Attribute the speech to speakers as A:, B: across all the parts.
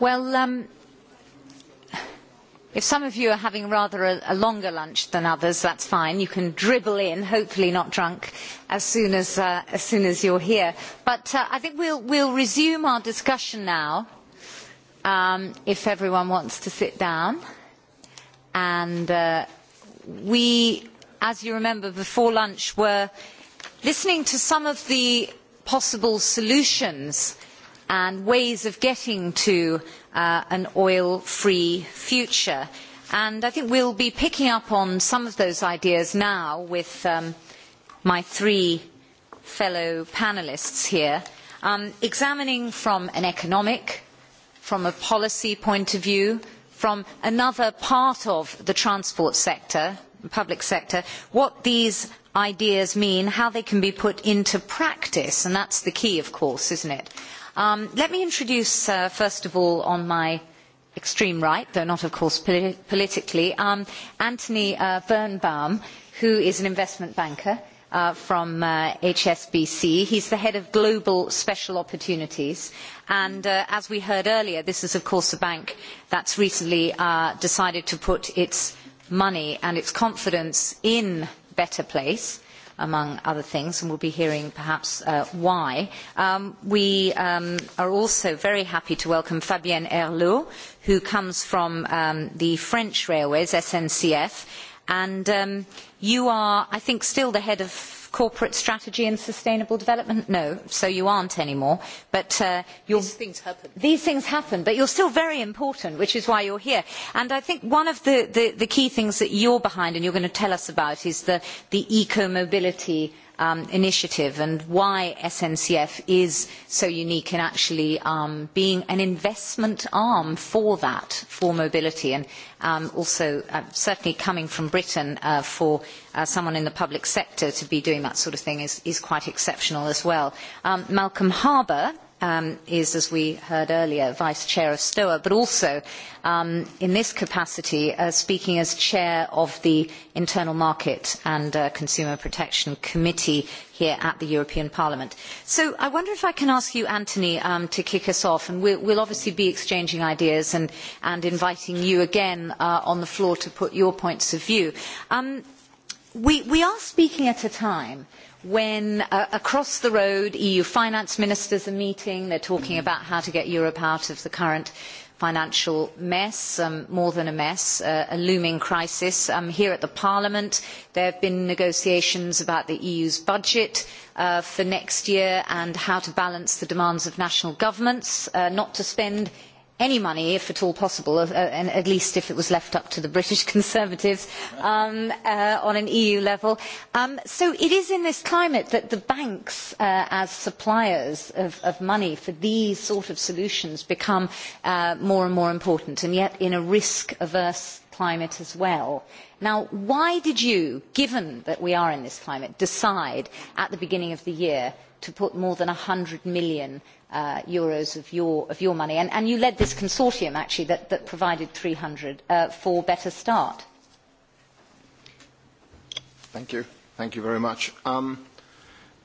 A: Well, um, if some of you are having rather a, a longer lunch than others, that's fine. You can dribble in, hopefully not drunk, as soon as, uh, as, soon as you're here. But uh, I think we'll, we'll resume our discussion now, um, if everyone wants to sit down. And uh, we, as you remember, before lunch were listening to some of the possible solutions and ways of getting to uh, an oil-free future. And I think we'll be picking up on some of those ideas now with um, my three fellow panelists here, um, examining from an economic, from a policy point of view, from another part of the transport sector, public sector, what these ideas mean, how they can be put into practice, and that's the key, of course, isn't it? Um, let me introduce, uh, first of all, on my extreme right, though not, of course, poli- politically, um, Anthony uh, Birnbaum, who is an investment banker uh, from uh, HSBC. He's the head of Global Special Opportunities. And uh, as we heard earlier, this is, of course, a bank that's recently uh, decided to put its money and its confidence in Better Place among other things, and we'll be hearing perhaps uh, why. Um, we um, are also very happy to welcome Fabienne Herlot, who comes from um, the French Railways, SNCF, and um, you are, I think, still the head of corporate strategy and sustainable development? No, so you aren't anymore. But uh, you're, these things happen. These things happen, but you're still very important, which is why you're here. And I think one of the, the, the key things that you're behind and you're going to tell us about is the, the eco-mobility um, initiative and why SNCF is so unique in actually um, being an investment arm for that, for mobility, and um, also uh, certainly coming from Britain uh, for uh, someone in the public sector to be doing that sort of thing is, is quite exceptional as well. Um, Malcolm Harbour, um, is, as we heard earlier, Vice Chair of STOA, but also um, in this capacity uh, speaking as Chair of the Internal Market and uh, Consumer Protection Committee here at the European Parliament. So I wonder if I can ask you, Anthony, um, to kick us off, and we'll, we'll obviously be exchanging ideas and, and inviting you again uh, on the floor to put your points of view. Um, we, we are speaking at a time uh, when uh, across the road EU finance ministers are meeting. They're talking about how to get Europe out of the current financial mess, um, more than a mess, uh, a looming crisis. Um, here at the Parliament, there have been negotiations about the EU's budget uh, for next year and how to balance the demands of national governments, uh, not to spend any money, if at all possible, uh, and at least if it was left up to the British Conservatives um, uh, on an EU level. Um, so it is in this climate that the banks, uh, as suppliers of, of money for these sort of solutions, become uh, more and more important, and yet in a risk-averse climate as well. Now, why did you, given that we are in this climate, decide at the beginning of the year to put more than 100 million uh, euros of your, of your money. And, and you led this consortium, actually, that, that provided 300 uh, for Better Start.
B: Thank you. Thank you very much. Um,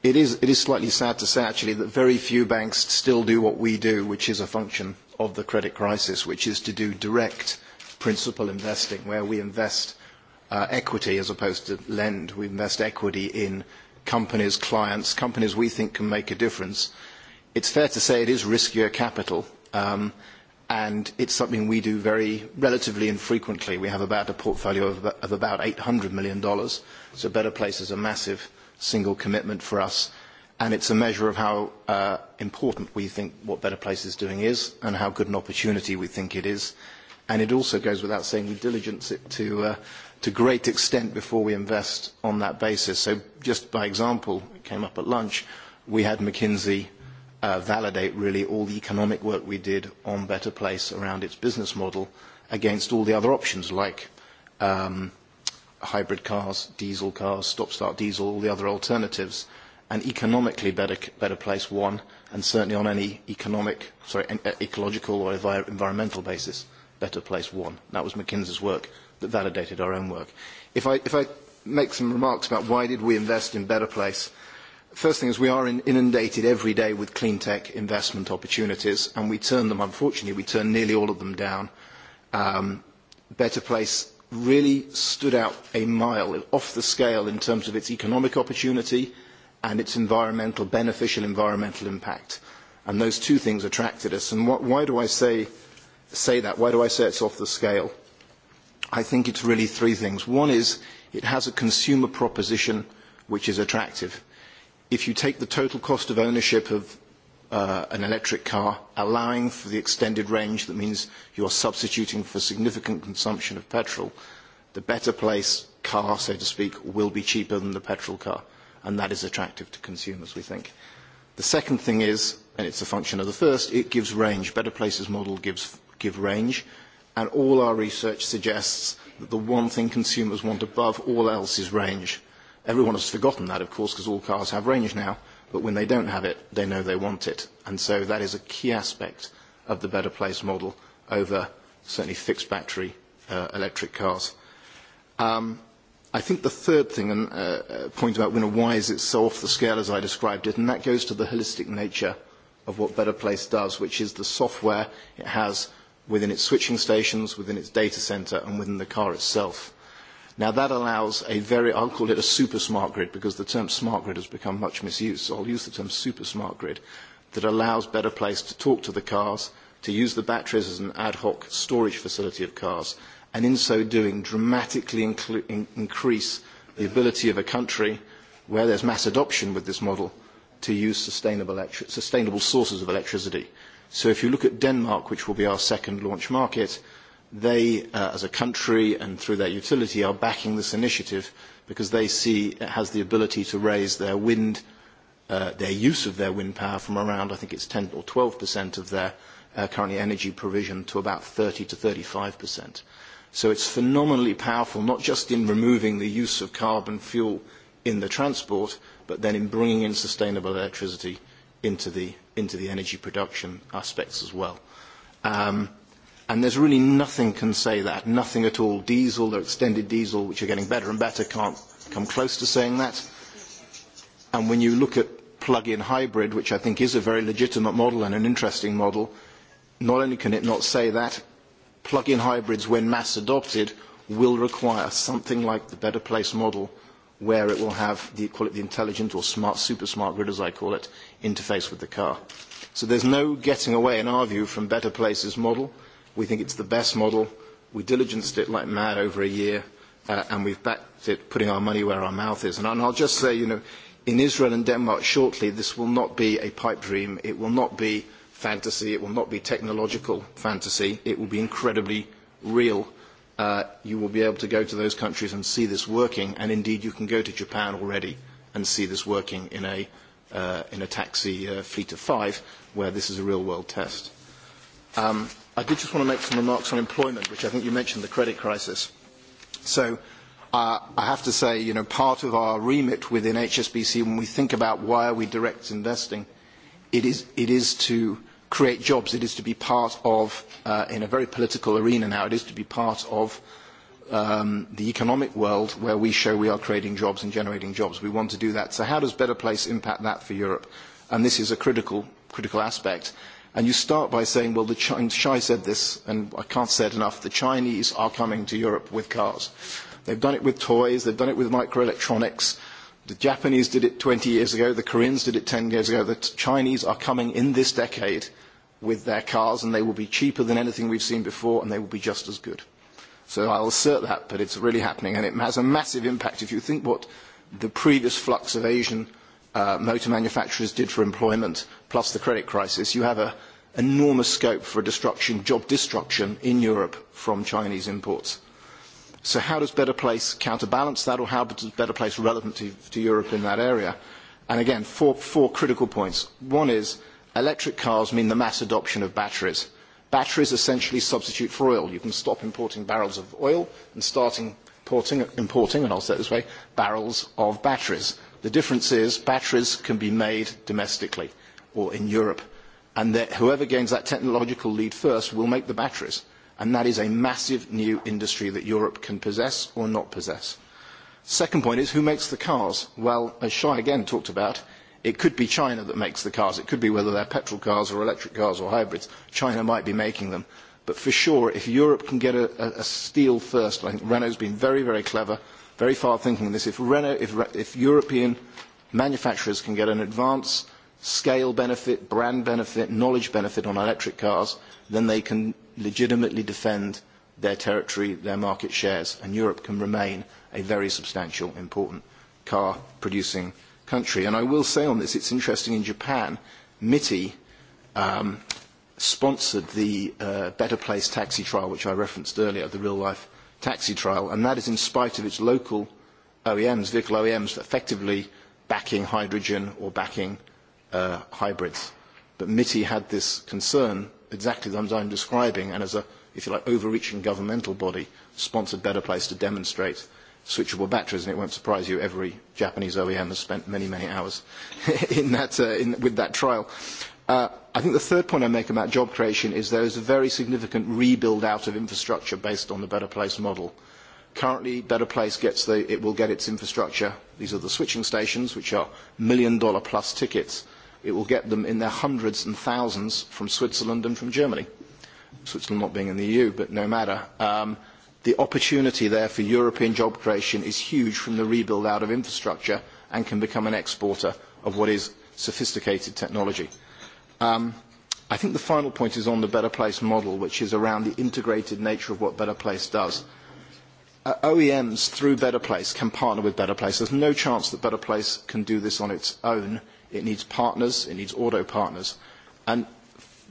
B: it, is, it is slightly sad to say, actually, that very few banks still do what we do, which is a function of the credit crisis, which is to do direct principal investing, where we invest uh, equity as opposed to lend. We invest equity in companies, clients, companies we think can make a difference, it's fair to say it is riskier capital, um, and it's something we do very relatively infrequently. We have about a portfolio of, of about $800 million, so Better Place is a massive single commitment for us, and it's a measure of how uh, important we think what Better Place is doing is and how good an opportunity we think it is. And it also goes without saying we diligence it to, uh, to great extent before we invest on that basis. So just by example, it came up at lunch, we had McKinsey uh, validate really all the economic work we did on Better Place around its business model against all the other options like um, hybrid cars, diesel cars, stop-start diesel, all the other alternatives. And economically, Better, better Place won, and certainly on any economic, sorry, an, uh, ecological or envir environmental basis, Better Place won. That was McKinsey's work that validated our own work. If I, if I make some remarks about why did we invest in Better Place, first thing is we are in, inundated every day with clean tech investment opportunities, and we turn them, unfortunately, we turn nearly all of them down. Um, Better Place really stood out a mile off the scale in terms of its economic opportunity and its environmental, beneficial environmental impact. And those two things attracted us. And what, why do I say, say that? Why do I say it's off the scale? I think it's really three things. One is it has a consumer proposition which is attractive if you take the total cost of ownership of uh, an electric car, allowing for the extended range, that means you're substituting for significant consumption of petrol, the better place car, so to speak, will be cheaper than the petrol car, and that is attractive to consumers, we think. The second thing is, and it's a function of the first, it gives range. Better Places model gives give range, and all our research suggests that the one thing consumers want above all else is range. Everyone has forgotten that, of course, because all cars have range now, but when they don't have it, they know they want it. And so that is a key aspect of the Better Place model over certainly fixed battery uh, electric cars. Um, I think the third thing, and uh, uh, point about you know, why is it so off the scale as I described it, and that goes to the holistic nature of what Better Place does, which is the software it has within its switching stations, within its data center, and within the car itself. Now that allows a very, I'll call it a super smart grid because the term smart grid has become much misused, so I'll use the term super smart grid, that allows Better Place to talk to the cars, to use the batteries as an ad hoc storage facility of cars, and in so doing dramatically incl- in- increase the ability of a country where there's mass adoption with this model to use sustainable, electri- sustainable sources of electricity. So if you look at Denmark, which will be our second launch market, they, uh, as a country and through their utility, are backing this initiative because they see it has the ability to raise their wind, uh, their use of their wind power from around, I think it's 10 or 12 percent of their uh, currently energy provision to about 30 to 35 percent. So it's phenomenally powerful, not just in removing the use of carbon fuel in the transport, but then in bringing in sustainable electricity into the, into the energy production aspects as well. Um, And there's really nothing can say that, nothing at all. Diesel or extended diesel, which are getting better and better, can't come close to saying that. And when you look at plug-in hybrid, which I think is a very legitimate model and an interesting model, not only can it not say that, plug-in hybrids, when mass adopted, will require something like the Better Place model, where it will have the, call it the intelligent or smart, super smart grid, as I call it, interface with the car. So there's no getting away, in our view, from Better Places model. Uh, We think it's the best model. We diligenced it like mad over a year, uh, and we've backed it, putting our money where our mouth is. And, and I'll just say, you know, in Israel and Denmark shortly, this will not be a pipe dream. It will not be fantasy. It will not be technological fantasy. It will be incredibly real. Uh, you will be able to go to those countries and see this working, and indeed you can go to Japan already and see this working in a, uh, in a taxi uh, fleet of five, where this is a real-world test. Um, I did just want to make some remarks on employment, which I think you mentioned the credit crisis. So uh, I have to say, you know, part of our remit within HSBC, when we think about why are we direct investing, it is, it is to create jobs. It is to be part of, uh, in a very political arena now, it is to be part of um, the economic world where we show we are creating jobs and generating jobs. We want to do that. So how does Better Place impact that for Europe? And this is a critical, critical aspect. And you start by saying, well, the Ch- and Shai said this, and I can't say it enough, the Chinese are coming to Europe with cars. They've done it with toys, they've done it with microelectronics. The Japanese did it 20 years ago, the Koreans did it 10 years ago. The t- Chinese are coming in this decade with their cars, and they will be cheaper than anything we've seen before, and they will be just as good. So I'll assert that, but it's really happening, and it has a massive impact. If you think what the previous flux of Asian uh, motor manufacturers did for employment, plus the credit crisis, you have an enormous scope for destruction, job destruction in Europe from Chinese imports. So how does Better Place counterbalance that, or how does Better Place relevant to, to Europe in that area? And again, four, four critical points. One is electric cars mean the mass adoption of batteries. Batteries essentially substitute for oil. You can stop importing barrels of oil and starting importing, importing and I'll say it this way, barrels of batteries. The difference is batteries can be made domestically or in Europe, and that whoever gains that technological lead first will make the batteries. And that is a massive new industry that Europe can possess or not possess. Second point is who makes the cars? Well, as Shai again talked about, it could be China that makes the cars. It could be whether they're petrol cars or electric cars or hybrids. China might be making them. But for sure, if Europe can get a, a, a steal first, I think Renault's been very, very clever, very far thinking in this. If, Renault, if, if European manufacturers can get an advance scale benefit, brand benefit, knowledge benefit on electric cars, then they can legitimately defend their territory, their market shares, and Europe can remain a very substantial, important car producing country. And I will say on this, it's interesting in Japan, MITI um, sponsored the uh, Better Place taxi trial, which I referenced earlier, the real life taxi trial, and that is in spite of its local OEMs, vehicle OEMs, effectively backing hydrogen or backing uh, hybrids. But MITI had this concern, exactly as I'm describing, and as a, if you like, overreaching governmental body, sponsored Better Place to demonstrate switchable batteries, and it won't surprise you, every Japanese OEM has spent many, many hours in that, uh, in, with that trial. Uh, I think the third point I make about job creation is there is a very significant rebuild out of infrastructure based on the Better Place model. Currently, Better Place gets the, it will get its infrastructure. These are the switching stations, which are million dollar plus tickets it will get them in their hundreds and thousands from Switzerland and from Germany. Switzerland not being in the EU, but no matter. Um, the opportunity there for European job creation is huge from the rebuild out of infrastructure and can become an exporter of what is sophisticated technology. Um, I think the final point is on the Better Place model, which is around the integrated nature of what Better Place does. Uh, OEMs through Better Place can partner with Better Place. There's no chance that Better Place can do this on its own. It needs partners. It needs auto partners. And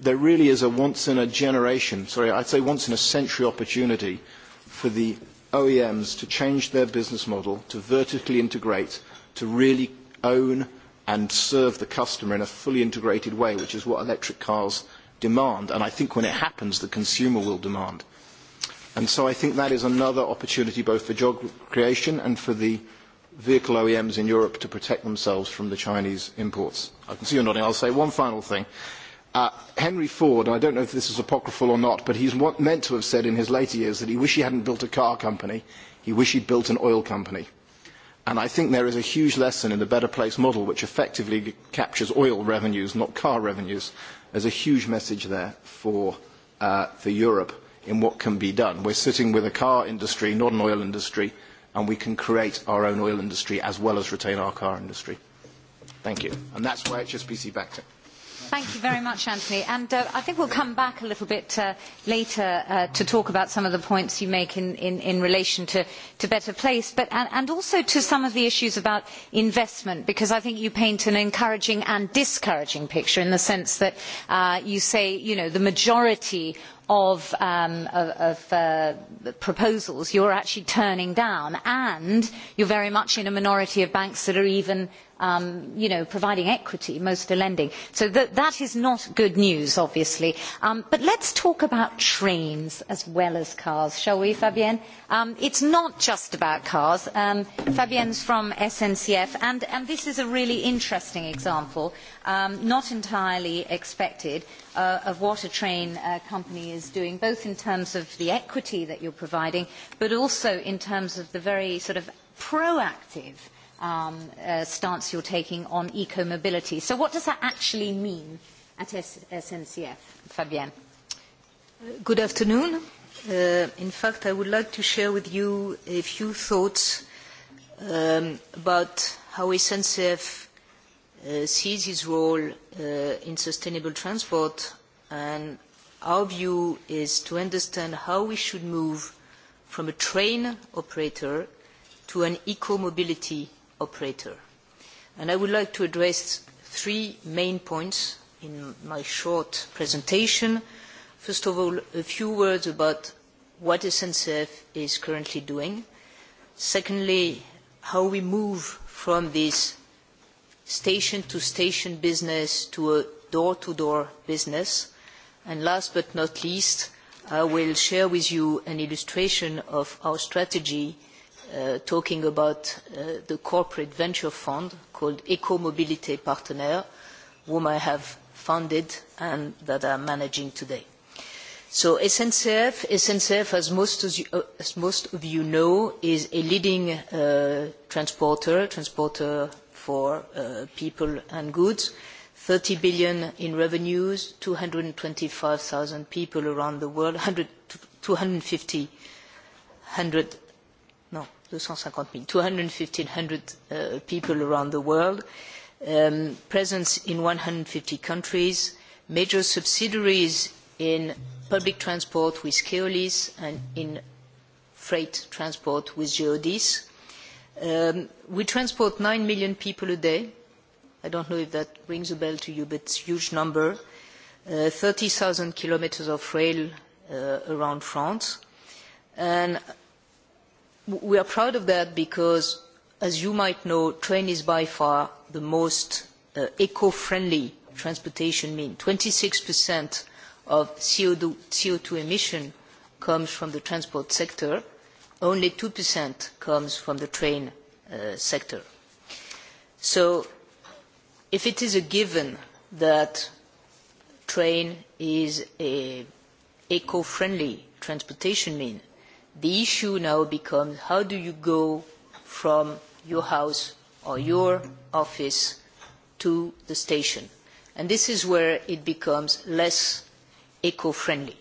B: there really is a once in a generation, sorry, I'd say once in a century opportunity for the OEMs to change their business model, to vertically integrate, to really own and serve the customer in a fully integrated way, which is what electric cars demand. And I think when it happens, the consumer will demand. And so I think that is another opportunity both for job creation and for the uh, vehicle OEMs in Europe to protect themselves from the Chinese imports. I can see you're nodding. I'll say one final thing. Uh, Henry Ford, I don't know if this is apocryphal or not, but he's what, meant to have said in his later years that he wished he hadn't built a car company, he wished he'd built an oil company. And I think there is a huge lesson in the Better Place model, which effectively captures oil revenues, not car revenues. There's a huge message there for, uh, for Europe in what can be done. We're sitting with a car industry, not an oil industry, and we can create our own oil industry as well as retain our car industry. Thank you. And that's why HSBC backed it.
A: Thank you very much, Anthony. And uh, I think we'll come back a little bit uh, later uh, to talk about some of the points you make in, in, in relation to, to Better Place, but, and, and also to some of the issues about investment, because I think you paint an encouraging and discouraging picture in the sense that uh, you say, you know, the majority of, um, of, of uh, proposals you're actually turning down, and you're very much in a minority of banks that are even um, you know, providing equity, most of the lending. So th- that is not good news, obviously. Um, but let's talk about trains as well as cars, shall we, Fabienne? Um, it's not just about cars. Um, Fabienne's from SNCF, and, and this is a really interesting example, um, not entirely expected, uh, of what a train uh, company is doing, both in terms of the equity that you're providing, but also in terms of the very sort of proactive – um, uh, stance you're taking on eco-mobility. So what does that actually mean at S SNCF?
C: Fabienne. Uh, good afternoon. Uh, in fact, I would like to share with you a few thoughts um, about how SNCF uh, sees its role uh, in sustainable transport and our view is to understand how we should move from a train operator to an eco-mobility operator. And I would like to address three main points in my short presentation. First of all, a few words about what SNCF is currently doing. Secondly, how we move from this station-to-station -station business to a door-to-door -door business. And last but not least, I will share with you an illustration of our strategy uh, talking about uh, the corporate venture fund called Ecomobilité Partenaire, whom I have founded and that I'm managing today. So SNCF, SNCF as, most as, you, uh, as most of you know, is a leading uh, transporter, transporter for uh, people and goods, 30 billion in revenues, 225,000 people around the world, 100, 250, 100, 250 000, 2,500 uh, people around the world, um, presence in 150 countries, major subsidiaries in public transport with Keolis and in freight transport with Geodis. Um, we transport 9 million people a day. I don't know if that rings a bell to you, but it's a huge number. Uh, 30,000 kilometers of rail uh, around France. And we are proud of that because, as you might know, train is by far the most uh, eco-friendly transportation mean. 26% of CO2, CO2 emission comes from the transport sector. Only 2% comes from the train uh, sector. So if it is a given that train is a eco-friendly transportation mean, The issue now becomes how do you go from your house or your office to the station? And this is where it becomes less eco-friendly.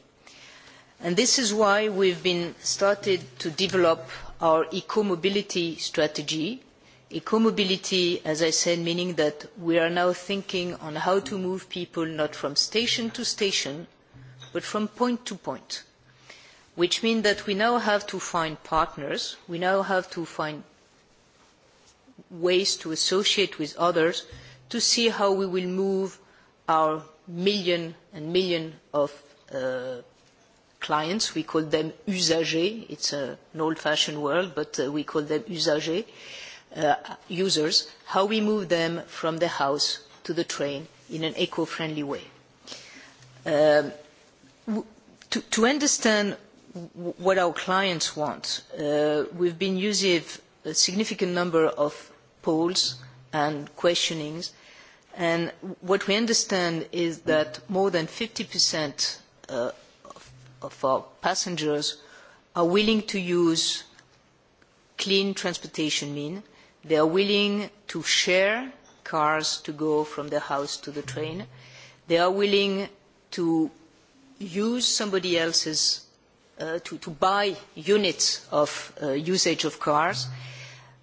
C: And this is why we've been started to develop our eco-mobility strategy. Eco-mobility, as I said, meaning that we are now thinking on how to move people not from station to station, but from point to point which means that we now have to find partners, we now have to find ways to associate with others to see how we will move our million and million of uh, clients. We call them usagers. It's a, an old-fashioned word, but uh, we call them usagers, uh, users, how we move them from the house to the train in an eco-friendly way. Um, to, to understand what our clients want. Uh, we've been using a significant number of polls and questionings, and what we understand is that more than 50% uh, of, of our passengers are willing to use clean transportation mean. They are willing to share cars to go from their house to the train. They are willing to use somebody else's uh, to, to buy units of uh, usage of cars.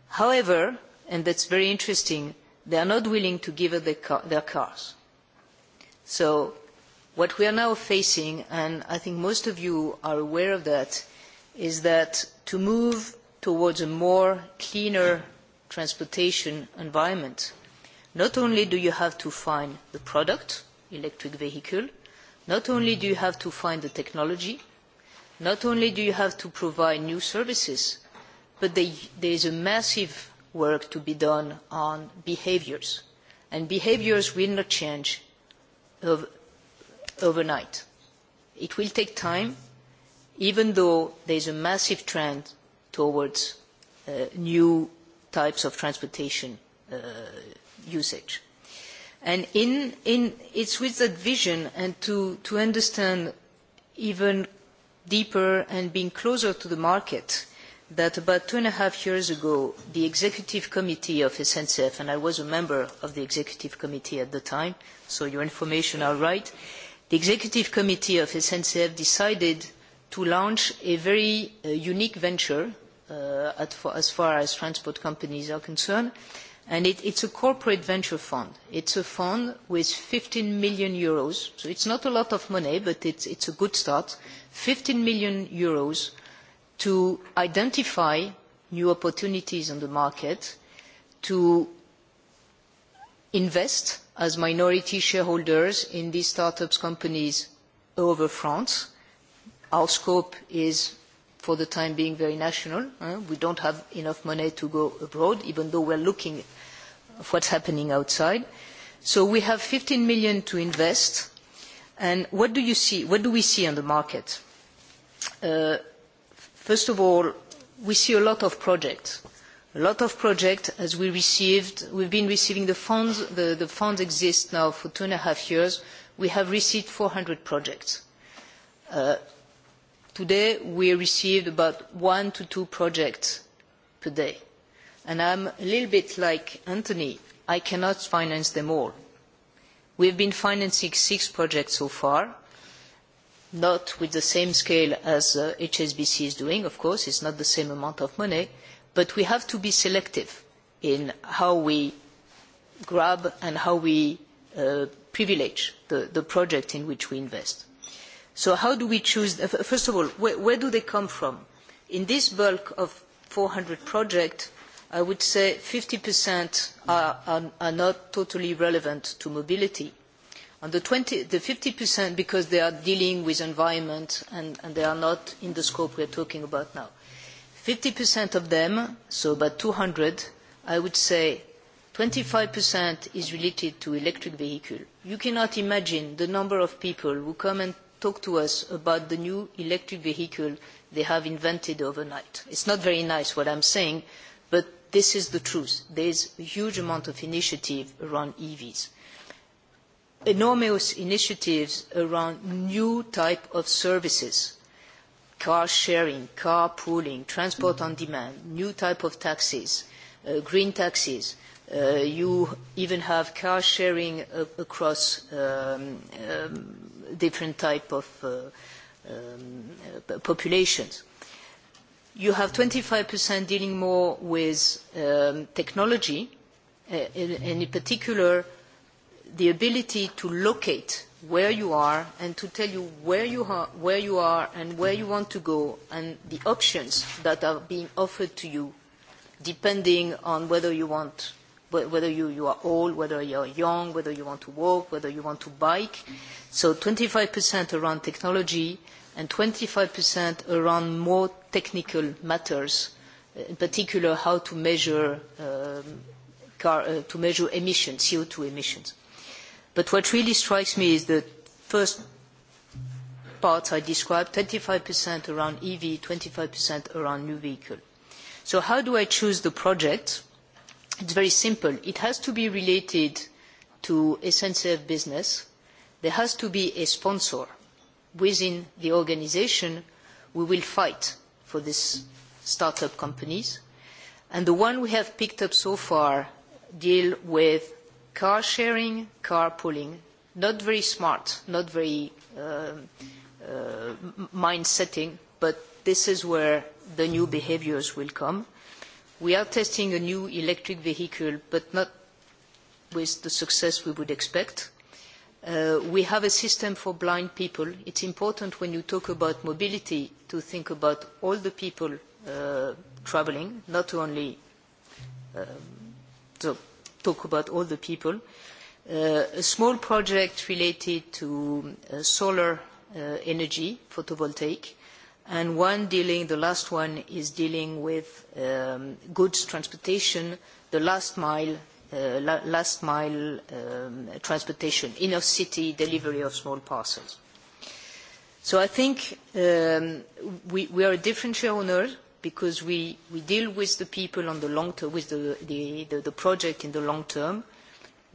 C: However, and that's very interesting, they are not willing to give up their, car, their cars. So what we are now facing, and I think most of you are aware of that, is that to move towards a more cleaner transportation environment, not only do you have to find the product, electric vehicle, not only do you have to find the technology, Not only do you have to provide new services, but they, there is a massive work to be done on behaviors. And behaviors will not change of, overnight. It will take time, even though there is a massive trend towards uh, new types of transportation uh, usage. And in, in, it's with that vision and to, to understand even deeper and being closer to the market that about two and a half years ago, the executive committee of SNCF, and I was a member of the executive committee at the time, so your information are right, the executive committee of SNCF decided to launch a very uh, unique venture uh, at for, as far as transport companies are concerned, and it, it's a corporate venture fund. It's a fund with 15 million euros, so it's not a lot of money, but it's, it's a good start. Mm-hmm 15 million euros to identify new opportunities on the market, to invest as minority shareholders in these startups companies over France. Our scope is, for the time being, very national. Eh? We don't have enough money to go abroad, even though we're looking at what's happening outside. So we have 15 million to invest. And what do you see? What do we see on the market? Uh, first of all, we see a lot of projects. A lot of projects as we received, we've been receiving the funds, the, the funds exist now for two and a half years. We have received 400 projects. Uh, today we received about one to two projects per day. And I'm a little bit like Anthony, I cannot finance them all. We've been financing six projects so far not with the same scale as uh, HSBC is doing, of course, it's not the same amount of money, but we have to be selective in how we grab and how we uh, privilege the, the project in which we invest. So how do we choose, uh, first of all, where, where do they come from? In this bulk of 400 projects, I would say 50% are, are, are not totally relevant to mobility on the 20, the 50% because they are dealing with environment and, and they are not in the scope we are talking about now. 50% of them, so about 200, I would say 25% is related to electric vehicle. You cannot imagine the number of people who come and talk to us about the new electric vehicle they have invented overnight. It's not very nice what I'm saying, but this is the truth. There is a huge amount of initiative around EVs enormous initiatives around new type of services, car sharing, car pooling, transport on demand, new type of taxis, uh, green taxis. Uh, you even have car sharing uh, across um, um, different type of uh, um, uh, populations. You have 25% dealing more with um, technology, uh, and in particular the ability to locate where you are and to tell you where you are, where you are and where you want to go and the options that are being offered to you depending on whether you want whether you, you are old, whether you're young, whether you want to walk, whether you want to bike. So 25% around technology and 25% around more technical matters, uh, in particular how to measure, um, car, uh, to measure emissions, CO2 emissions. But what really strikes me is the first part I described, 25% around EV, 25% around new vehicle. So how do I choose the project? It's very simple. It has to be related to SNCF business. There has to be a sponsor within the organization. We will fight for these startup companies. And the one we have picked up so far deal with car sharing, car pooling. Not very smart, not very uh, uh, mind setting, but this is where the new behaviors will come. We are testing a new electric vehicle, but not with the success we would expect. Uh, we have a system for blind people. It's important when you talk about mobility to think about all the people uh, traveling, not only um, the talk about all the people. Uh, a small project related to uh, solar uh, energy, photovoltaic, and one dealing, the last one is dealing with um, goods transportation, the last mile, uh, la last mile um, transportation, inner city delivery of small parcels. So I think um, we, we are a different shareholder because we, we deal with the people on the long term, with the, the, the, the project in the long term.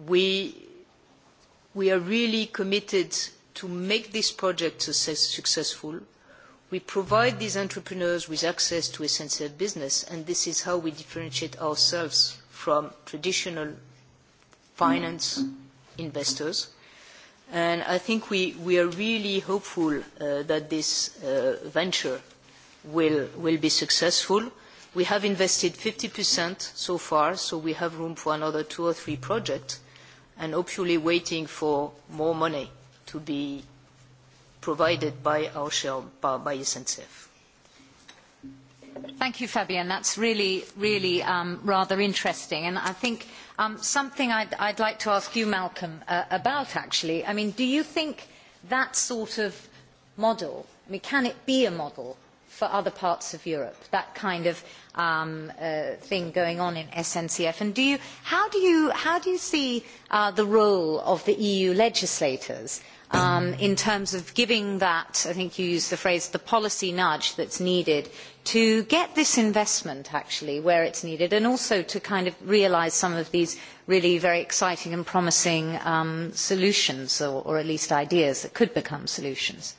C: We, we are really committed to make this project success, successful. We provide these entrepreneurs with access to essential business, and this is how we differentiate ourselves from traditional finance investors. And I think we, we are really hopeful uh, that this uh, venture will, will be successful. We have invested 50% so far, so we have room for another two or three projects, and hopefully waiting for more money to be provided by our share, by SNCF.
A: Thank you, Fabienne. That's really, really um, rather interesting. And I think um, something I'd, I'd like to ask you, Malcolm, uh, about actually. I mean, do you think that sort of model, I mean, can it be a model for other parts of Europe, that kind of um, uh, thing going on in SNCF? And do you, how, do you, how do you see uh, the role of the EU legislators um, in terms of giving that, I think you used the phrase, the policy nudge that's needed to get this investment actually where it's needed and also to kind of realize some of these really very exciting and promising um, solutions or, or at least ideas that could become solutions?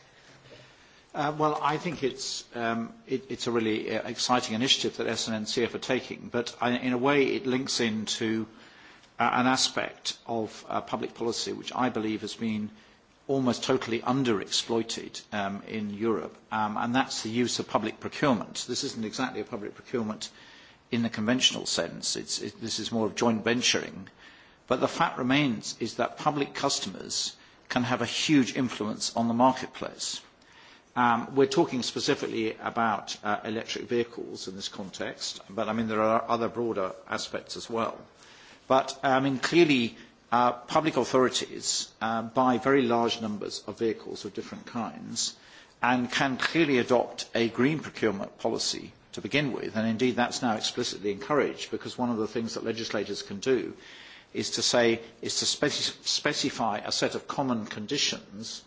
D: Uh, well, I think it's, um, it, it's a really uh, exciting initiative that SNNCF are taking, but I, in a way it links into uh, an aspect of uh, public policy which I believe has been almost totally underexploited um, in Europe, um, and that's the use of public procurement. This isn't exactly a public procurement in the conventional sense. It's, it, this is more of joint venturing. But the fact remains is that public customers can have a huge influence on the marketplace Um, we're talking specifically about uh, electric vehicles in this context, but I mean there are other broader aspects as well. But I um, mean clearly uh, public authorities uh, buy very large numbers of vehicles of different kinds and can clearly adopt a green procurement policy to begin with, and indeed that's now explicitly encouraged because one of the things that legislators can do is to say, is to speci specify a set of common conditions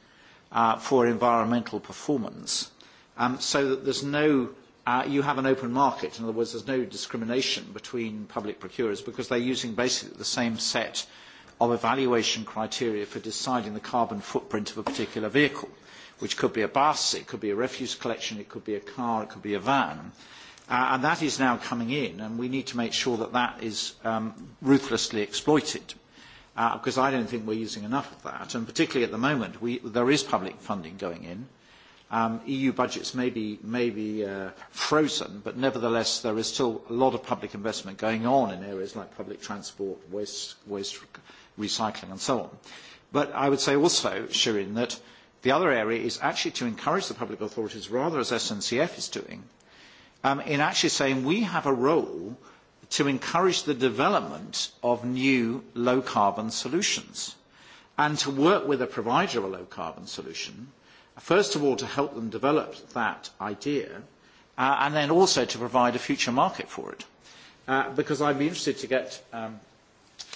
D: uh, for environmental performance um, so that there's no uh, you have an open market. In other words, there's no discrimination between public procurers because they're using basically the same set of evaluation criteria for deciding the carbon footprint of a particular vehicle, which could be a bus, it could be a refuse collection, it could be a car, it could be a van. Uh, and that is now coming in, and we need to make sure that that is um, ruthlessly exploited uh, because I don't think we're using enough of that. And particularly at the moment, we, there is public funding going in. Um, EU budgets may be, may be uh, frozen, but nevertheless there is still a lot of public investment going on in areas like public transport, waste, waste recycling and so on. But I would say also, Shirin, that the other area is actually to encourage the public authorities, rather as SNCF is doing, um, in actually saying we have a role uh, to encourage the development of new low carbon solutions and to work with a provider of a low carbon solution, first of all to help them develop that idea uh, and then also to provide a future market for it. Uh, because I'd be interested to get um,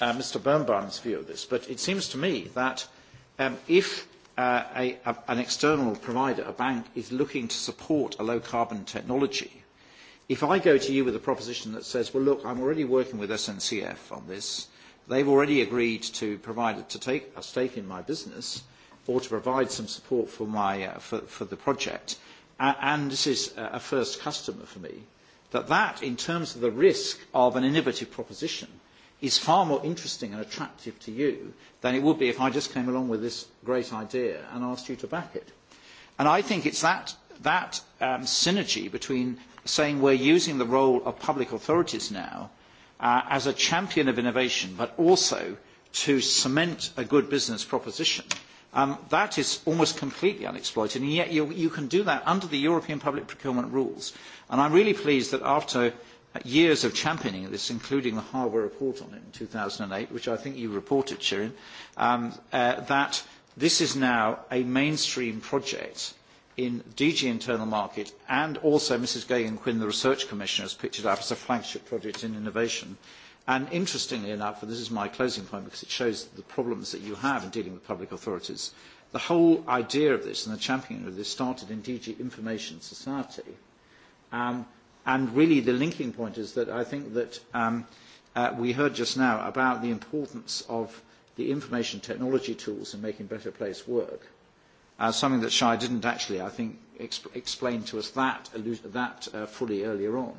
D: uh, Mr. Birnbaum's view of this, but it seems to me that um, if uh, a, a, an external provider, a bank, is looking to support a low carbon technology, If I go to you with a proposition that says, well, look, I'm already working with SNCF on this, they've already agreed to provide to take a stake in my business or to provide some support for, my, uh, for, for the project, uh, and this is uh, a first customer for me, that that, in terms of the risk of an innovative proposition, is far more interesting and attractive to you than it would be if I just came along with this great idea and asked you to back it. And I think it's that, that um, synergy between saying we're using the role of public authorities now uh, as a champion of innovation, but also to cement a good business proposition, um, that is almost completely unexploited. And yet you, you can do that under the European public procurement rules. And I'm really pleased that after years of championing this, including the Harbour report on it in 2008, which I think you reported, Shirin, um, uh, that this is now a mainstream project in DG Internal Market and also Mrs. Gagan Quinn, the Research Commissioner, has picked it up as a flagship project in innovation. And interestingly enough, and this is my closing point because it shows the problems that you have in dealing with public authorities, the whole idea of this and the championing of this started in DG Information Society. Um, and really the linking point is that I think that um, uh, we heard just now about the importance of the information technology tools in making better place work uh, something that Shai didn't actually, I think, exp- explain to us that, that uh, fully earlier on.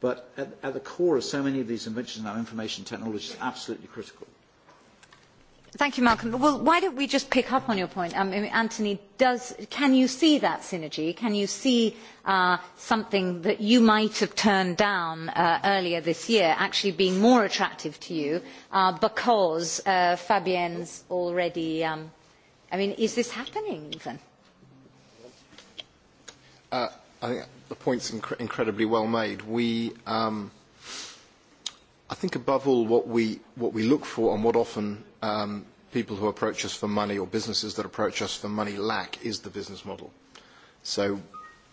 D: But at, at the core of so many of these inventions now, information technology is absolutely critical.
A: Thank you, Malcolm. Well, why don't we just pick up on your point? Um, Anthony, does, can you see that synergy? Can you see uh, something that you might have turned down uh, earlier this year actually being more attractive to you uh, because uh, Fabienne's already um, I mean, is this happening even?
B: Uh, I think the point's inc- incredibly well made. We, um, I think, above all, what we what we look for and what often um, people who approach us for money or businesses that approach us for money lack is the business model. So,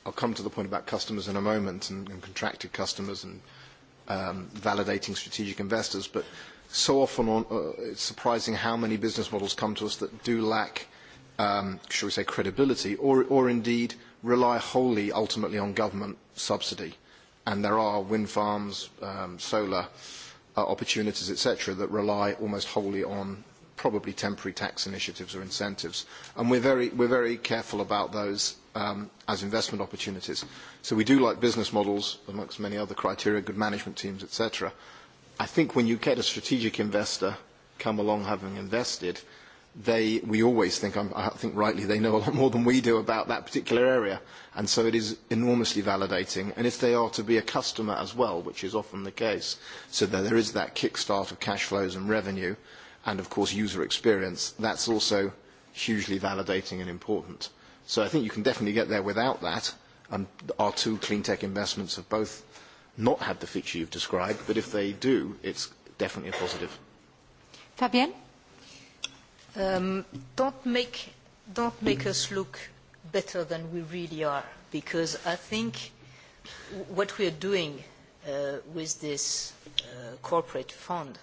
B: I'll come to the point about customers in a moment and, and contracted customers and um, validating strategic investors, but so often on, uh, it's surprising how many business models come to us that do lack, um, shall we say, credibility or, or indeed rely wholly ultimately on government subsidy. And there are wind farms, um, solar uh, opportunities, etc., that rely almost wholly on probably temporary tax initiatives or incentives. And we're very, we're very careful about those um, as investment opportunities. So we do like business models, amongst many other criteria, good management teams, etc. cetera I think when you get a strategic investor come along having invested, they, we always think, I'm, I think rightly, they know a lot more than we do about that particular area. And so it is enormously validating. And if they are to be a customer as well, which is often the case, so that there is that kickstart of cash flows and revenue, and of course user experience, that's also hugely validating and important. So I think you can definitely get there without that. And our two clean tech investments have both not have the feature you've described, but if they do, it's definitely a positive.
C: Fabienne? Um, don't, make, don't make us look better than we really are, because I think what we are doing uh, with this uh, corporate fund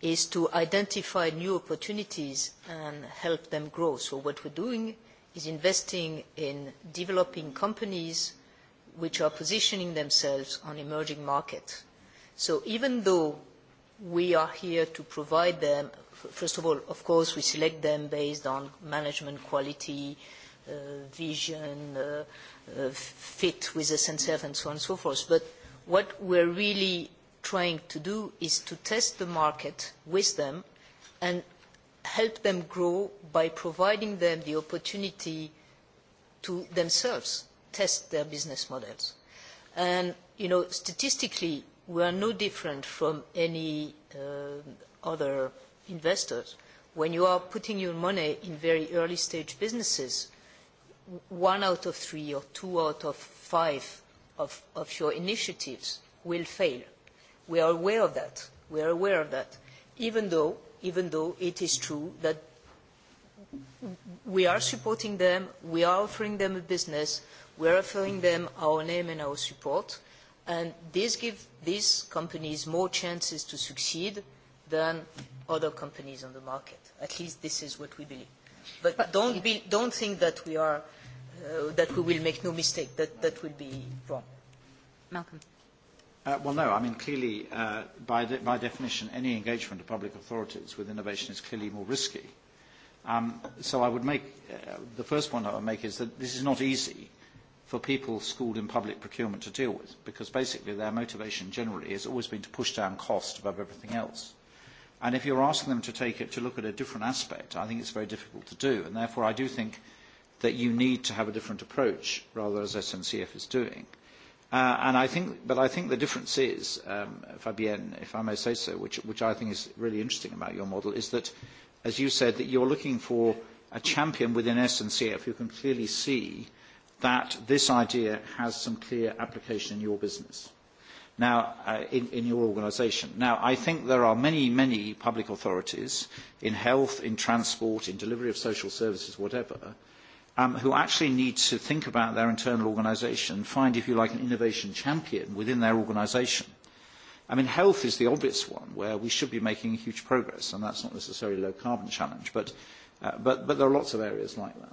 C: is to identify new opportunities and help them grow. So what we're doing is investing in developing companies which are positioning themselves on emerging markets. So even though we are here to provide them, first of all, of course, we select them based on management quality, uh, vision, uh, uh, fit with SNCF, and so on and so forth. But what we're really trying to do is to test the market with them and help them grow by providing them the opportunity to themselves test their business models. And, you know, statistically, we are no different from any uh, other investors. When you are putting your money in very early stage businesses, one out of three or two out of five of, of your initiatives will fail. We are aware of that. We are aware of that. Even though, even though it is true that we are supporting them, we are offering them a business, We are offering them our name and our support, and this gives these companies more chances to succeed than other companies on the market. At least this is what we believe. But, but don't, be, don't think that we are, uh, that we will make no mistake. That, that will be wrong. Malcolm.
D: Uh, well, no. I mean, clearly, uh, by, de by definition, any engagement of public authorities with innovation is clearly more risky. Um, so I would make, uh, the first point I would make is that this is not easy for people schooled in public procurement to deal with, because basically their motivation generally has always been to push down cost above everything else. And if you're asking them to take it to look at a different aspect, I think it's very difficult to do. And therefore, I do think that you need to have a different approach, rather as SNCF is doing. Uh, and I think, but I think the difference is, um, Fabienne, if I may say so, which, which I think is really interesting about your model, is that, as you said, that you're looking for a champion within SNCF who can clearly see uh, that this idea has some clear application in your business, now, uh, in, in your organisation. Now, I think there are many, many public authorities in health, in transport, in delivery of social services, whatever, um, who actually need to think about their internal organisation, find, if you like, an innovation champion within their organisation. I mean, health is the obvious one where we should be making huge progress, and that's not necessarily a low carbon challenge, but, uh, but, but there are lots of areas like that.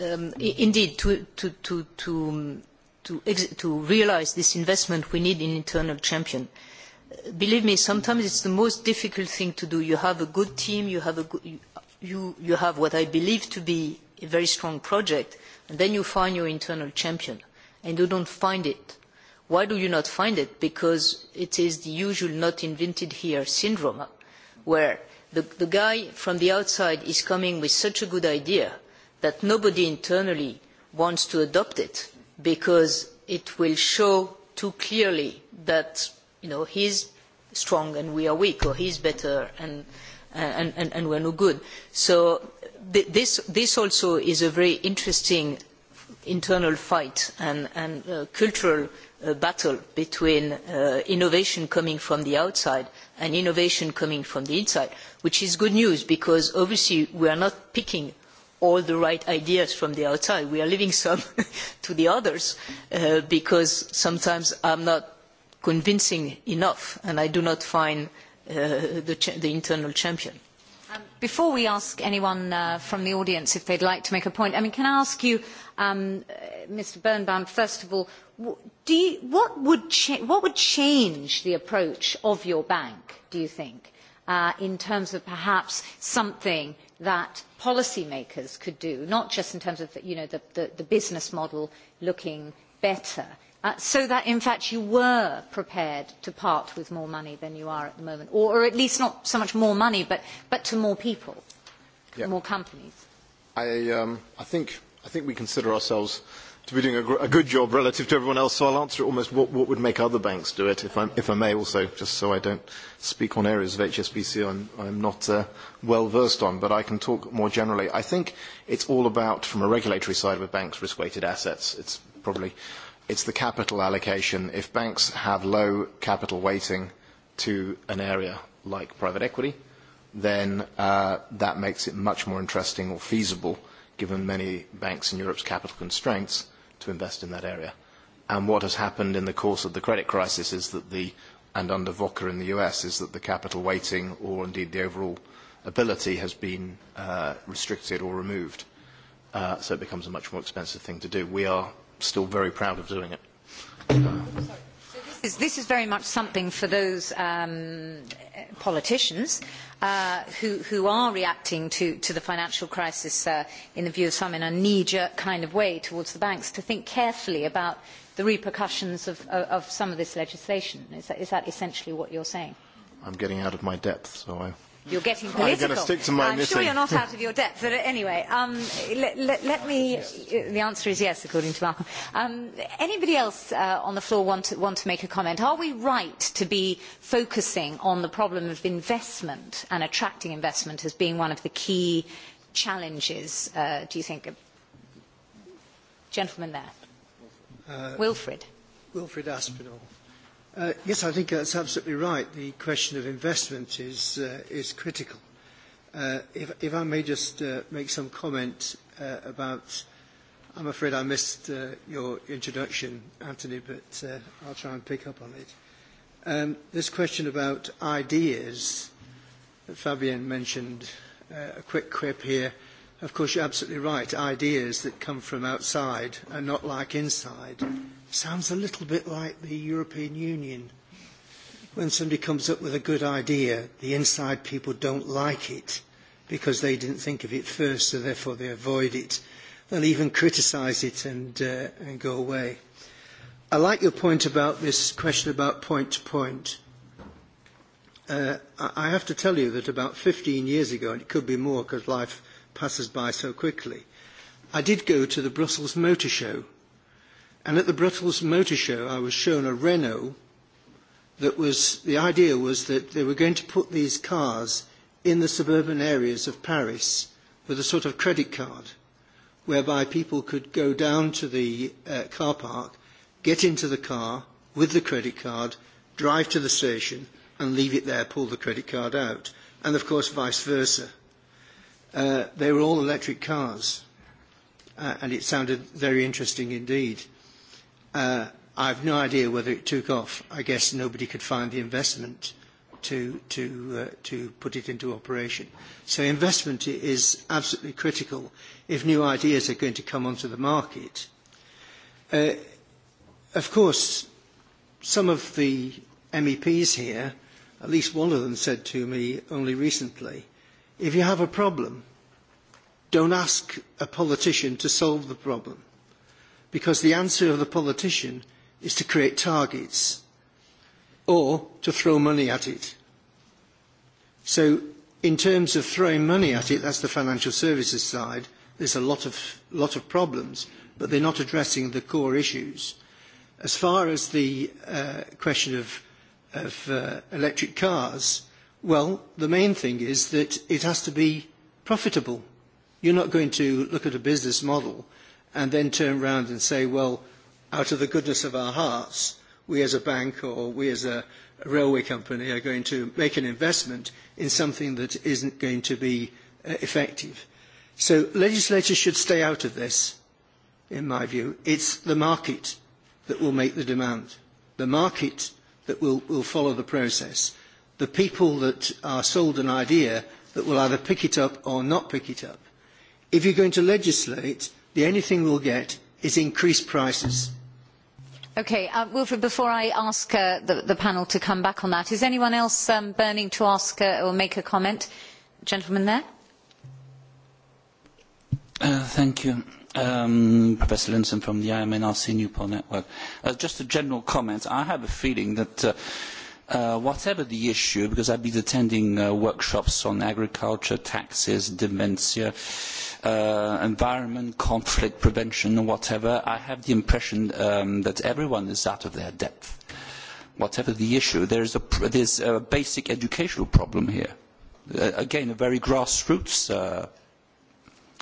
C: um, indeed, to, to, to, to, um, to, ex to realize this investment, we need an internal champion. Uh, believe me, sometimes it's the most difficult thing to do. You have a good team, you have, a good, you, you have what I believe to be a very strong project, and then you find your internal champion, and you don't find it. Why do you not find it? Because it is the usual not invented here syndrome, where the, the guy from the outside is coming with such a good idea, that nobody internally wants to adopt it because it will show too clearly that you know he's strong and we are weak or he's better and and, and, and we're no good. So th this, this also is a very interesting internal fight and, and uh, cultural uh, battle between uh, innovation coming from the outside and innovation coming from the inside, which is good news because obviously we are not picking all the right ideas from the outside. We are leaving some to the others uh, because sometimes I'm not convincing enough and I do not find uh, the, ch the internal champion. Um, before we
A: ask anyone uh, from the audience if they'd like to make a point, I mean, can I ask you, um, uh, Mr. Birnbaum, first of all, do you, what, would cha- what would change the approach of your bank, do you think, uh, in terms of perhaps something that policymakers could do, not just in terms of the, you know, the, the, the business model looking better, uh, so that in fact you were prepared to part with more money than you are at the moment, or, or at least not so much more money, but, but to more people, yeah. more companies?
B: I, um, I, think, I think we consider ourselves uh, to be doing a, a good job relative to everyone else, so I'll answer almost what, what would make other banks do it, if, I'm, if I may also, just so I don't speak on areas of HSBC I'm, I'm not uh, well versed on, but I can talk more generally. I think it's all about, from a regulatory side with banks, risk-weighted assets. It's probably, it's the capital allocation. If banks have low capital weighting to an area like private equity, then uh, that makes it much more interesting or feasible given many banks in Europe's capital constraints to invest in that area. And what has happened in the course of the credit crisis is that the, and under VOCA in the US, is that the capital weighting or indeed the overall ability has been uh, restricted or removed. Uh, so it becomes a much more expensive thing to do. We are still very proud of doing it. Uh, Sorry
A: because this is very much something for those um, politicians uh, who, who are reacting to, to the financial crisis uh, in the view of some in a knee-jerk kind of way towards the banks to think carefully about the repercussions of, of, of some of this legislation. Is that, is that essentially what you're saying?
B: I'm getting out of my depth, so I
A: You're getting political. I'm going to stick to my I'm knitting. sure you're not out of your depth, but anyway, um, let, let, let me. The answer is yes, according to Malcolm. Um, anybody else uh, on the floor want to, want to make a comment? Are we right to be focusing on the problem of investment and attracting investment as being one of the key challenges? Uh, do you think, gentleman there,
E: uh, Wilfred? Wilfred Aspinall. Uh, yes, I think that's absolutely right. The question of investment is, uh, is critical. Uh, if, if I may just uh, make some comment uh, about, I'm afraid I missed uh, your introduction, Anthony, but uh, I'll try and pick up on it. Um, this question about ideas that Fabienne mentioned, uh, a quick quip here – Of course, you're absolutely right. Ideas that come from outside are not like inside. Sounds a little bit like the European Union. When somebody comes up with a good idea, the inside people don't like it because they didn't think of it first, so therefore they avoid it. They'll even criticise it and, uh, and go away. I like your point about this question about point to point. Uh, I have to tell you that about 15 years ago, and it could be more because life – passes by so quickly. I did go to the Brussels Motor Show, and at the Brussels Motor Show I was shown a Renault that was, the idea was that they were going to put these cars in the suburban areas of Paris with a sort of credit card whereby people could go down to the uh, car park, get into the car with the credit card, drive to the station and leave it there, pull the credit card out, and of course vice versa uh, they were all electric cars, uh, and it sounded very interesting indeed. Uh, I have no idea whether it took off. I guess nobody could find the investment to, to, uh, to put it into operation. So investment is absolutely critical if new ideas are going to come onto the market. Uh, of course, some of the MEPs here, at least one of them said to me only recently, If you have a problem, don't ask a politician to solve the problem, because the answer of the politician is to create targets or to throw money at it. So in terms of throwing money at it, that's the financial services side, there's a lot of, lot of problems, but they're not addressing the core issues. As far as the uh, question of, of uh, electric cars, Well, the main thing is that it has to be profitable. You're not going to look at a business model and then turn around and say, well, out of the goodness of our hearts, we as a bank or we as a, a railway company are going to make an investment in something that isn't going to be uh, effective. So legislators should stay out of this, in my view. It's the market that will make the demand, the market that will, will follow the process the people that are sold an idea that will either pick it up or not pick it up. If you're going to legislate, the only thing we'll get is increased prices.
A: Okay, uh, Wilfred, before I ask uh, the, the panel to come back on that, is anyone else um, burning to ask uh, or make a comment? Gentleman there.
F: Uh, thank you. Um, Professor Linson from the IMNRC Newport Network. Uh, just a general comment. I have a feeling that uh, Uh, whatever the issue, because I've been attending uh, workshops on agriculture, taxes, dementia, uh, environment, conflict prevention, and whatever, I have the impression um, that everyone is out of their depth. Whatever the issue, there's a, there's a basic educational problem here. Uh, again, a very grassroots uh,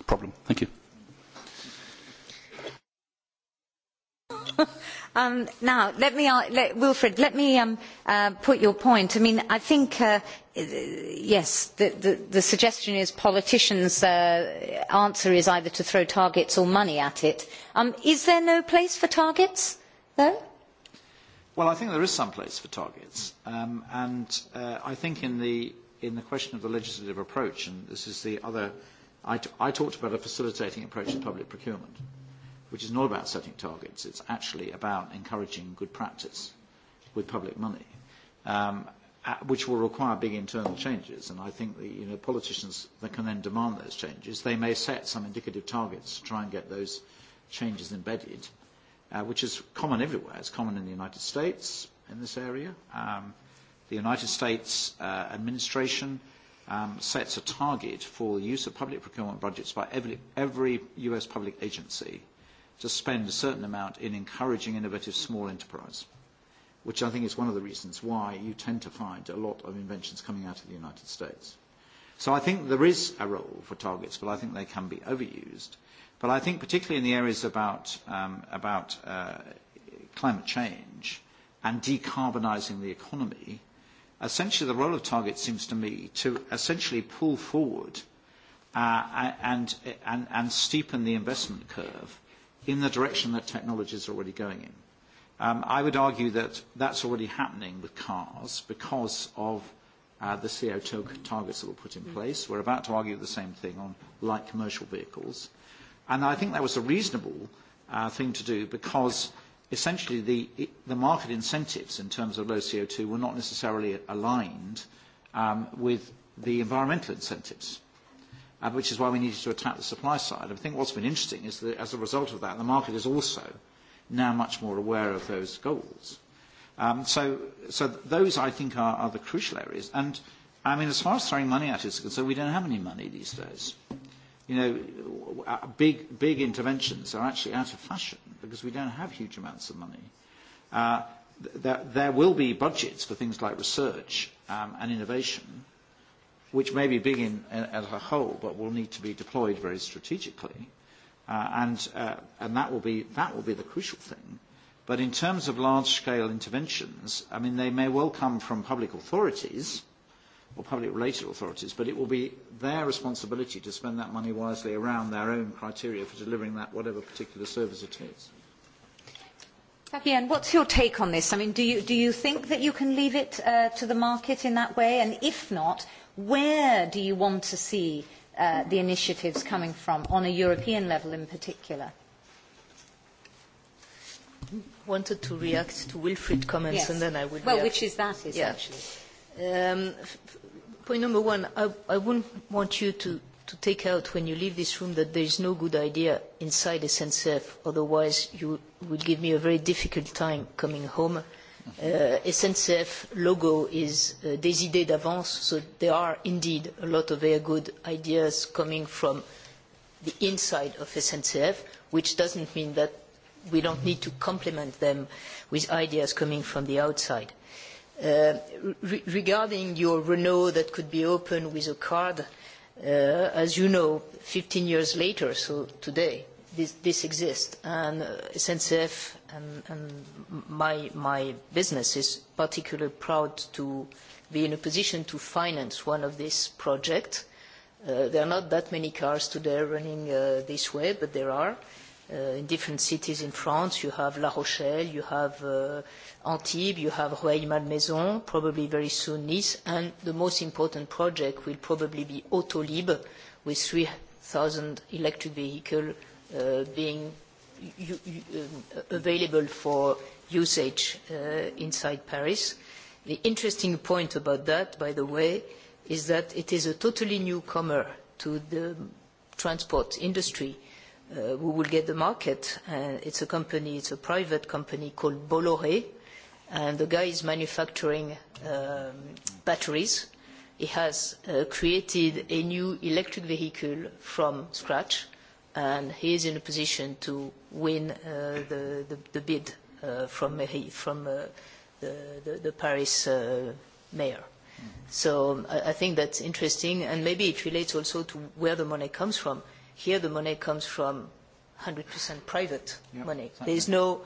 F: problem. Thank you.
A: Um, now, let me, uh, let, Wilfred, let me um, uh, put your point. I mean, I think, uh, yes, the, the, the suggestion is politicians' uh, answer is either to throw targets or money at it. Um, is there no place for targets, though?
D: Well, I think there is some place for targets. Um, and uh, I think in the, in the question of the legislative approach, and this is the other, I, t- I talked about a facilitating approach to public procurement. Mm-hmm which is not about setting targets. It's actually about encouraging good practice with public money, um, at, uh, which will require big internal changes. And I think that you know, politicians that can then demand those changes, they may set some indicative targets to try and get those changes embedded, uh, which is common everywhere. It's common in the United States in this area. Um, the United States uh, administration um, sets a target for the use of public procurement budgets by every, every US public agency to spend a certain amount in encouraging innovative small enterprise, which I think is one of the reasons why you tend to find a lot of inventions coming out of the United States. So I think there is a role for targets, but I think they can be overused. But I think particularly in the areas about, um, about uh, climate change and decarbonising the economy, essentially the role of targets seems to me to essentially pull forward uh, and, and, and steepen the investment curve in the direction that technology is already going in. Um, I would argue that that's already happening with cars because of uh, the CO2 targets that were put in mm. place. We're about to argue the same thing on light commercial vehicles. And I think that was a reasonable uh, thing to do because essentially the, the market incentives in terms of low CO2 were not necessarily aligned um, with the environmental incentives uh, which is why we needed to attack the supply side. I think what's been interesting is that as a result of that, the market is also now much more aware of those goals. Um, so, so those, I think, are, are the crucial areas. And, I mean, as far as throwing money at it is concerned, we don't have any money these days. You know, uh, big, big interventions are actually out of fashion because we don't have huge amounts of money. Uh, there, there will be budgets for things like research um, and innovation, which may be big in, in, as a whole, but will need to be deployed very strategically. Uh, and uh, and that, will be, that will be the crucial thing. But in terms of large-scale interventions, I mean, they may well come from public authorities or public-related authorities, but it will be their responsibility to spend that money wisely around their own criteria for delivering that whatever particular service it is.
A: Fabienne, what's your take on this? I mean, do you, do you think that you can leave it uh, to the market in that way? And if not, Where do you want to see uh, the initiatives coming from, on a European level in particular?
C: wanted to react to Wilfried's comments yes. and then I would Well, react. which is that is, yeah. actually. Um, point number one, I, I wouldn't want you to, to take out when you leave this room that there is no good idea inside SNCF, otherwise you will give me a very difficult time coming home uh, SNCF logo is uh, des idées d'avance, so there are indeed a lot of very good ideas coming from the inside of SNCF, which doesn't mean that we don't need to complement them with ideas coming from the outside. Uh, re regarding your Renault that could be opened with a card, uh, as you know, 15 years later, so today, this, this exists. And uh, SNCF and, and my, my business is particularly proud to be in a position to finance one of these projects. Uh, there are not that many cars today running uh, this way, but there are. Uh, in different cities in France, you have La Rochelle, you have uh, Antibes, you have Rueil-Malmaison, probably very soon Nice, and the most important project will probably be Autolib with 3,000 electric vehicles uh, being u um, available for usage uh, inside Paris. The interesting point about that, by the way, is that it is a totally newcomer to the transport industry uh, who will get the market. Uh, it's a company, it's a private company called Bolloré, and the guy is manufacturing um, batteries. He has uh, created a new electric vehicle from scratch, and he is in a position to win uh, the, the, the bid uh, from, uh, from uh, the, the, the Paris uh, mayor. Mm. So um, I, I think that's interesting, and maybe it relates also to where the money comes from. Here the money comes from 100% private yep, money. Exactly. There is no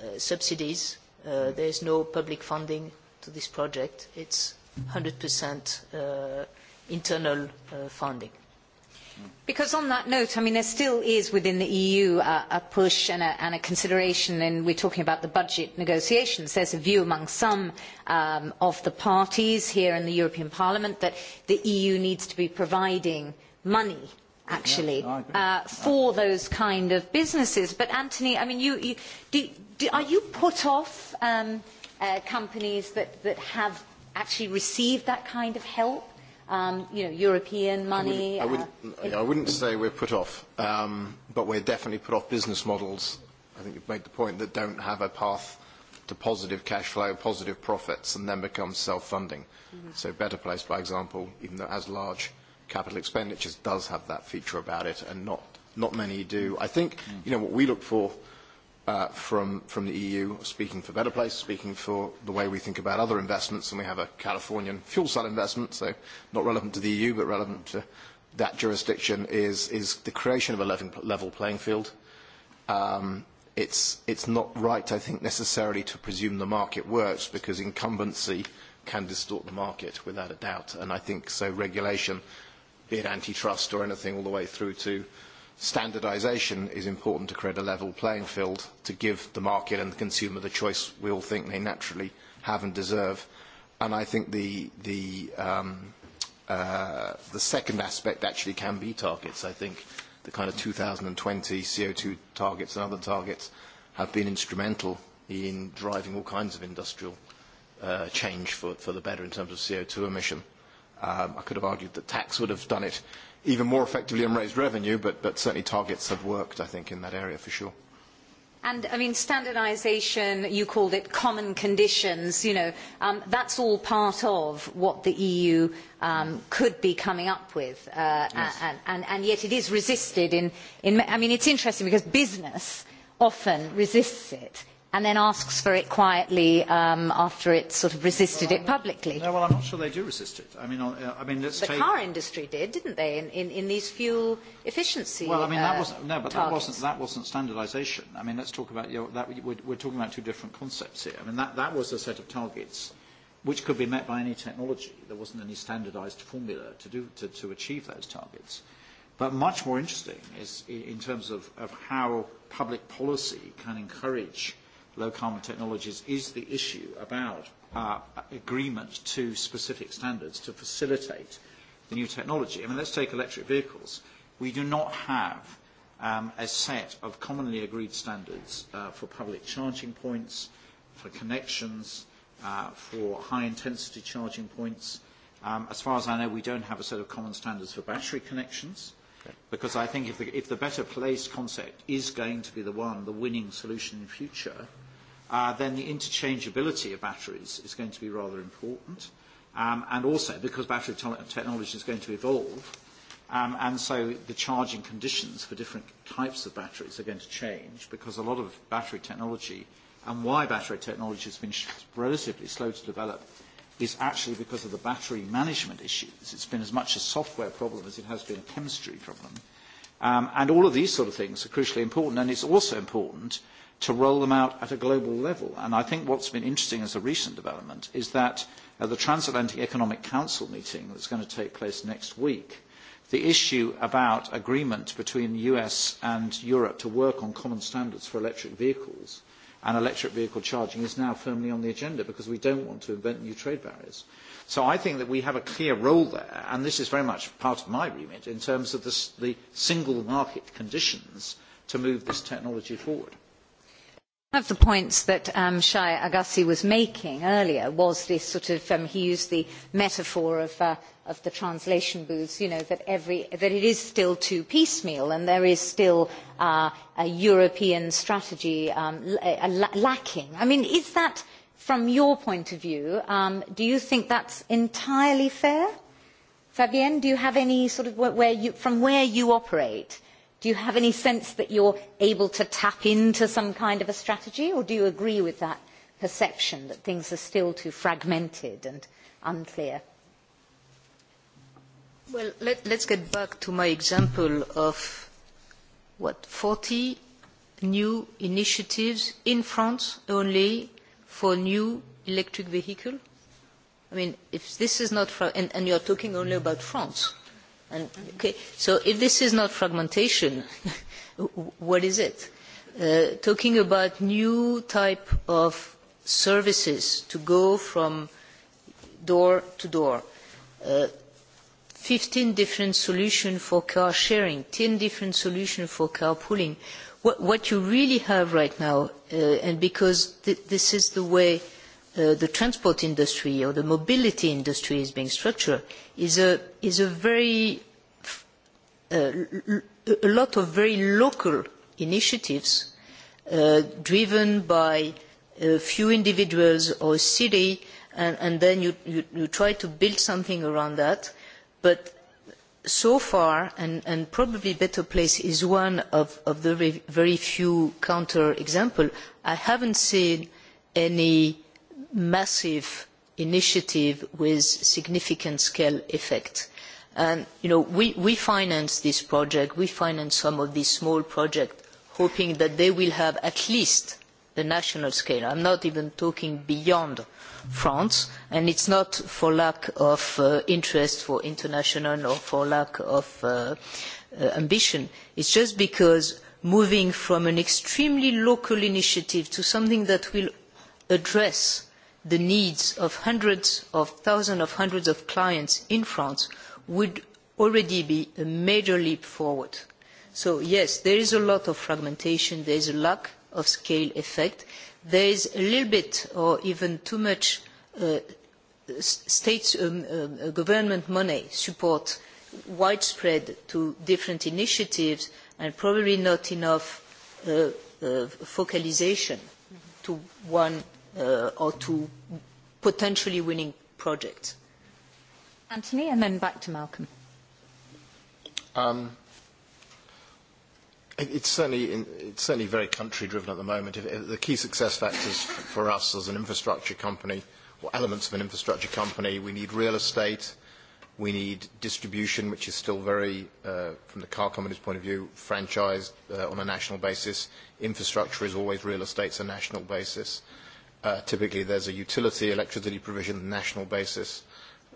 C: uh, subsidies, uh, mm. there is no public funding to this project. It's 100% uh, internal uh, funding.
A: Because on that note, I mean, there still is within the EU a, a push and a, and a consideration, and we're talking about the budget negotiations. There's a view among some um, of the parties here in the European Parliament that the EU needs to be providing money actually yeah, no, uh, for those kind of businesses. But Anthony, I mean, you, you, do, do, are you put off um, uh, companies that, that have actually received that kind of help? um, you know, European money. I wouldn't, I, wouldn't, uh, I wouldn't
B: say we're put off, um, but we're definitely put off business models. I think you've made the point that don't have a path to positive cash flow, positive profits, and then become self-funding. Mm-hmm. So Better Place, by example, even though it has large capital expenditures, does have that feature about it, and not, not many do. I think, mm. you know, what we look for – uh, from, from the EU, speaking for Better Place, speaking for the way we think about other investments, and we have a Californian fuel cell investment, so not relevant to the EU, but relevant to that jurisdiction, is, is the creation of a level, level playing field. Um, it's, it's not right, I think, necessarily to presume the market works, because incumbency can distort the market, without a doubt, and I think so regulation, be it antitrust or anything, all the way through to standardization is important to create a level playing field to give the market and the consumer the choice we all think they naturally have and deserve. And I think the, the, um, uh, the second aspect actually can be targets. I think the kind of 2020 CO2 targets and other targets have been instrumental in driving all kinds of industrial uh, change for, for the better in terms of CO2 emission. Um, I could have argued that tax would have done it even more effectively and raised revenue, but, but certainly targets have worked, I think, in that area for sure.
A: And I mean, standardization, you called it common conditions, you know, um, that's all part of what the EU um, could be coming up with. Uh, yes. and, and, and yet it is resisted in, in, I mean, it's interesting because business often resists it and then asks for it quietly um, after it's sort of resisted well, it publicly. Not, no, well, I'm not sure they do resist
D: it. I mean, uh,
A: I mean, let's the take... car industry did, didn't they, in, in, in these fuel efficiency Well, I mean, that uh, wasn't, no, but targets. that uh, wasn't,
D: that wasn't standardization. I mean, let's talk about, you know, that, we're, we're talking about two different concepts here. I mean, that, that was a set of targets which could be met by any technology. There wasn't any standardized formula to, do, to, to achieve those targets. But much more interesting is in terms of, of how public policy can encourage uh, low carbon technologies is the issue about uh, agreement to specific standards to facilitate the new technology. I mean, let's take electric vehicles. We do not have um, a set of commonly agreed standards uh, for public charging points, for connections, uh, for high-intensity charging points. Um, as far as I know, we don't have a set of common standards for battery connections. Uh, because I think if the, if the better place concept is going to be the one, the winning solution in future, uh, then the interchangeability of batteries is going to be rather important. Um, and also because battery te- technology is going to evolve, um, and so the charging conditions for different types of batteries are going to change because a lot of battery technology and why battery technology has been sh- relatively slow to develop is actually because of the battery management issues. It's been as much a software problem as it has been a chemistry problem. Um, and all of these sort of things are crucially important, and it's also important to roll them out at a global level. And I think what's been interesting as a recent development is that at the Transatlantic Economic Council meeting that's going to take place next week, the issue about agreement between the US and Europe to work on common standards for electric vehicles and electric vehicle charging is now firmly on the agenda because we don't want to invent new trade barriers. So I think that we have a clear role there, and this is very much part of my remit in terms of the, the single market conditions to move this technology forward.
A: One of the points that um, Shai Agassi was making earlier was this sort of, um, he used the metaphor of, uh, of the translation booths, you know, that, every, that it is still too piecemeal and there is still uh, a European strategy um, l- lacking. I mean, is that, from your point of view, um, do you think that's entirely fair? Fabienne, do you have any sort of where you, from where you operate, Do you have any sense that you're able to tap into some kind of a strategy, or do you agree with that perception that things are still too fragmented and
C: unclear? Well, let, let's get back to my example of what 40 new initiatives in France only for new electric vehicle. I mean, if this is not, and, and you're talking only about France And, okay, so if this is not fragmentation, what is it? Uh, talking about new type of services to go from door to door. Uh, 15 different solutions for car sharing, 10 different solutions for carpooling. What, what you really have right now, uh, and because th this is the way uh, uh, the transport industry or the mobility industry is being structured is a, is a very, uh, a lot of very local initiatives uh, driven by a few individuals or a city and, and then you, you, you try to build something around that. But so far, and, and probably Better Place is one of, of the very few counter examples, I haven't seen any massive initiative with significant scale effect. And, you know, we, we finance this project, we finance some of these small projects, hoping that they will have at least the national scale. I'm not even talking beyond France, and it's not for lack of uh, interest for international or for lack of uh, uh, ambition. It's just because moving from an extremely local initiative to something that will address the needs of hundreds of thousands of hundreds of clients in France would already be a major leap forward. So yes, there is a lot of fragmentation, there is a lack of scale effect, there is a little bit or even too much uh, state um, um, uh, government money support widespread to different initiatives and probably not enough uh, uh, focalization to one uh, or to potentially winning projects.
A: Anthony, and then back to Malcolm.
C: Um,
B: it, it's certainly in, it's certainly very country driven at the moment. If, if the key success factors for us as an infrastructure company, or elements of an infrastructure company, we need real estate, we need distribution, which is still very, uh, from the car company's point of view, franchised uh, on a national basis. Infrastructure is always real estate's a national basis. Uh, uh, typically there's a utility electricity provision national basis,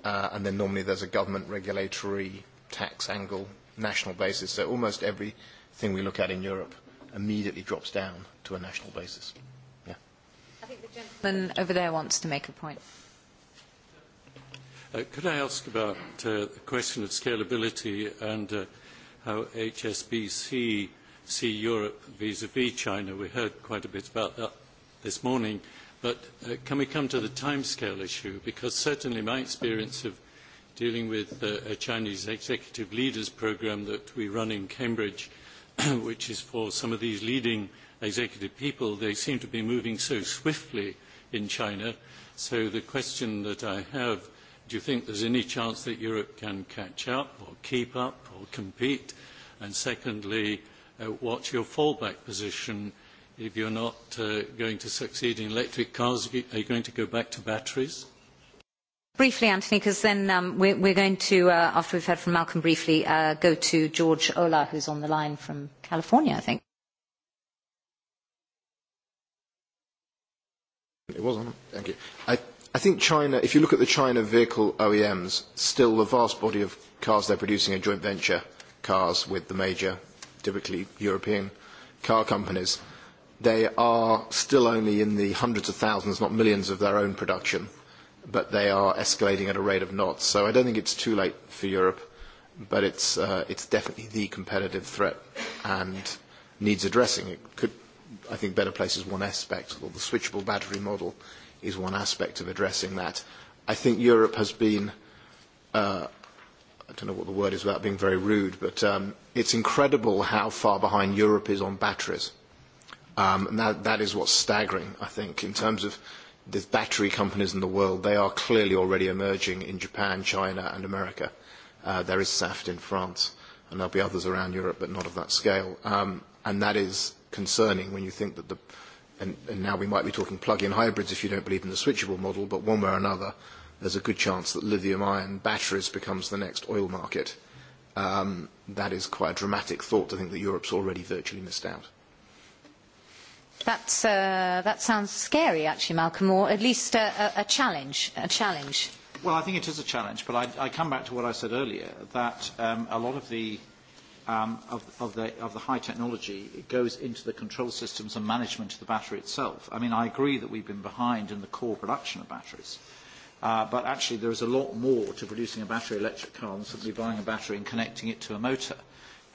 B: uh, and then normally there's a government regulatory tax angle national basis. So almost everything we look at in Europe immediately drops down to a national basis.
F: Yeah.
A: I think the gentleman over there wants to make a point.
F: Uh, could I ask about uh, the question of scalability and uh, how HSBC see Europe vis-à-vis -vis China? We heard quite a bit about that this morning. Uh, But uh, can we come to the timescale issue? Because certainly my experience of dealing with uh, a Chinese executive leaders program that we run in Cambridge, which is for some of these leading executive people, they seem to be moving so swiftly in China. So the question that I have, do you think there's any chance that Europe can catch up or keep up or compete? And secondly, uh, what's your fallback position uh, if you're not uh, going to succeed in electric cars, are you going to go back to batteries?
A: Briefly, Anthony, because then um, we're, we're going to, uh, after we've heard from Malcolm briefly, uh, go to George Ola, who's on the line from California, I think.
B: It was on. Thank you. I, I think China, if you look at the China vehicle OEMs, still the vast body of cars they're producing are joint venture cars with the major, typically European car companies. Uh, They are still only in the hundreds of thousands, not millions, of their own production, but they are escalating at a rate of knots. So I don't think it's too late for Europe, but it's, uh, it's definitely the competitive threat and needs addressing. It could, I think Better Place is one aspect, or the switchable battery model is one aspect of addressing that. I think Europe has been, uh, I don't know what the word is without being very rude, but um, it's incredible how far behind Europe is on batteries. Um, and that, that is what's staggering, I think, in terms of the battery companies in the world. They are clearly already emerging in Japan, China, and America. Uh, there is SAFT in France, and there'll be others around Europe, but not of that scale. Um, and that is concerning when you think that the and, and now we might be talking plug-in hybrids if you don't believe in the switchable model, but one way or another, there's a good chance that lithium-ion batteries becomes the next oil market. Um, that is quite a dramatic thought to think that Europe's already virtually missed out.
A: That's, uh, that sounds scary, actually, Malcolm, or at least a, a, a challenge. A challenge. Well, I
D: think it is a challenge, but I, I come back to what I said earlier, that um, a lot of the, um, of, of, the, of the high technology goes into the control systems and management of the battery itself. I mean, I agree that we've been behind in the core production of batteries, uh, but actually there is a lot more to producing a battery electric car than simply buying a battery and connecting it to a motor.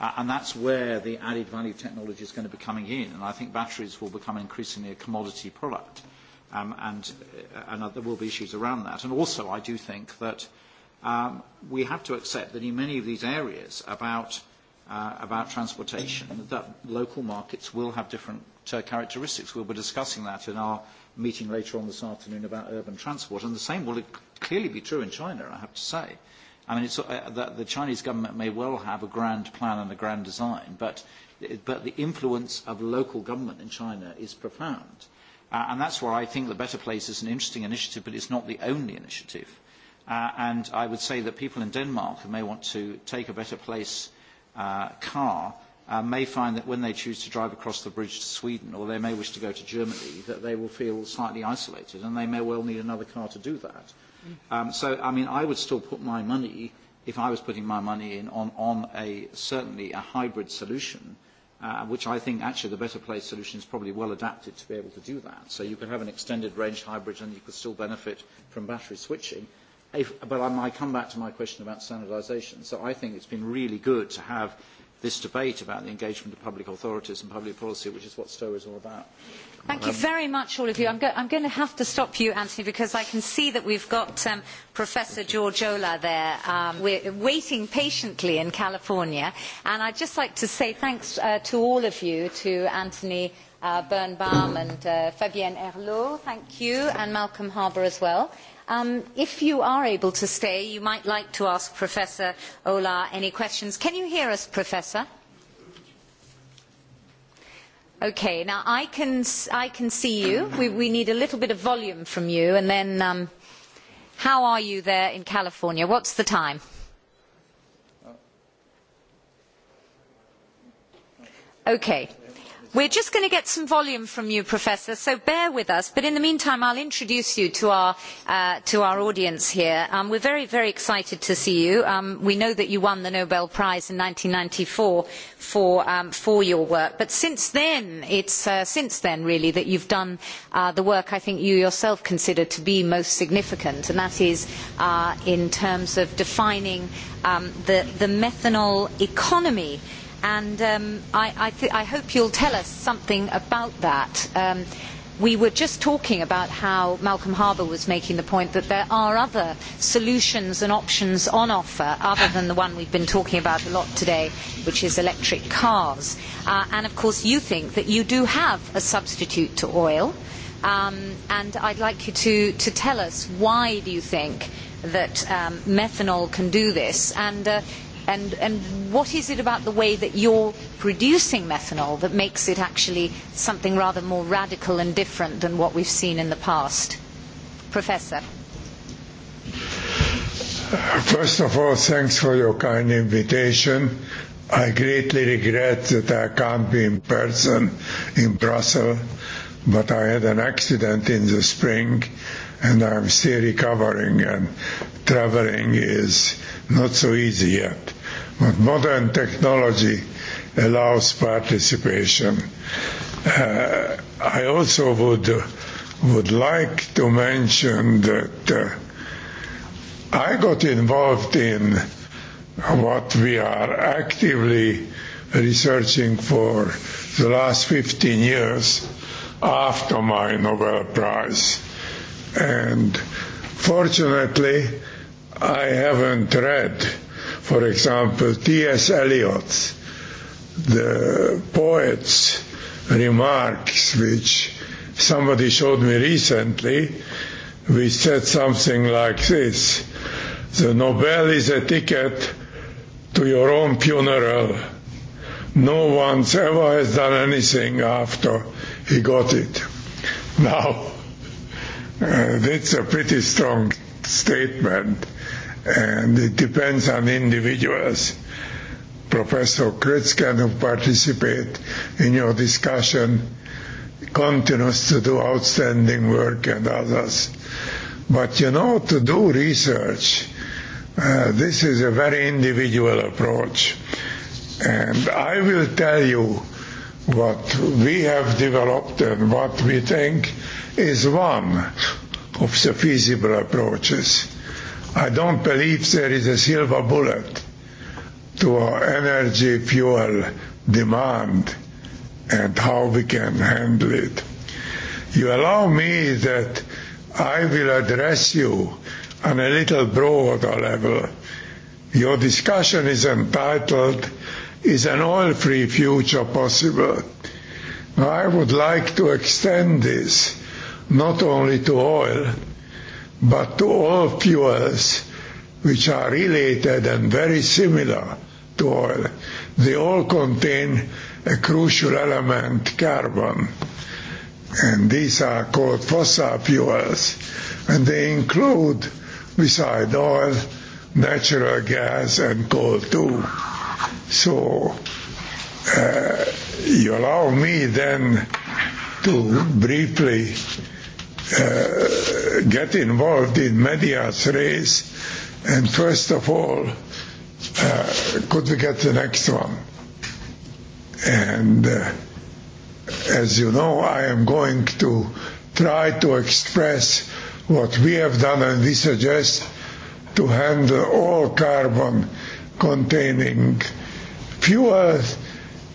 D: Uh, and that's where the added value technology is going to be coming in. And I think batteries will become increasingly a commodity product. Um, and, uh, and uh, there will be issues around that. And also, I do think that um, we have to accept that in many of these areas about, uh, about transportation, that local markets will have different uh, characteristics. We'll be discussing that in our meeting later on this afternoon about urban transport. And the same will clearly be true in China, I have to say. Uh, I mean, it's, uh, the, the Chinese government may well have a grand plan and a grand design, but, but the influence of local government in China is profound. Uh, and that's why I think the Better Place is an interesting initiative, but it's not the only initiative. Uh, and I would say that people in Denmark who may want to take a Better Place uh, car uh, may find that when they choose to drive across the bridge to Sweden or they may wish to go to Germany, that they will feel slightly isolated and they may well need another car to do that. Um, so, I mean, I would still put my money, if I was putting my money in, on, on a, certainly a hybrid solution, uh, which I think actually the better place solution is probably well adapted to be able to do that. So you could have an extended range hybrid and you could still benefit from battery switching. If, but I might come back to my question about standardisation. So I think it's been really good to have this debate about the engagement of public authorities and public policy, which is what STOA is all about. Thank you um,
A: very much, all of you. I'm, go I'm going to have to stop you, Anthony, because I can see that we've got um, Professor George Ola there. Um, we're waiting patiently in California. And I'd just like to say thanks uh, to all of you, to Anthony uh, Birnbaum and uh, Fabienne Herlot, thank you, and Malcolm Harbour as well. Um, if you are able to stay, you might like to ask Professor Ola any questions. Can you hear us, Professor? Okay, now I can, I can see you. We, we need a little bit of volume from you. And then, um, how are you there in California? What's the time? Okay We're just going to get some volume from you, Professor, so bear with us. But in the meantime, I'll introduce you to our, uh, to our audience here. Um, we're very, very excited to see you. Um, we know that you won the Nobel Prize in 1994 for, um, for your work. But since then, it's uh, since then, really, that you've done uh, the work I think you yourself consider to be most significant, and that is uh, in terms of defining um, the, the methanol economy economy and um, I, I, th- I hope you'll tell us something about that. Um, we were just talking about how Malcolm Harbour was making the point that there are other solutions and options on offer other than the one we've been talking about a lot today, which is electric cars. Uh, and of course, you think that you do have a substitute to oil. Um, and I'd like you to, to tell us why do you think that um, methanol can do this? And uh, And, and what is it about the way that you're producing methanol that makes it actually something rather more radical and different than what we've seen in the past? Professor.
G: First of all, thanks for your kind invitation. I greatly regret that I can't be in person in Brussels, but I had an accident in the spring and I'm still recovering and traveling is not so easy yet. But modern technology allows participation. Uh, I also would would like to mention that uh, I got involved in what we are actively researching for the last 15 years after my Nobel Prize. And fortunately, I haven't read For example, T.S. Eliot, the poet's remarks, which somebody showed me recently, which said something like this The Nobel is a ticket to your own funeral. No one's ever has done anything after he got it. Now, uh, that's a pretty strong statement and it depends on individuals. Professor Kritz can participate in your discussion, continues to do outstanding work and others. But you know, to do research, uh, this is a very individual approach. And I will tell you what we have developed and what we think is one of the feasible approaches. I don't believe there is a silver bullet to our energy fuel demand and how we can handle it. You allow me that I will address you on a little broader level. Your discussion is entitled, "Is an Oil-Free Future Possible?" I would like to extend this not only to oil, But to all fuels which are related and very similar to oil, they all contain a crucial element, carbon. And these are called fossil fuels. And they include, beside oil, natural gas and coal too. So, uh, you allow me then to briefly uh, get involved in medias res, and first of all, uh, could we get the next one? And uh, as you know, I am going to try to express what we have done, and we suggest to handle all carbon containing fuels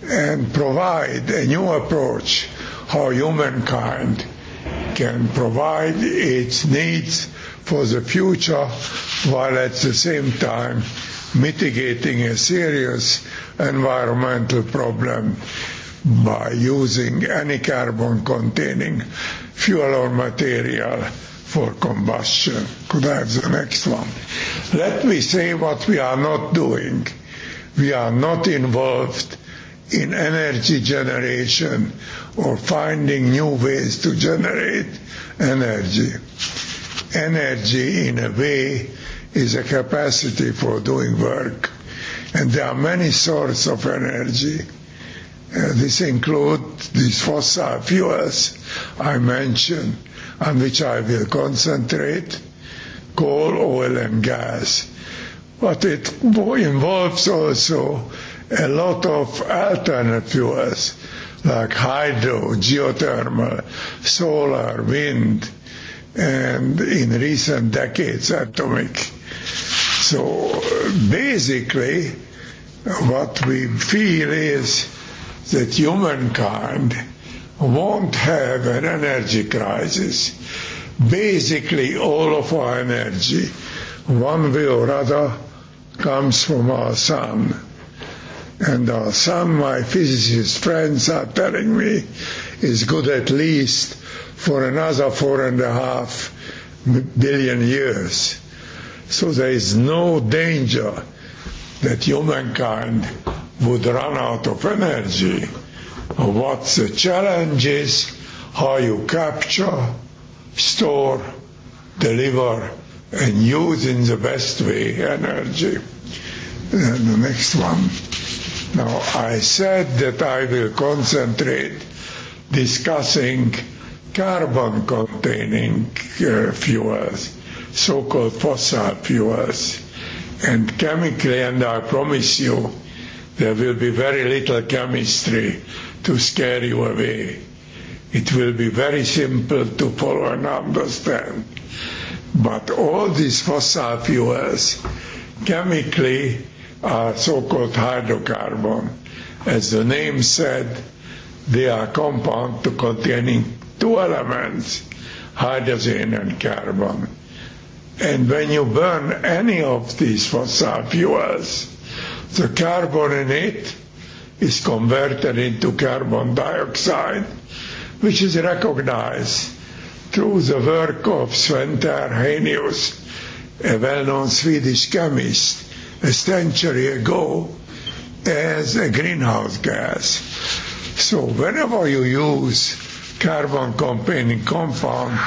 G: and provide a new approach how humankind can provide its needs for the future while at the same time mitigating a serious environmental problem by using any carbon containing fuel or material for combustion. Could I have the next one? Let me say what we are not doing. We are not involved in energy generation or finding new ways to generate energy. Energy, in a way, is a capacity for doing work. And there are many sources of energy. Uh, this include these fossil fuels I mentioned, on which I will concentrate, coal, oil and gas. But it involves also a lot of alternate fuels like hydro, geothermal, solar, wind, and in recent decades, atomic. So basically, what we feel is that humankind won't have an energy crisis. Basically, all of our energy, one way or other, comes from our sun and uh, some my physicist friends are telling me is good at least for another four and a half billion years. So there is no danger that humankind would run out of energy. What the challenge is how you capture, store, deliver, and use in the best way energy. And the next one. Now, I said that I will concentrate discussing carbon containing uh, fuels, so called fossil fuels, and chemically, and I promise you, there will be very little chemistry to scare you away. It will be very simple to follow and understand. But all these fossil fuels, chemically, are so-called hydrocarbon. As the name said, they are compound containing two elements, hydrogen and carbon. And when you burn any of these fossil fuels, the carbon in it is converted into carbon dioxide, which is recognized through the work of Sven Terhenius, a well-known Swedish chemist a century ago as a greenhouse gas. So whenever you use carbon containing compound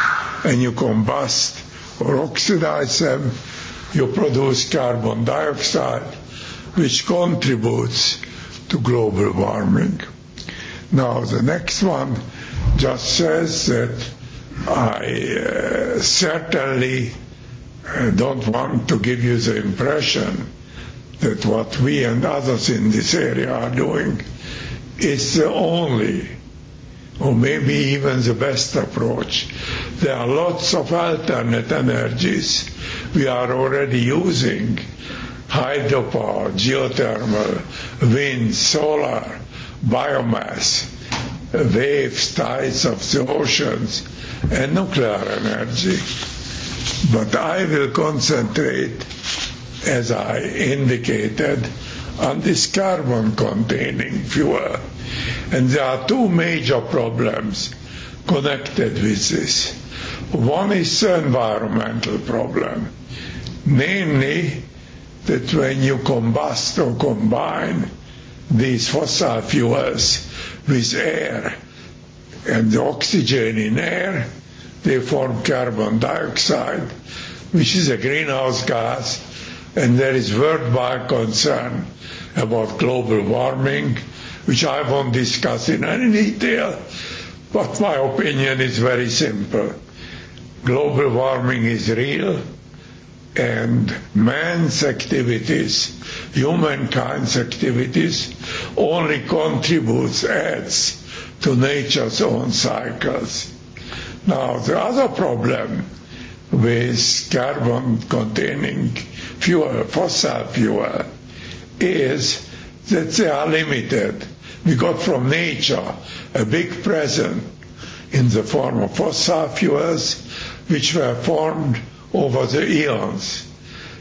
G: and you combust or oxidize them, you produce carbon dioxide, which contributes to global warming. Now, the next one just says that I uh, certainly uh, don't want to give you the impression that what we and others in this area are doing is the only or maybe even the best approach. There are lots of alternate energies we are already using hydropower, geothermal, wind, solar, biomass, waves, tides of the oceans, and nuclear energy. But I will concentrate as I indicated, on this carbon-containing fuel. There are two major problems connected with this. One is the environmental problem, namely that when you combust or combine these fossil fuels with air and the oxygen in air, they form carbon dioxide, which is a greenhouse gas and there is worldwide concern about global warming, which I won't discuss in any detail, but my opinion is very simple. Global warming is real, and man's activities, humankind's activities, only contributes, adds to nature's own cycles. Now, the other problem with carbon containing fuel, fossil fuel, is that they are limited. We got from nature a big present in the form of fossil fuels, which were formed over the eons.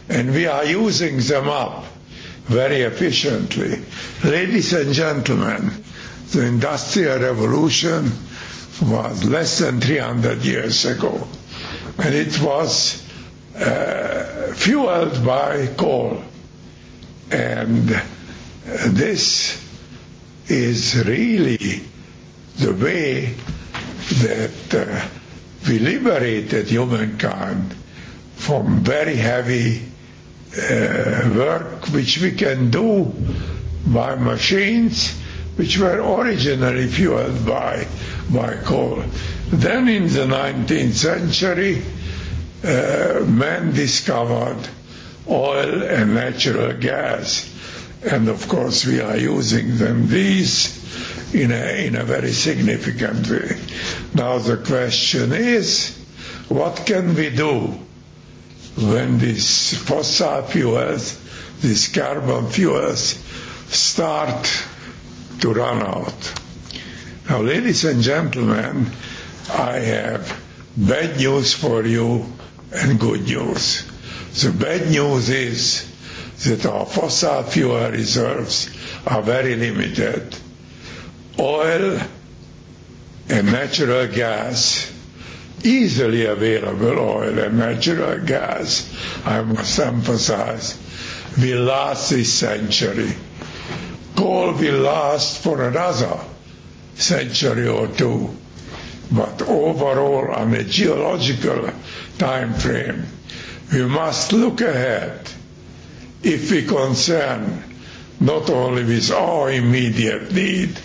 G: And we are using them up very efficiently. Ladies and gentlemen, the Industrial Revolution was less than 300 years ago. And it was uh, fueled by coal. And uh, this is really the way that uh, we liberated humankind from very heavy uh, work which we can do by machines which were originally fueled by, by coal. Then in the 19th century, uh, man discovered oil and natural gas, and of course we are using them these in a, in a very significant way. Now the question is, what can we do when these fossil fuels, these carbon fuels, start to run out? Now, ladies and gentlemen, I have bad news for you and good news. The bad news is that our fossil fuel reserves are very limited. Oil and natural gas, easily available oil and natural gas, I must emphasize, will last this century. Coal will last for another century or two. But overall, on a geological time frame. We must look ahead if we concern not only with our immediate need,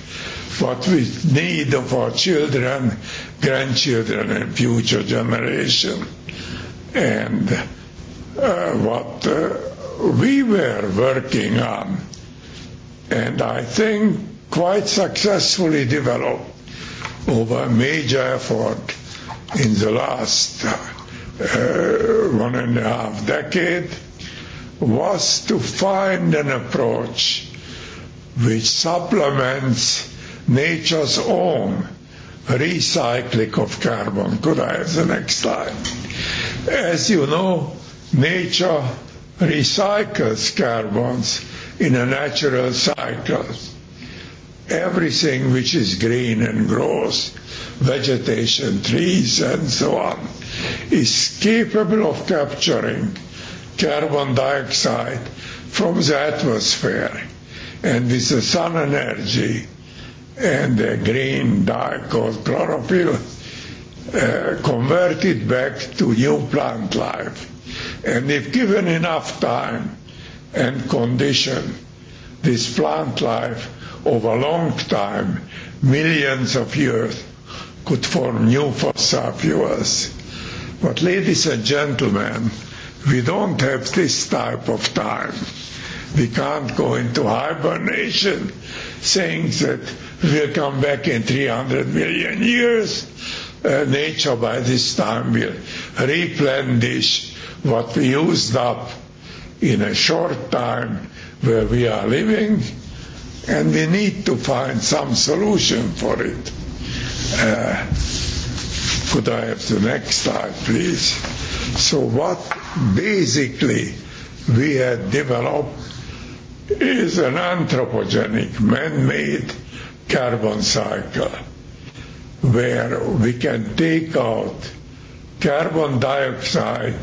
G: but with need of our children, grandchildren, and future generation. And uh, what uh, we were working on, and I think quite successfully developed over a major effort in the last uh, one and a half decade was to find an approach which supplements nature's own recycling of carbon. Could I have the next slide? As you know, nature recycles carbons in a natural cycle. Everything which is green and grows, vegetation, trees, and so on, is capable of capturing carbon dioxide from the atmosphere. And with the sun energy and the green dye called chlorophyll, uh, convert it back to new plant life. And if given enough time and condition, this plant life over a long time, millions of years, could form new fossil fuels But ladies and gentlemen, we don't have this type of time. We can't go into hibernation saying that we'll come back in 300 million years. Uh, nature by this time will replenish what we used up in a short time where we are living, and we need to find some solution for it. Uh, Could I have the next slide, please? So what basically we had developed is an anthropogenic, man-made carbon cycle where we can take out carbon dioxide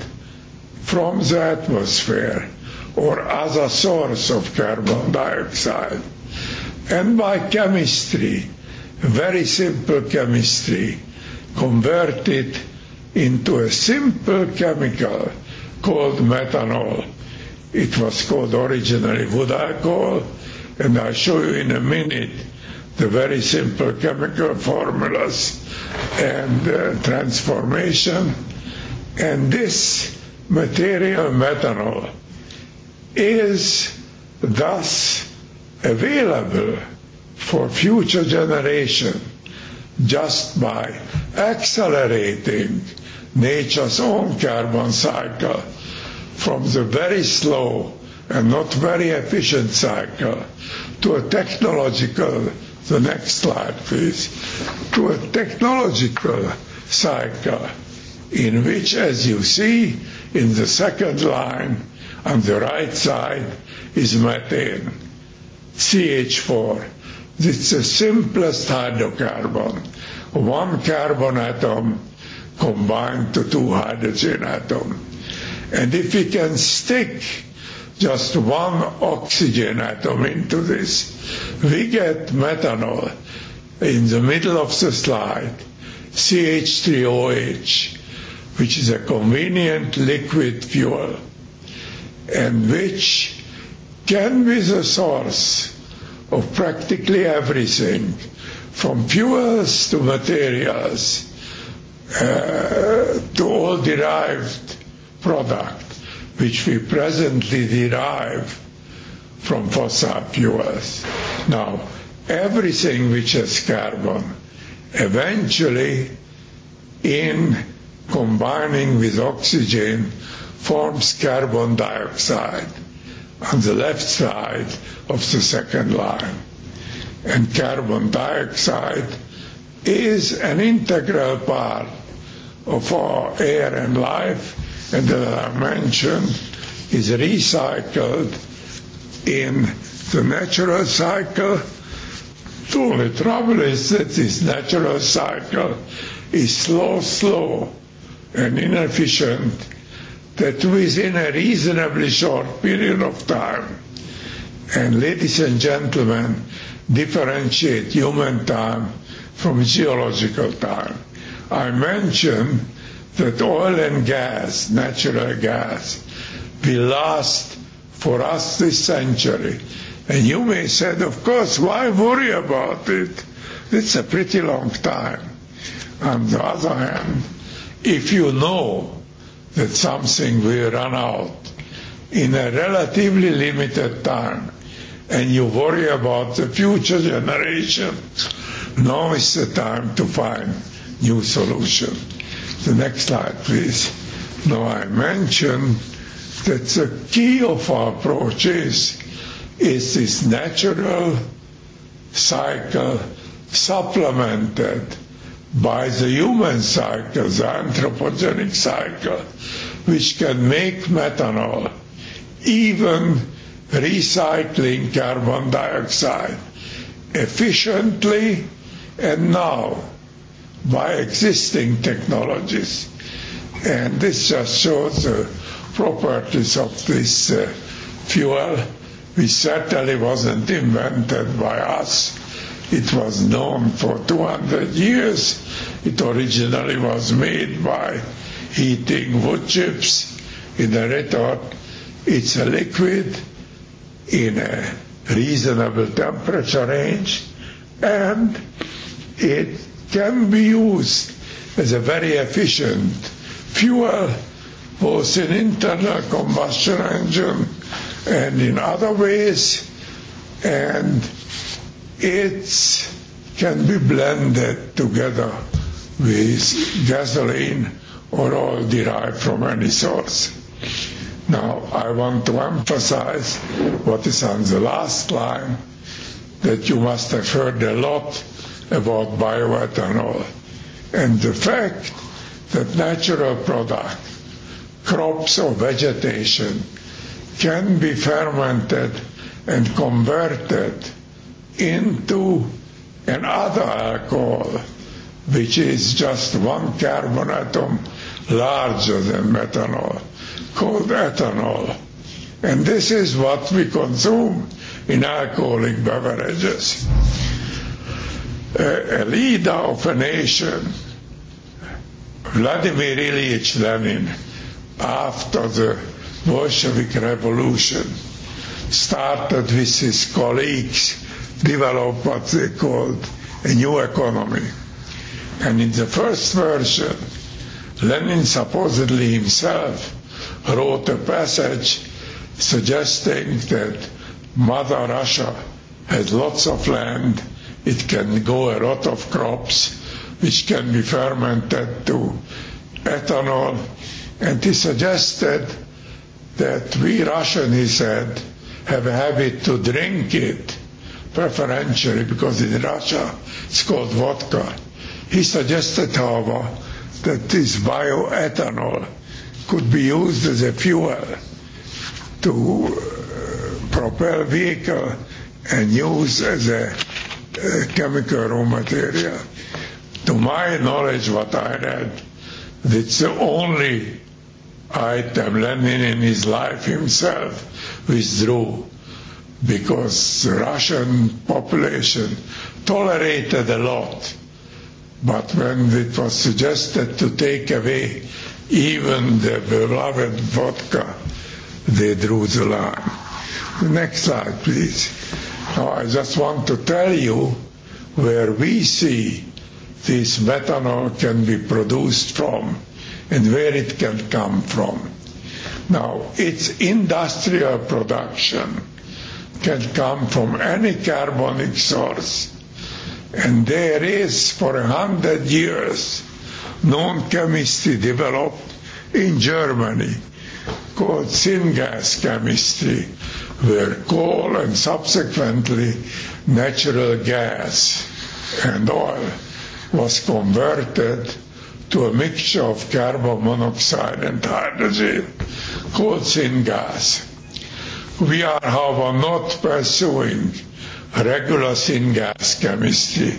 G: from the atmosphere or as a source of carbon dioxide. And by chemistry, very simple chemistry, convert it into a simple chemical called methanol. It was called originally wood alcohol, and I'll show you in a minute the very simple chemical formulas and uh, transformation. And this material methanol is thus available for future generation just by accelerating nature's own carbon cycle from the very slow and not very efficient cycle to a technological, the next slide please, to a technological cycle in which, as you see in the second line on the right side, is methane, CH4, It's the simplest hydrocarbon. One carbon atom combined to two hydrogen atom. And if we can stick just one oxygen atom into this, we get methanol in the middle of the slide, CH3OH, which is a convenient liquid fuel and which can be the source of practically everything, from fuels to materials uh, to all derived product, which we presently derive from fossil fuels. Now, everything which has carbon eventually in combining with oxygen forms carbon dioxide on the left side of the second line. And carbon dioxide is an integral part of our air and life, and as I mentioned, is recycled in the natural cycle. The only trouble is that this natural cycle is slow, slow, and inefficient that within a reasonably short period of time, and ladies and gentlemen, differentiate human time from geological time. I mentioned that oil and gas, natural gas, will last for us this century. And you may say, of course, why worry about it? It's a pretty long time. On the other hand, if you know that something will run out in a relatively limited time and you worry about the future generation, now is the time to find new solution. The next slide, please. Now I mentioned that the key of our approach is this natural cycle supplemented by the human cycle, the anthropogenic cycle, which can make methanol, even recycling carbon dioxide efficiently and now by existing technologies. And this just shows the properties of this uh, fuel, which certainly wasn't invented by us It was known for 200 years. It originally was made by heating wood chips in a red hot. It's a liquid in a reasonable temperature range and it can be used as a very efficient fuel both in internal combustion engine and in other ways and it can be blended together with gasoline or oil derived from any source. Now, I want to emphasize what is on the last line, that you must have heard a lot about bioethanol, and the fact that natural product, crops or vegetation, can be fermented and converted into another alcohol, which is just one carbon atom larger than methanol, called ethanol. And this is what we consume in alcoholic beverages. A, a leader of a nation, Vladimir Ilyich Lenin, after the Bolshevik Revolution, started with his colleagues develop what they called a new economy. And in the first version, Lenin supposedly himself wrote a passage suggesting that Mother Russia has lots of land, it can grow a lot of crops, which can be fermented to ethanol, and he suggested that we Russians, he said, have a habit to drink it preferentially because in Russia it's called vodka. He suggested, however, that this bioethanol could be used as a fuel to uh, propel vehicle and use as a uh, chemical raw material. To my knowledge, what I read, it's the only item Lenin in his life himself withdrew because Russian population tolerated a lot. But when it was suggested to take away even the beloved vodka, they drew the line. The next slide, please. Now, I just want to tell you where we see this methanol can be produced from and where it can come from. Now, it's industrial production can come from any carbonic source. And there is for a hundred years known chemistry developed in Germany called syngas chemistry, where coal and subsequently natural gas and oil was converted to a mixture of carbon monoxide and hydrogen called syngas we are, however, not pursuing regular syngas chemistry.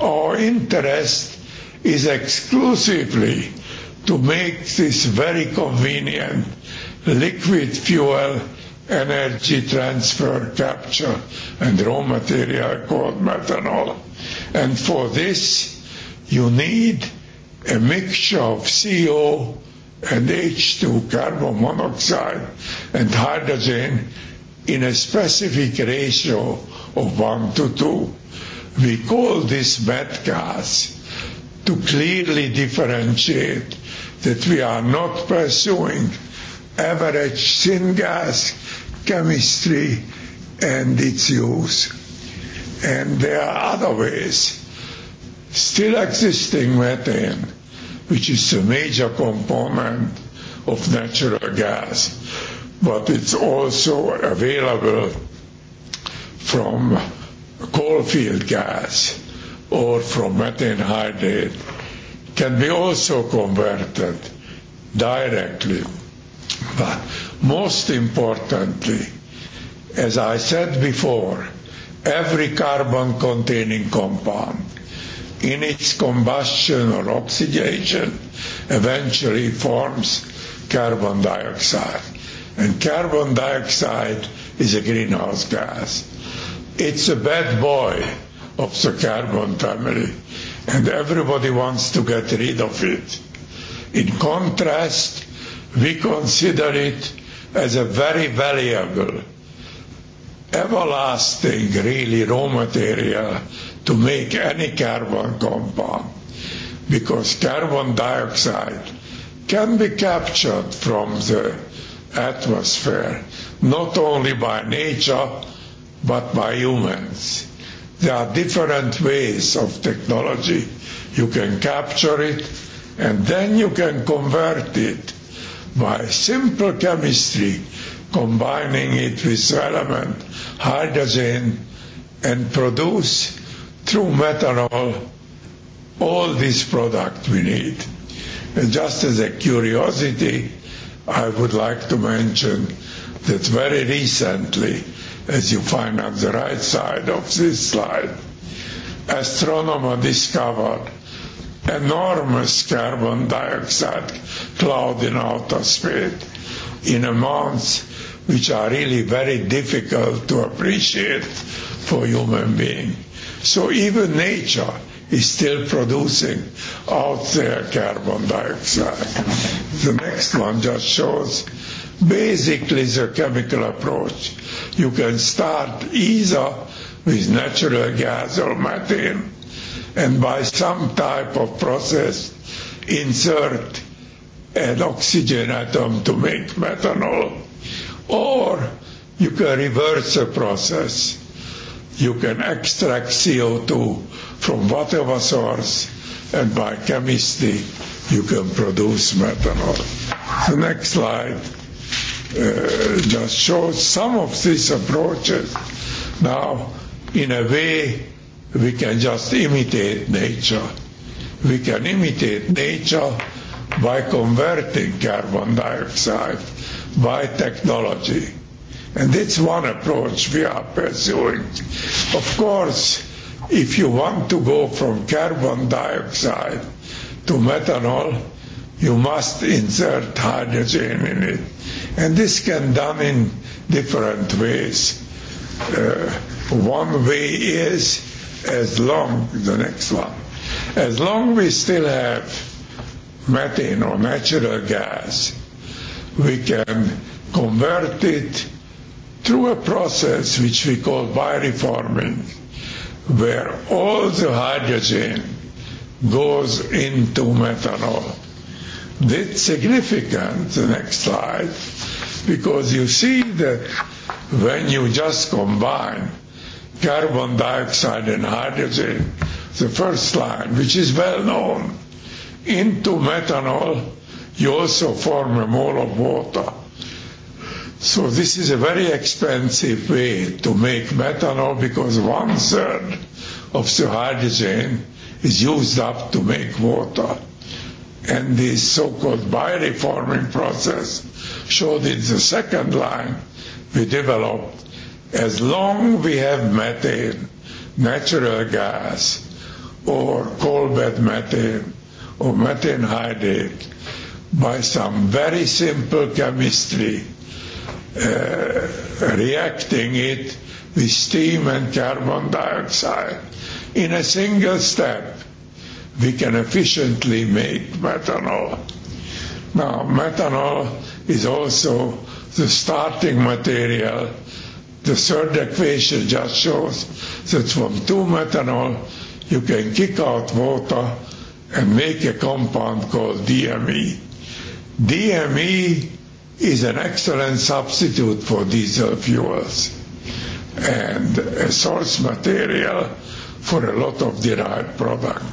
G: Our interest is exclusively to make this very convenient liquid fuel energy transfer capture and raw material called methanol. And for this, you need a mixture of CO and H2 carbon monoxide and hydrogen in a specific ratio of 1 to 2. We call this wet gas to clearly differentiate that we are not pursuing average syngas chemistry and its use. And there are other ways. Still existing methane, which is a major component of natural gas, but it's also available from coalfield gas or from methane hydrate can be also converted directly. But most importantly, as I said before, every carbon containing compound in its combustion or oxidation eventually forms carbon dioxide and carbon dioxide is a greenhouse gas. It's a bad boy of the carbon family, and everybody wants to get rid of it. In contrast, we consider it as a very valuable, everlasting, really raw material to make any carbon compound, because carbon dioxide can be captured from the atmosphere, not only by nature, but by humans. There are different ways of technology. You can capture it, and then you can convert it by simple chemistry, combining it with relevant hydrogen and produce through methanol all this product we need. And just as a curiosity, I would like to mention that very recently, as you find on the right side of this slide, astronomer discovered enormous carbon dioxide cloud in outer space in amounts which are really very difficult to appreciate for human being. So even nature is still producing out there carbon dioxide. the next one just shows basically the chemical approach. You can start either with natural gas or methane and by some type of process insert an oxygen atom to make methanol. Or you can reverse the process. You can extract CO2 from whatever source and by chemistry you can produce methanol. The next slide uh, just shows some of these approaches. Now, in a way, we can just imitate nature. We can imitate nature by converting carbon dioxide by technology. And that's one approach we are pursuing. Of course, if you want to go from carbon dioxide to methanol, you must insert hydrogen in it. And this can done in different ways. Uh, one way is as long, the next one, as long we still have methane or natural gas, we can convert it through a process which we call bioreforming where all the hydrogen goes into methanol. That's significant, the next slide, because you see that when you just combine carbon dioxide and hydrogen, the first line, which is well known, into methanol, you also form a mole of water. So this is a very expensive way to make methanol because one third of the hydrogen is used up to make water. And the so-called bioreforming process showed in the second line we developed, as long we have methane, natural gas, or coal bed methane, or methane hydrate, by some very simple chemistry, uh, reacting it with steam and carbon dioxide. In a single step, we can efficiently make methanol. Now, methanol is also the starting material. The third equation just shows that from two methanol, you can kick out water and make a compound called DME. DME is an excellent substitute for diesel fuels and a source material for a lot of derived product.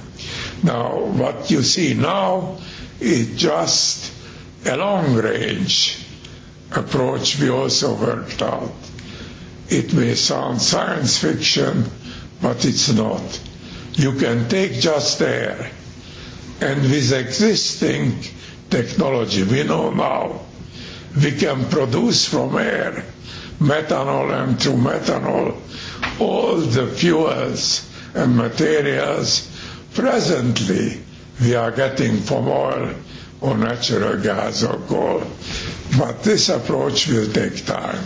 G: Now, what you see now is just a long-range approach we also worked out. It may sound science fiction, but it's not. You can take just air, and with existing technology we know now, we can produce from air methanol and through methanol all the fuels and materials presently we are getting from oil or natural gas or coal. But this approach will take time.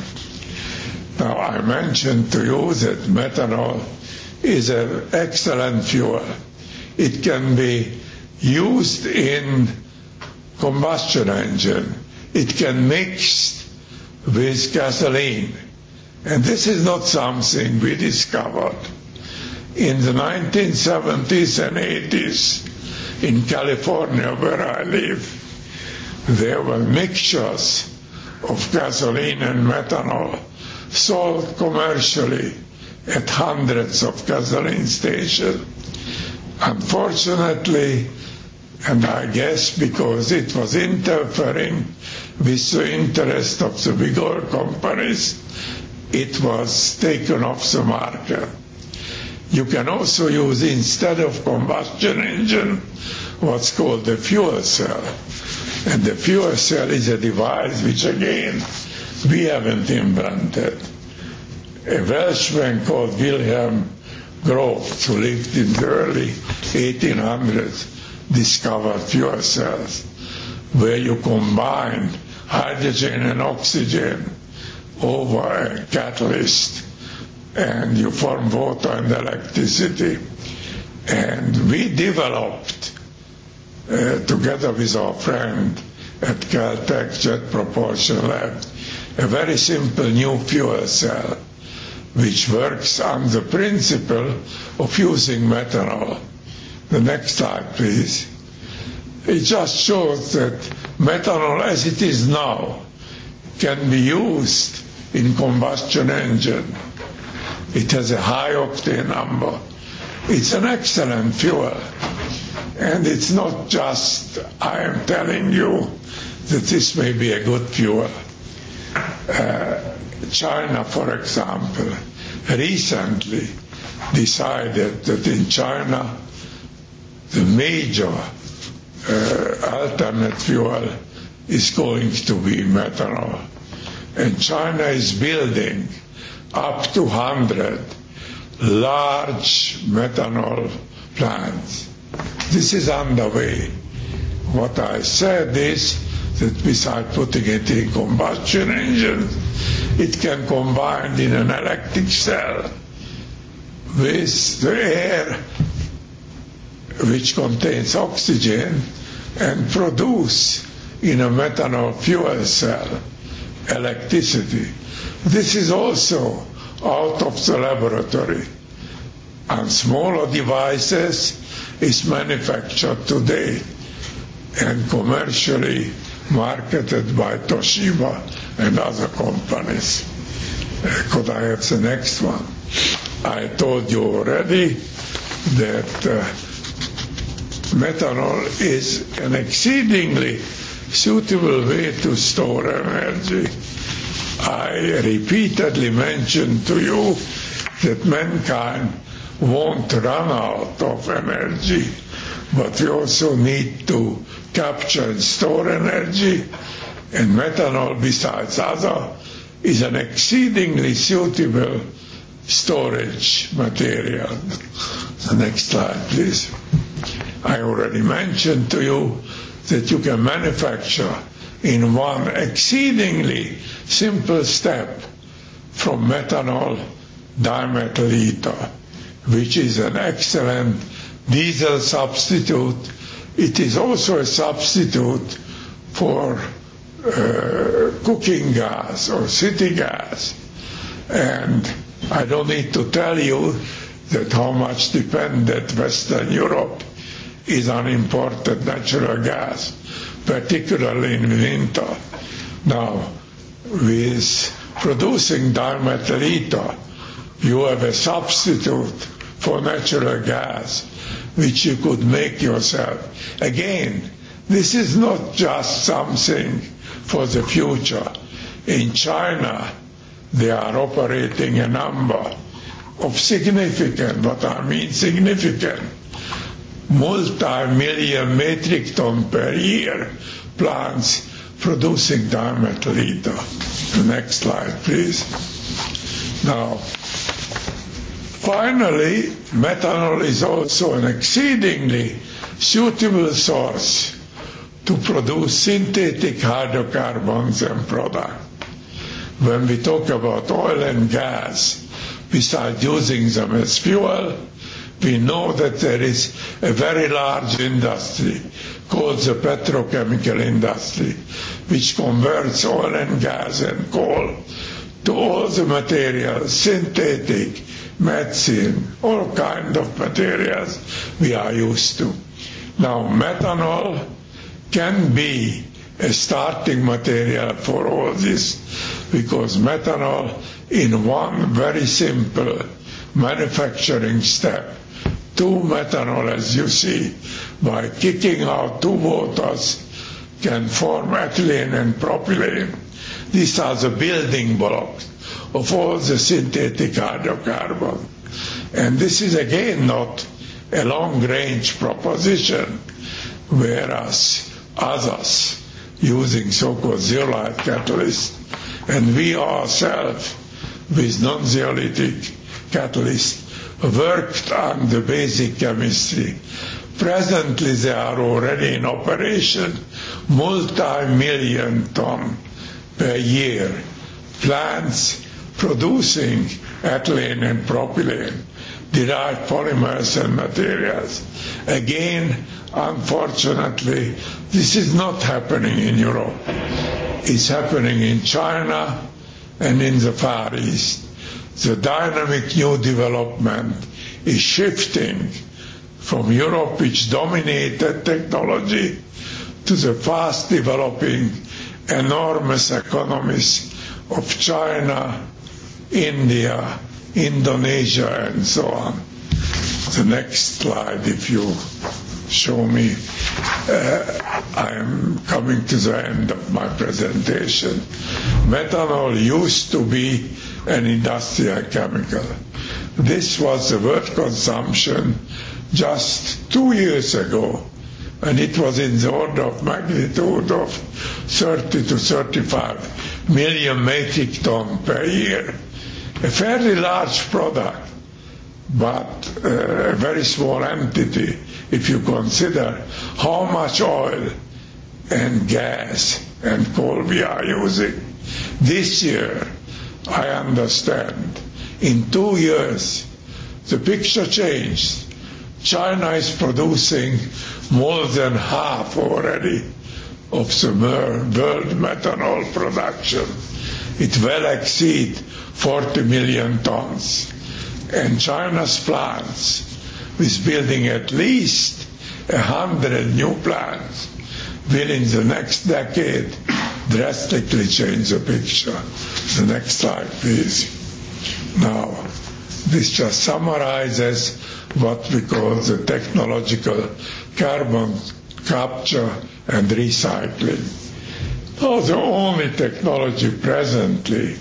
G: Now I mentioned to you that methanol is an excellent fuel. It can be used in combustion engine it can mix with gasoline. And this is not something we discovered. In the 1970s and 80s, in California, where I live, there were mixtures of gasoline and methanol sold commercially at hundreds of gasoline stations. Unfortunately, and I guess because it was interfering with the interest of the bigger companies, it was taken off the market. You can also use, instead of combustion engine, what's called the fuel cell. And the fuel cell is a device which, again, we haven't invented. A Welshman called Wilhelm Grof, who lived in the early 1800s, discovered fuel cells, where you combine hydrogen and oxygen over a catalyst and you form water and electricity. And we developed, uh, together with our friend at Caltech Jet Propulsion Lab, a very simple new fuel cell which works on the principle of using methanol. The next slide, please. It just shows that methanol, as it is now, can be used in combustion engine. It has a high octane number. It's an excellent fuel. And it's not just I am telling you that this may be a good fuel. Uh, China, for example, recently decided that in China the major Uh, alternate fuel is going to be methanol. And China is building up to 100 large methanol plants. This is underway. What I said is that beside putting it in combustion engines, it can combine in an electric cell with the air which contains oxygen and produce in a methanol fuel cell electricity. This is also out of the laboratory. And smaller devices is manufactured today and commercially marketed by Toshiba and other companies. Uh, could I have the next one? I told you already that uh, methanol is an exceedingly suitable way to store energy. I repeatedly mentioned to you that mankind won't run out of energy, but we also need to capture and store energy, and methanol, besides other, is an exceedingly suitable storage material. The next slide, please. I already mentioned to you that you can manufacture in one exceedingly simple step from methanol dimethyl ether, which is an excellent diesel substitute. It is also a substitute for uh, cooking gas or city gas. And I don't need to tell you that how much depended Western Europe is on imported natural gas, particularly in Veneto. Now, with producing dimethyl ether, you have a substitute for natural gas, which you could make yourself. Again, this is not just something for the future. In China, they are operating a number of significant, what I mean significant, multi-million metric ton per year plants producing dimethyl ether. The next slide, please. Now, finally, methanol is also an exceedingly suitable source to produce synthetic hydrocarbons and products. When we talk about oil and gas, besides using them as fuel, we know that there is a very large industry called the petrochemical industry, which converts oil and gas and coal to all the materials, synthetic, medicine, all kind of materials we are used to. Now, methanol can be a starting material for all this because methanol in one very simple manufacturing step Two metanolas, you see, by kicking out two waters can form ethylene and propylene. These are the building blocks of all the synthetic hydrocarbon. And this is again not a long range proposition, whereas others using so-called zeolite catalyst and we ourselves with non-zeolitic catalyst worked on the basic chemistry. Presently, they are already in operation, multi-million ton per year plants producing ethylene and propylene, derived polymers and materials. Again, unfortunately, this is not happening in Europe. It's happening in China and in the Far East the dynamic new development is shifting from Europe, which dominated technology, to the fast-developing enormous economies of China, India, Indonesia, and so on. The next slide, if you show me. Uh, I am coming to the end of my presentation. Methanol used to be and industrial chemical. This was the world consumption just two years ago, and it was in the order of magnitude of 30 to 35 million metric ton per year. A fairly large product, but uh, a very small entity if you consider how much oil and gas and coal we are using this year I understand. In two years, the picture changed. China is producing more than half already of the world methanol production. It will exceed 40 million tons. And China's plants, with building at least 100 new plants, will in the next decade drastically change the picture. The next slide, please. Now, this just summarizes what we call the technological carbon capture and recycling. Now, the only technology presently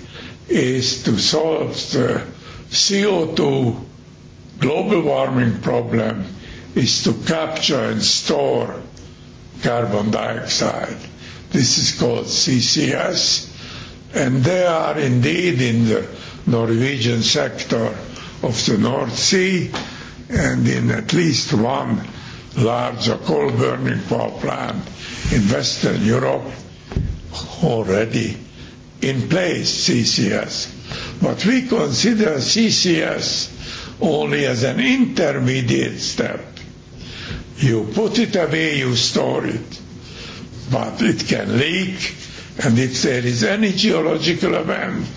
G: is to solve the CO2 global warming problem is to capture and store carbon dioxide This is called CCS. And they are indeed in the Norwegian sector of the North Sea and in at least one larger coal burning power plant in Western Europe already in place CCS. But we consider CCS only as an intermediate step. You put it away, you store it but it can leak, and if there is any geological event,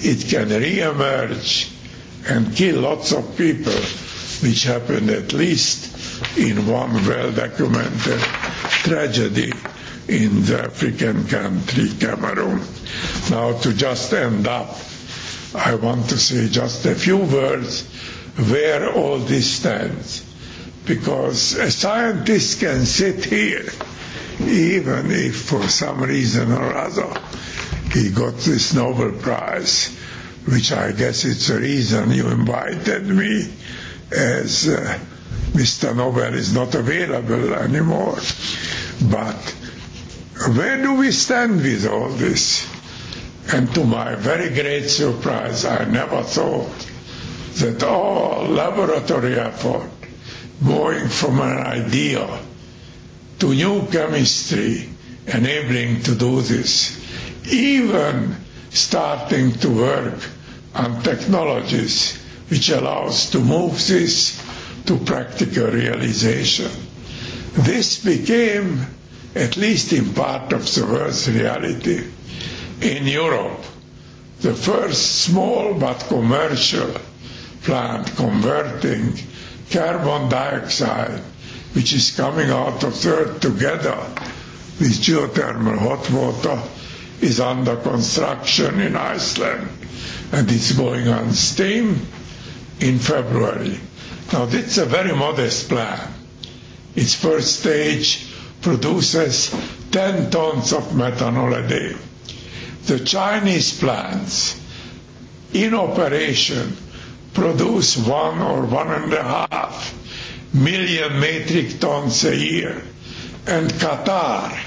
G: it can re-emerge and kill lots of people, which happened at least in one well-documented tragedy in the African country, Cameroon. Now, to just end up, I want to say just a few words where all this stands. Because a scientist can sit here even if for some reason or other he got this Nobel Prize, which I guess it's the reason you invited me, as uh, Mr. Nobel is not available anymore. But where do we stand with all this? And to my very great surprise, I never thought that all laboratory effort going from an ideal to new chemistry enabling to do this, even starting to work on technologies which allows to move this to practical realization. This became, at least in part of the world's reality, in Europe, the first small but commercial plant converting carbon dioxide which is coming out of third together with geothermal hot water is under construction in Iceland, and it's going on steam in February. Now, that's a very modest plan. Its first stage produces 10 tons of methanol a day. The Chinese plants in operation produce one or one and a half million metric tons a year. And Qatar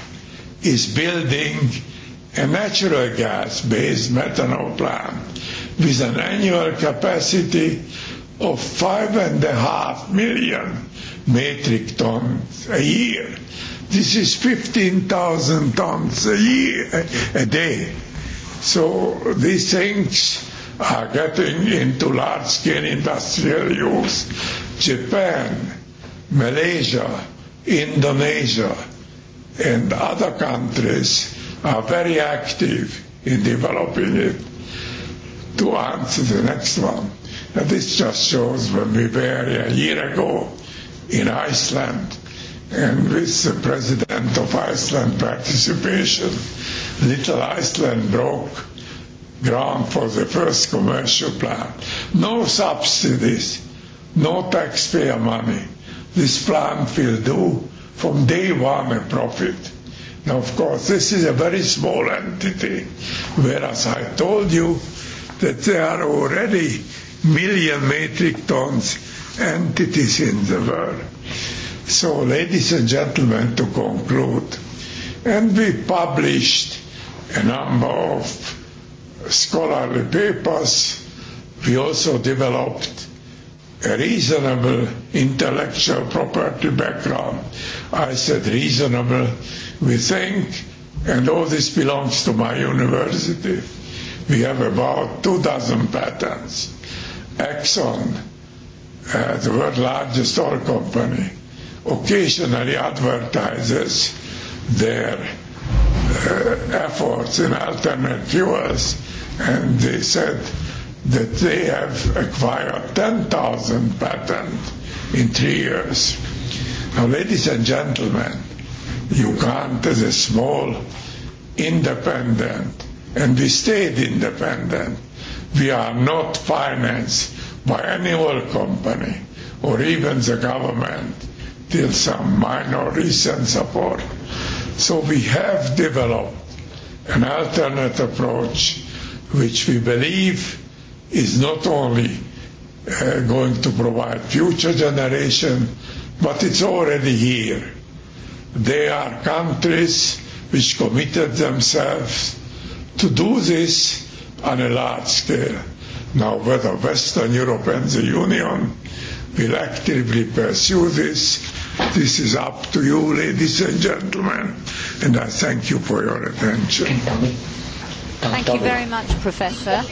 G: is building a natural gas-based methanol plant with an annual capacity of 5.5 million metric tons a year. This is 15,000 tons a year, a day. So these things are getting into large-scale industrial use Japan, Malaysia, Indonesia, and other countries are very active in developing it. To answer the next one, now this just shows when we were a year ago in Iceland and with the president of Iceland participation, Little Iceland broke ground for the first commercial plant. No subsidies, no taxpayer money. This plant will do from day one a profit. Now, of course, this is a very small entity, whereas I told you that there are already million metric tons entities in the world. So, ladies and gentlemen, to conclude, and we published a number of scholarly papers. We also developed a reasonable intellectual property background. I said reasonable, we think, and all this belongs to my university. We have about two dozen patents. Exxon, uh, the world's largest oil company, occasionally advertises their uh, efforts in alternate fuels, and they said that they have acquired 10,000 patents in three years. Now, ladies and gentlemen, you can't, as a small, independent, and we stayed independent, we are not financed by any oil company or even the government till some minor recent support. So we have developed an alternate approach which we believe is not only uh, going to provide future generation, but it's already here. There are countries which committed themselves to do this on a large scale. Now, whether Western Europe and the Union will actively pursue this, this is up to you, ladies and gentlemen, and I thank you for your attention. Thank you very much,
A: Professor.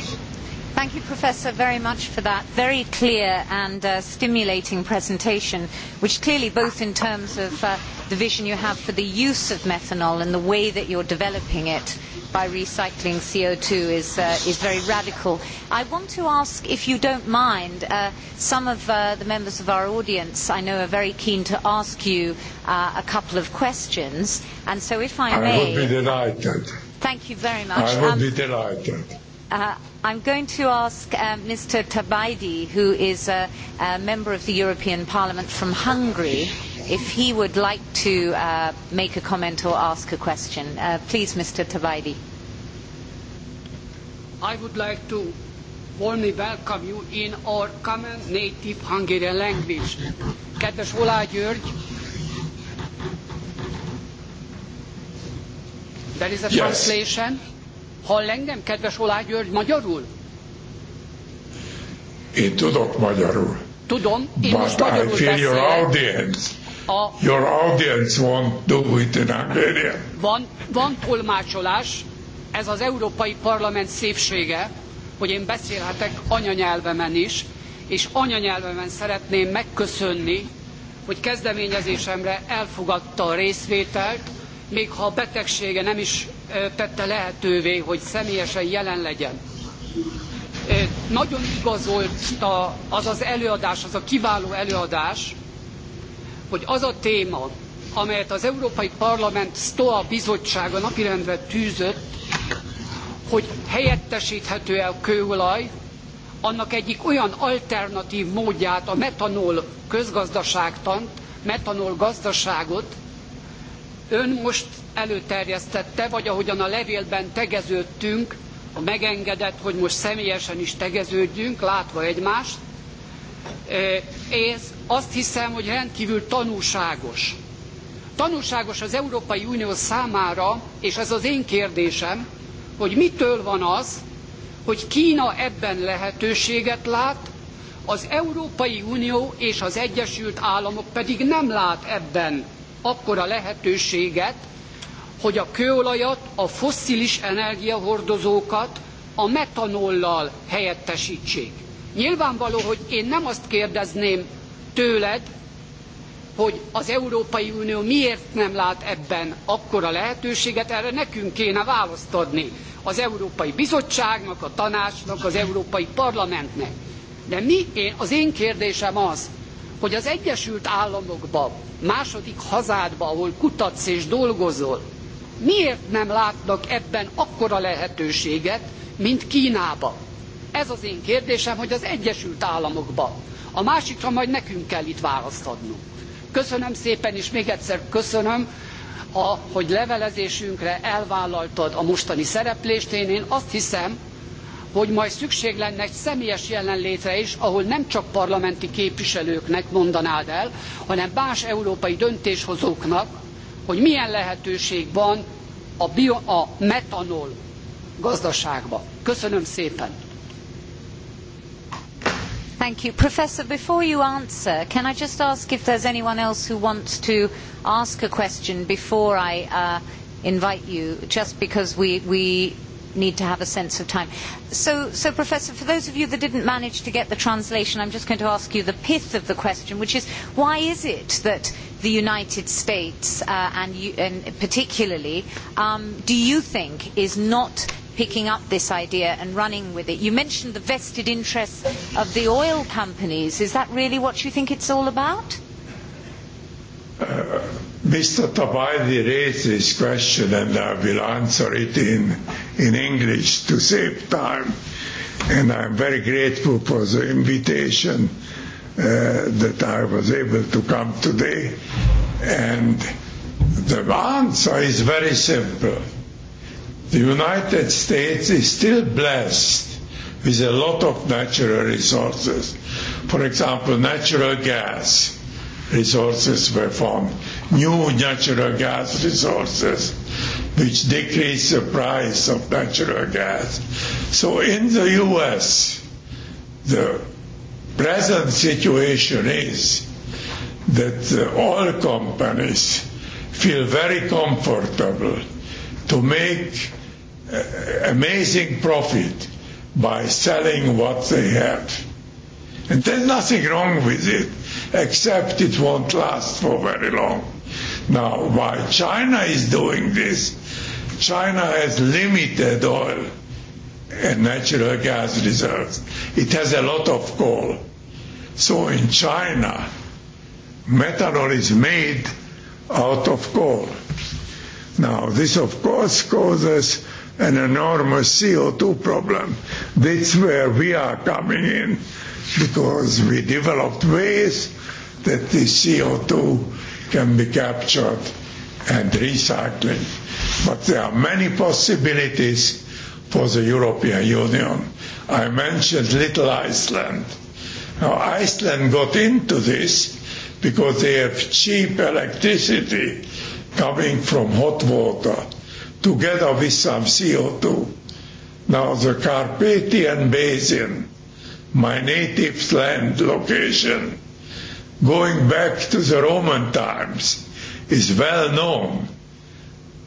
A: Thank you, Professor, very much for that very clear and uh, stimulating presentation, which clearly both in terms of uh, the vision you have for the use of methanol and the way that you're developing it by recycling CO2 is, uh, is very radical. I want to ask, if you don't mind, uh, some of uh, the members of our audience I know are very keen to ask you uh, a couple of questions, and so if I, I may... I would be
G: delighted.
A: Thank you very much. I would um, be
G: delighted.
A: Uh, I'm going to ask uh, Mr. Tabaidi, who is a, a member of the European Parliament from Hungary, if he would like to uh, make a comment or ask a question. Uh, please, Mr. Tabaidi.
H: I would like to warmly welcome you in our common native Hungarian language. Kedves Olá György, there is a yes. translation. Hall engem, kedves Olá György, magyarul?
G: Én tudok magyarul.
H: Tudom, én But most magyarul I feel your audience. A...
G: Your audience won't do it in Hungarian.
H: Van, van tolmácsolás, ez az Európai Parlament szépsége, hogy én beszélhetek anyanyelvemen is, és anyanyelvemen szeretném megköszönni, hogy kezdeményezésemre elfogadta a részvételt, még ha a betegsége nem is tette lehetővé, hogy személyesen jelen legyen. Nagyon igazolta az az előadás, az a kiváló előadás, hogy az a téma, amelyet az Európai Parlament STOA bizottsága napirendre tűzött, hogy helyettesíthető-e a kőolaj, annak egyik olyan alternatív módját, a metanol közgazdaságtant, metanol gazdaságot, Ön most előterjesztette, vagy ahogyan a levélben tegeződtünk, ha megengedett, hogy most személyesen is tegeződjünk, látva egymást, e, ez azt hiszem, hogy rendkívül tanúságos. Tanúságos az Európai Unió számára, és ez az én kérdésem, hogy mitől van az, hogy Kína ebben lehetőséget lát, az Európai Unió és az Egyesült Államok pedig nem lát ebben akkora lehetőséget, hogy a kőolajat, a fosszilis energiahordozókat a metanollal helyettesítsék. Nyilvánvaló, hogy én nem azt kérdezném tőled, hogy az Európai Unió miért nem lát ebben akkora lehetőséget, erre nekünk kéne választ adni az Európai Bizottságnak, a Tanácsnak, az Európai Parlamentnek. De mi, én, az én kérdésem az, hogy az Egyesült Államokban, második hazádban, ahol kutatsz és dolgozol, miért nem látnak ebben akkora lehetőséget, mint Kínába? Ez az én kérdésem, hogy az Egyesült Államokban. A másikra majd nekünk kell itt választ adnunk. Köszönöm szépen, és még egyszer köszönöm, a, hogy levelezésünkre elvállaltad a mostani szereplést. Én, én azt hiszem, hogy majd szükség lenne egy személyes jelenlétre is ahol nem csak parlamenti képviselőknek mondanád el hanem más európai döntéshozóknak hogy milyen lehetőség van a, bio, a metanol gazdaságban. Köszönöm szépen!
A: Thank you. Professor, before you answer, can I just ask if there's anyone else who wants to ask a question before I uh, invite you, just because we, we need to have a sense of time. So, so, Professor, for those of you that didn't manage to get the translation, I'm just going to ask you the pith of the question, which is why is it that the United States, uh, and, you, and particularly, um, do you think is not picking up this idea and running with it? You mentioned the vested interests of the oil companies. Is that really what you think it's all about?
G: Uh, Mr. Tabaldi raised this question, and I will answer it in in English to save time. And I'm very grateful for the invitation uh, that I was able to come today. And the answer is very simple. The United States is still blessed with a lot of natural resources. For example, natural gas resources were found, new natural gas resources which decrease the price of natural gas. So in the US, the present situation is that the oil companies feel very comfortable to make uh, amazing profit by selling what they have. And there's nothing wrong with it, except it won't last for very long. Now, why China is doing this, China has limited oil and natural gas reserves. It has a lot of coal. So in China, methanol is made out of coal. Now, this of course causes an enormous CO2 problem. That's where we are coming in because we developed ways that the CO2 can be captured and recycling. But there are many possibilities for the European Union. I mentioned Little Iceland. Now, Iceland got into this because they have cheap electricity coming from hot water together with some CO2. Now, the Carpathian Basin, my native land location, going back to the Roman times, is well known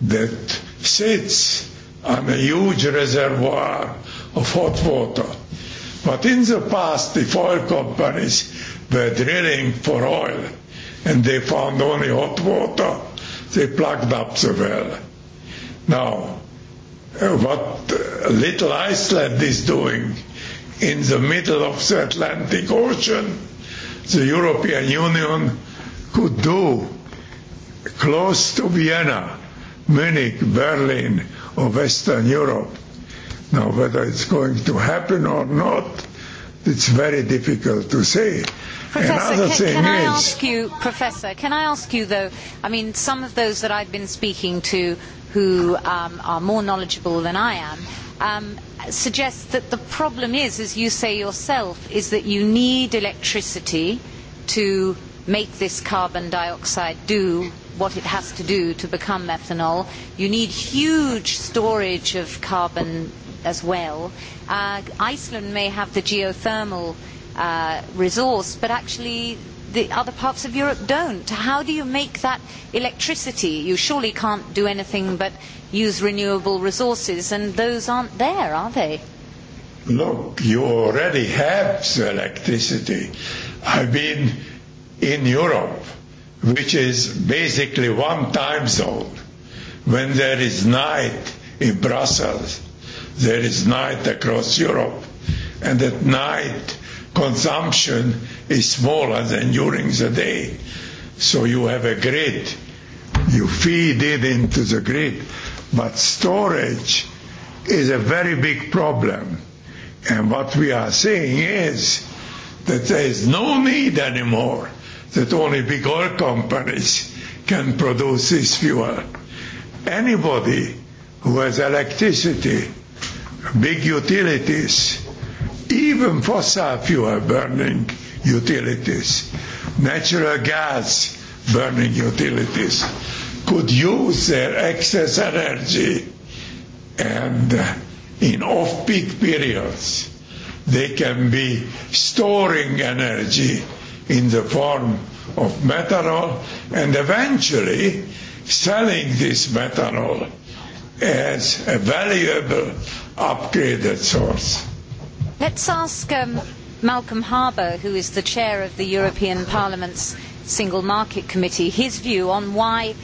G: that sits on a huge reservoir of hot water. But in the past, the oil companies were drilling for oil and they found only hot water. They plugged up the well. Now, uh, what uh, little Iceland is doing in the middle of the Atlantic Ocean the European Union could do close to Vienna, Munich, Berlin, or Western Europe. Now, whether it's going to happen or not, it's very difficult to say. Professor, Another can, thing can I is, ask
A: you, Professor, can I ask you though? I mean, some of those that I've been speaking to who um, are more knowledgeable than I am, um, suggests that the problem is, as you say yourself, is that you need electricity to make this carbon dioxide do what it has to do to become methanol. You need huge storage of carbon as well. Uh, Iceland may have the geothermal uh, resource, but actually the other parts of Europe don't. How do you make that electricity? You surely can't do anything but use renewable resources, and those aren't there, are they?
G: Look, you already have the electricity. I mean, in Europe, which is basically one time zone, when there is night in Brussels, there is night across Europe, and at night consumption is smaller than during the day. So you have a grid. You feed it into the grid. But storage is a very big problem. And what we are seeing is that there is no need anymore that only big oil companies can produce this fuel. Anybody who has electricity, big utilities, even fossil fuel burning utilities, natural gas burning utilities could use their excess energy and uh, in off-peak periods they can be storing energy in the form of methanol and eventually selling this methanol as a valuable upgraded source.
A: Let's ask um, Malcolm Harbour, who is the chair of the European Parliament's Single Market Committee, his view on why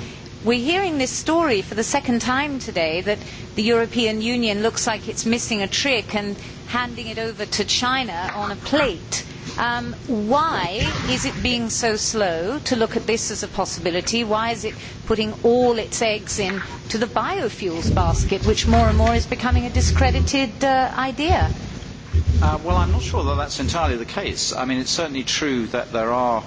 A: we're hearing this story for the second time today that the European Union looks like it's missing a trick and handing it over to China on a plate. Um, why is it being so slow to look at this as a possibility? Why is it putting all its eggs into the biofuels basket, which more and more is becoming a discredited uh, idea?
D: Um, well, I'm not sure that that's entirely the case. I mean, it's certainly true that there are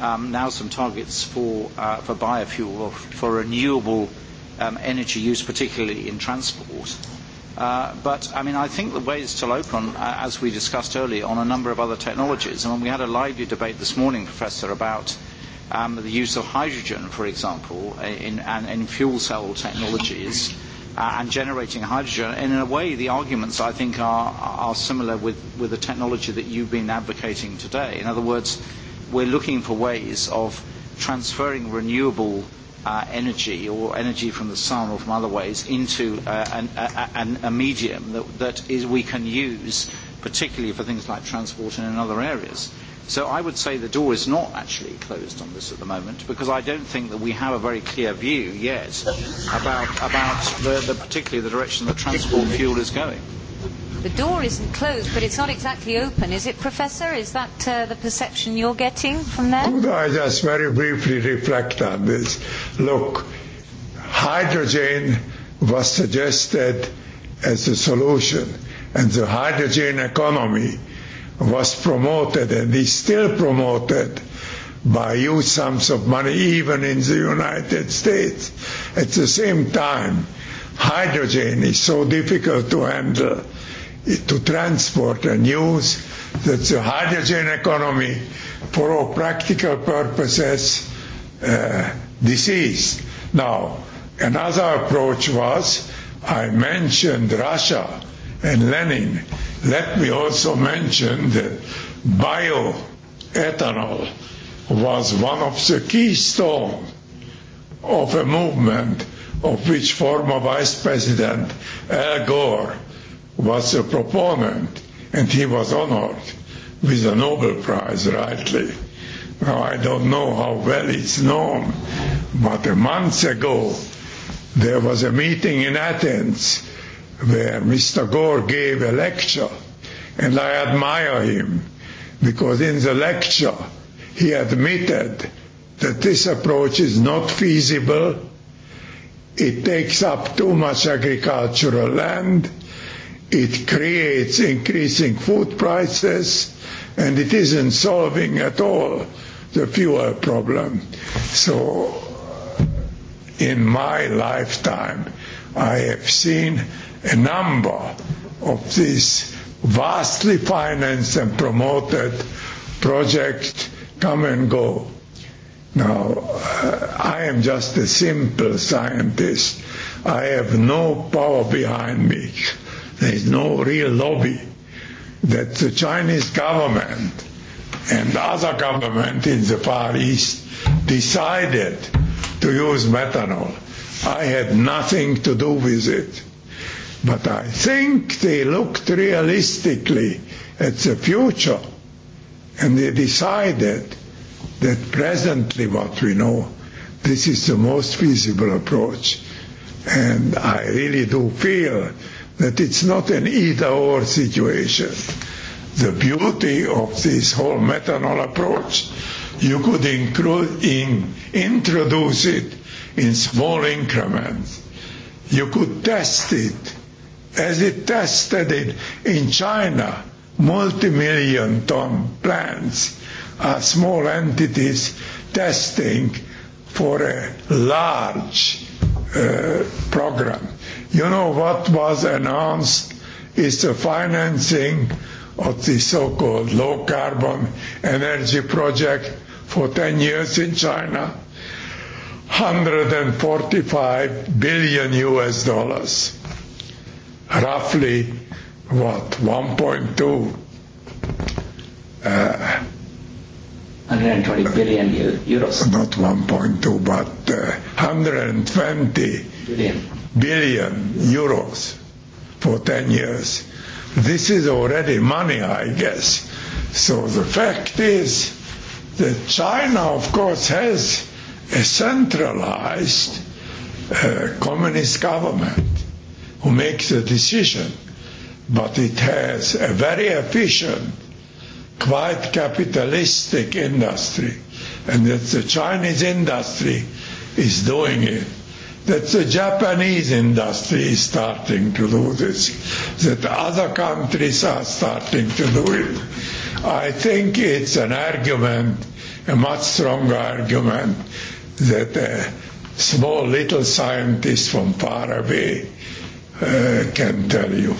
D: um, now some targets for, uh, for biofuel or for renewable um, energy use, particularly in transport. Uh, but I mean, I think the way is still open, uh, as we discussed earlier, on a number of other technologies. And when we had a lively debate this morning, Professor, about um, the use of hydrogen, for example, in, and in, in fuel cell technologies uh, and generating hydrogen. And in a way, the arguments, I think, are, are similar with, with the technology that you've been advocating today. In other words, we're looking for ways of transferring renewable uh, energy or energy from the sun or from other ways into uh, an, a, an, a medium that, that is, we can use, particularly for things like transport and in other areas. Uh, So I would say the door is not actually closed on this at the moment because I don't think that we have a very clear view yet about, about the, the, particularly the direction that transport fuel is going.
A: The door isn't closed, but it's not exactly open, is it, Professor? Is that uh, the perception you're getting from there? Could
G: I just very briefly reflect on this? Look, hydrogen was suggested as a solution, and the hydrogen economy was promoted and is still promoted by huge sums of money, even in the United States. At the same time, hydrogen is so difficult to handle, to transport and use, that the hydrogen economy, for all practical purposes, uh, disease. Now, another approach was, I mentioned Russia and Lenin. Let me also mention that bioethanol was one of the keystone of a movement of which former Vice President Al Gore was a proponent, and he was honored with a Nobel Prize, rightly. Now, I don't know how well it's known, but a month ago there was a meeting in Athens where Mr. Gore gave a lecture, and I admire him because in the lecture he admitted that this approach is not feasible. It takes up too much agricultural land. It creates increasing food prices and it isn't solving at all the fuel problem. So in my lifetime, I have seen a number of these vastly financed and promoted projects come and go. Now, uh, I am just a simple scientist. I have no power behind me. There is no real lobby that the Chinese government and other government in the Far East decided to use methanol. I had nothing to do with it. But I think they looked realistically at the future and they decided that presently what we know, this is the most feasible approach. And I really do feel that it's not an either or situation. The beauty of this whole methanol approach, you could include in, introduce it in small increments. You could test it as it tested it in China, multi-million ton plants are uh, small entities testing for a large uh, program. You know what was announced is the financing of the so-called low carbon energy project for 10 years in China, 145 billion US dollars roughly what 1.2 uh, 120 billion euros. Not 1.2, but uh, 120 billion. billion euros for 10 years. This is already money, I guess. So the fact is that China, of course, has a centralized uh, communist government who makes the decision, but it has a very efficient, quite capitalistic industry, and that the Chinese industry is doing it. That the Japanese industry is starting to do this, that other countries are starting to do it. I think it's an argument, a much stronger argument, that a uh, small little scientist from far away uh, can tell you.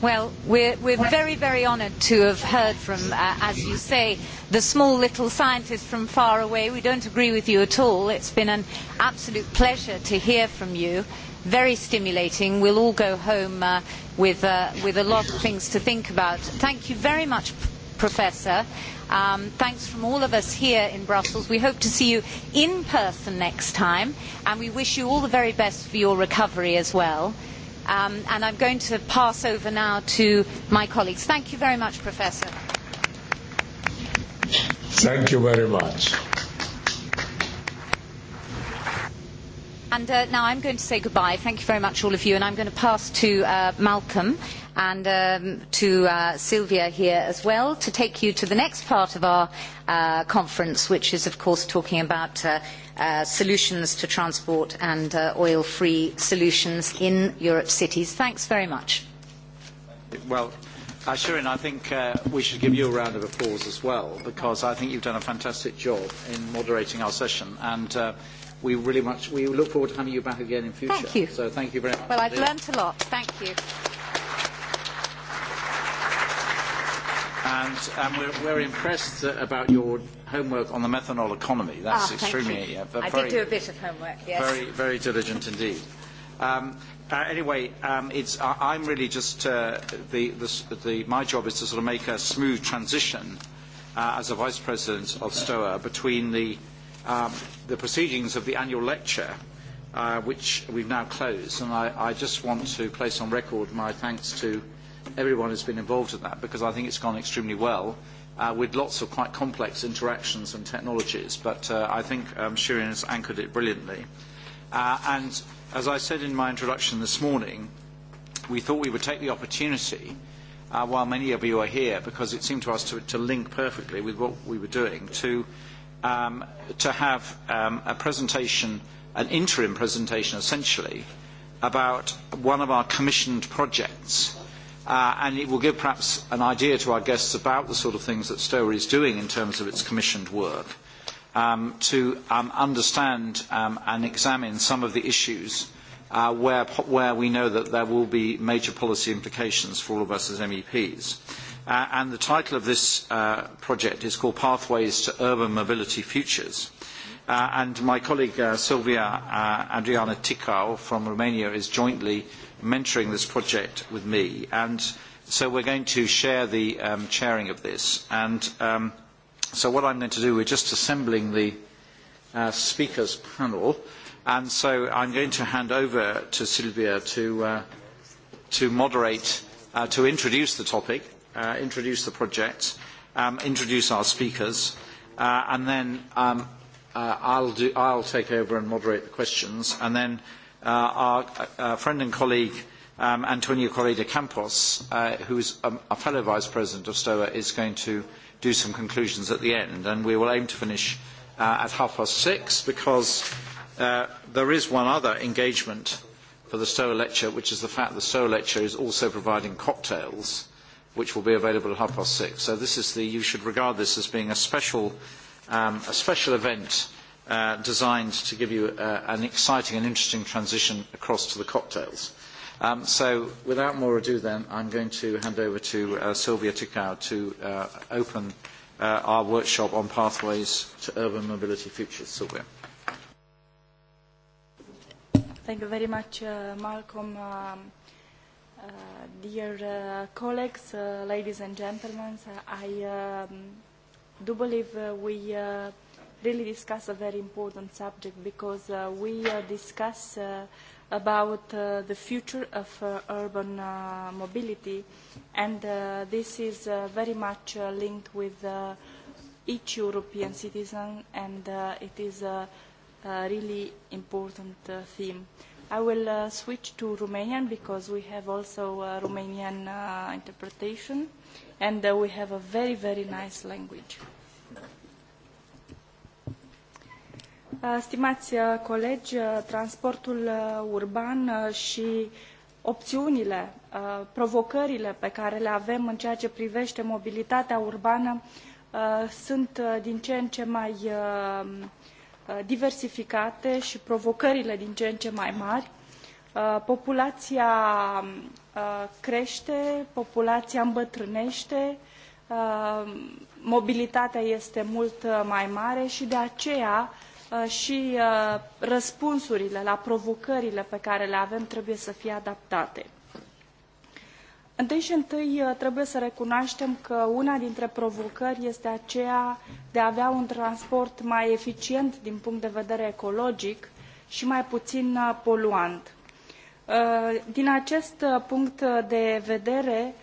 A: Well, we're, we're very, very honoured to have heard from, uh, as you say, the small little scientist from far away. We don't agree with you at all. It's been an absolute pleasure to hear from you. Very stimulating. We'll all go home uh, with, uh, with a lot of things to think about. Thank you very much, Professor. Um, thanks from all of us here in Brussels. We hope to see you in person next time, and we wish you all the very best for your recovery as well. Um, and I'm going to pass over now to my colleagues. Thank you very much, Professor.
G: Thank you very much.
A: And uh, now I'm going to say goodbye. Thank you very much, all of you. And I'm going to pass to uh, Malcolm and um, to uh, Sylvia here as well to take you to the next part of our uh, conference, which is, of course, talking about uh, uh, solutions to transport and uh, oil-free solutions in Europe's cities. Thanks very much.
D: Well, uh, Shirin, I think uh, we should give you a round of applause as well, because I think you've done a fantastic job in moderating our session. And uh, we really much we look forward to having you back again in future. Thank you. So thank you very
A: much. Well, I've learned a lot. Thank you.
D: and um, we're, we're impressed about your homework on the methanol economy. That's ah, extremely. Uh, very, I did do a
A: bit of homework. Yes. Very,
D: very diligent indeed. Um, uh, anyway, um, it's, uh, I'm really just uh, the, the, the, my job is to sort of make a smooth transition uh, as a vice president of STOA between the um, the proceedings of the annual lecture, uh, which we've now closed, and I, I just want to place on record my thanks to everyone has been involved in that because I think it's gone extremely well uh, with lots of quite complex interactions and technologies. But uh, I think um, Shirin has anchored it brilliantly. Uh, and as I said in my introduction this morning, we thought we would take the opportunity uh, while many of you are here, because it seemed to us to, to link perfectly with what we were doing, to, um, to have um, a presentation, an interim presentation essentially, about one of our commissioned projects uh, and it will give perhaps an idea to our guests about the sort of things that STOA is doing in terms of its commissioned work um, to um, understand um, and examine some of the issues uh, where, where we know that there will be major policy implications for all of us as MEPs. Uh, and the title of this uh, project is called Pathways to Urban Mobility Futures. Uh, and my colleague uh, Silvia uh, Adriana Ticau from Romania is jointly uh, mentoring this project with me, and so we're going to share the um, chairing of this. And um, so what I'm going to do, we're just assembling the uh, speakers panel, and so I'm going to hand over to Sylvia to, uh, to moderate, uh, to introduce the topic, uh, introduce the project, um, introduce our speakers, uh, and then um, uh, I'll, do, I'll take over and moderate the questions, and then uh, our uh, friend and colleague um, Antonio Correa Campos, uh, who is um, a fellow vice president of STOA, is going to do some conclusions at the end. And we will aim to finish uh, at half past six because uh, there is one other engagement for the STOA lecture, which is the fact the STOA lecture is also providing cocktails, which will be available at half past six. So this is the, you should regard this as being a special, um, a special event uh, designed to give you uh, an exciting and interesting transition across to the cocktails. Um, so without more ado then, I'm going to hand over to uh, Sylvia Tikau to uh, open uh, our workshop on pathways to urban mobility futures. Sylvia.
I: Thank you very much, uh, Malcolm. Um, uh, dear uh, colleagues, uh, ladies and gentlemen, I um, do believe uh, we uh, really discuss a very important subject because uh, we uh, discuss uh, about uh, the future of uh, urban uh, mobility and uh, this is uh, very much uh, linked with uh, each European citizen and uh, it is a, a really important uh, theme. I will uh, switch to Romanian because we have also uh, Romanian uh, interpretation and uh, we have a very, very nice language. Uh, stimați uh, colegi, uh, transportul urban și opțiunile, provocările pe care le avem în ceea ce privește mobilitatea urbană sunt din ce în ce mai diversificate și provocările din ce în ce mai mari. Populația crește, populația îmbătrânește, mobilitatea este mult mai mare și de aceea Uh, și uh, răspunsurile la provocările pe care le avem trebuie să fie adaptate. Întâi și întâi uh, trebuie să recunoaștem că una dintre provocări este aceea de a avea un transport mai eficient din punct de vedere ecologic și mai puțin poluant. Din acest punct de vedere,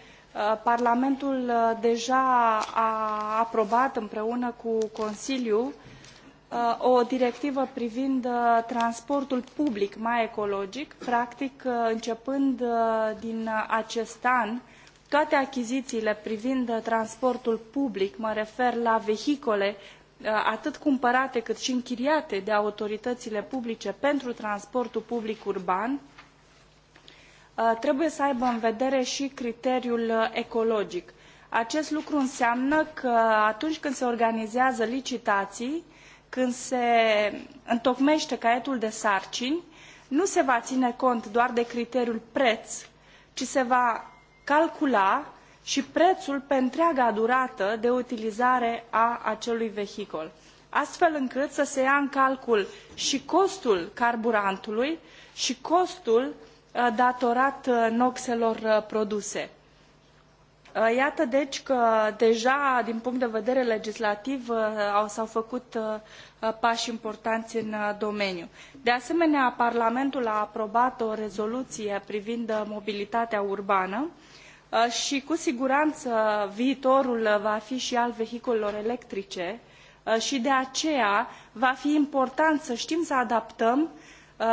I: Parlamentul deja a aprobat împreună cu Consiliul Uh, o directivă privind uh, transportul public mai ecologic, practic uh, începând din acest an, toate achizițiile privind transportul public, mă refer la vehicole atât cumpărate cât și închiriate de autoritățile publice pentru transportul public urban, trebuie să aibă în vedere și criteriul ecologic. Acest lucru înseamnă că atunci când se organizează licitații, când se întocmește caietul de sarcini, nu se va ține cont doar de criteriul preț, ci se va calcula și prețul pe întreaga durată de utilizare a acelui vehicol, astfel încât să se ia în calcul și costul carburantului și costul uh, datorat uh, noxelor uh, produse. Uh, iată deci că deja din punct de vedere legislativ uh, s-au făcut uh, pași importanți în domeniu. De asemenea, Parlamentul a aprobat o rezoluție privind mobilitatea urbană și cu siguranță viitorul va fi și al vehiculelor electrice și de aceea va fi important să știm să adaptăm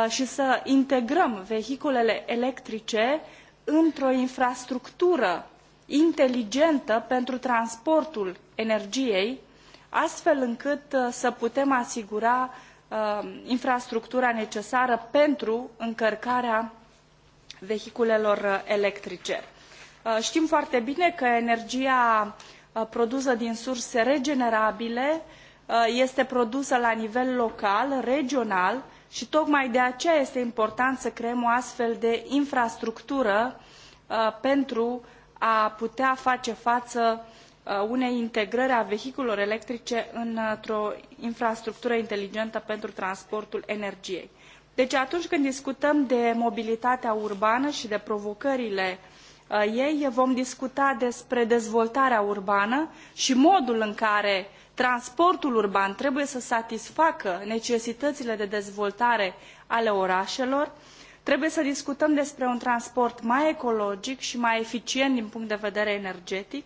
I: și să integrăm vehiculele electrice într-o infrastructură inteligentă pentru transportul energiei, astfel încât uh, să putem asigura uh, infrastructura necesară pentru încărcarea vehiculelor uh, electrice. Știm foarte bine că energia produsă din surse regenerabile este produsă la nivel local, regional și tocmai de aceea este important să creăm o astfel de infrastructură pentru a putea face față uh, unei integrări a vehiculelor electrice într o infrastructură inteligentă pentru transportul energiei. deci atunci când discutăm de mobilitatea urbană și de provocările uh, ei vom discuta despre dezvoltarea urbană și modul în care transportul urban trebuie să satisfacă necesitățile de dezvoltare ale orașelor și trebuie să discutăm despre un transport mai ecologic i mai eficient din punct de vedere energetic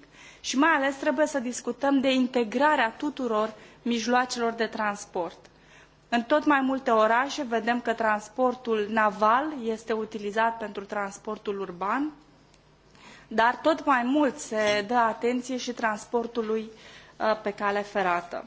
I: i mai ales trebuie să discutăm de integrarea tuturor mijloacelor de transport. în tot mai multe orae vedem că transportul naval este utilizat pentru transportul urban dar tot mai mult se dă atenie i transportului uh, pe cale ferată.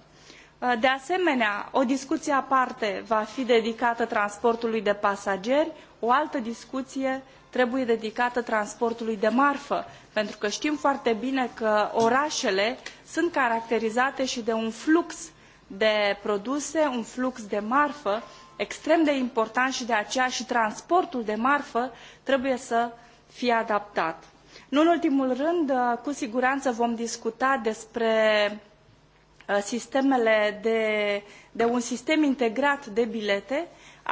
I: Uh, de asemenea, o discuție aparte va fi dedicată transportului de pasageri, o altă discuție trebuie dedicată transportului de marfă, pentru că știm foarte bine că orașele sunt caracterizate și de un flux de produse, un flux de marfă extrem de important și de aceea și transportul de marfă trebuie să fie adaptat. Nu în ultimul rând, uh, cu siguranță vom discuta despre uh, sistemele de, de un sistem integrat de bilete,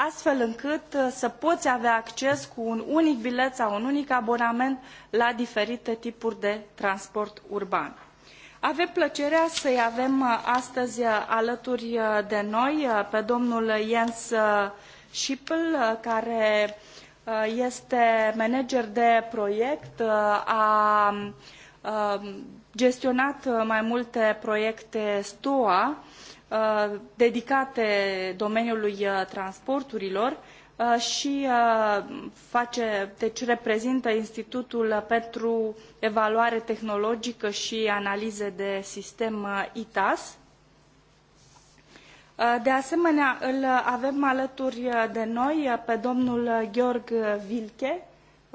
I: astfel încât uh, să poți avea acces cu un unic bilet sau un unic abonament la diferite tipuri de transport urban. Avem plăcerea să-i avem uh, astăzi uh, alături de noi pe domnul Jens Schippel, care este manager de proiect, a um, gestionat mai multe proiecte STOA, Uh, dedicate domeniului uh, transporturilor uh, și face, deci reprezintă Institutul pentru Evaluare Tehnologică și Analize de Sistem ITAS. De asemenea, îl avem alături de noi pe domnul Gheorg Vilche,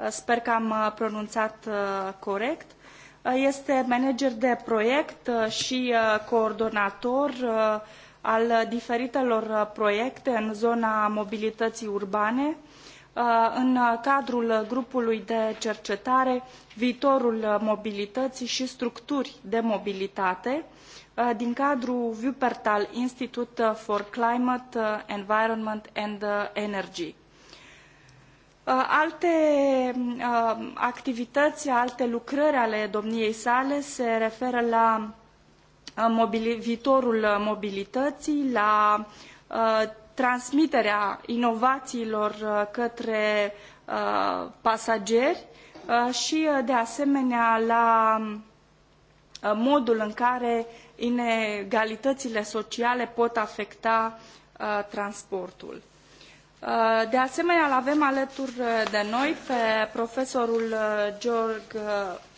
I: sper că am pronunțat corect, este manager de proiect uh, și uh, coordonator uh, al diferitelor proiecte în zona mobilității urbane în cadrul grupului de cercetare Viitorul mobilității și structuri de mobilitate din cadrul Wuppertal Institute for Climate, Environment and Energy. Uh, alte um, uh, activități, alte lucrări ale domniei sale se referă la uh, mobili viitorul mobilității, la transmiterea inovațiilor către pasageri și, de asemenea, la um, modul în care inegalitățile sociale pot afecta transportul. Uh, de asemenea, îl avem alături uh, de noi pe profesorul uh, George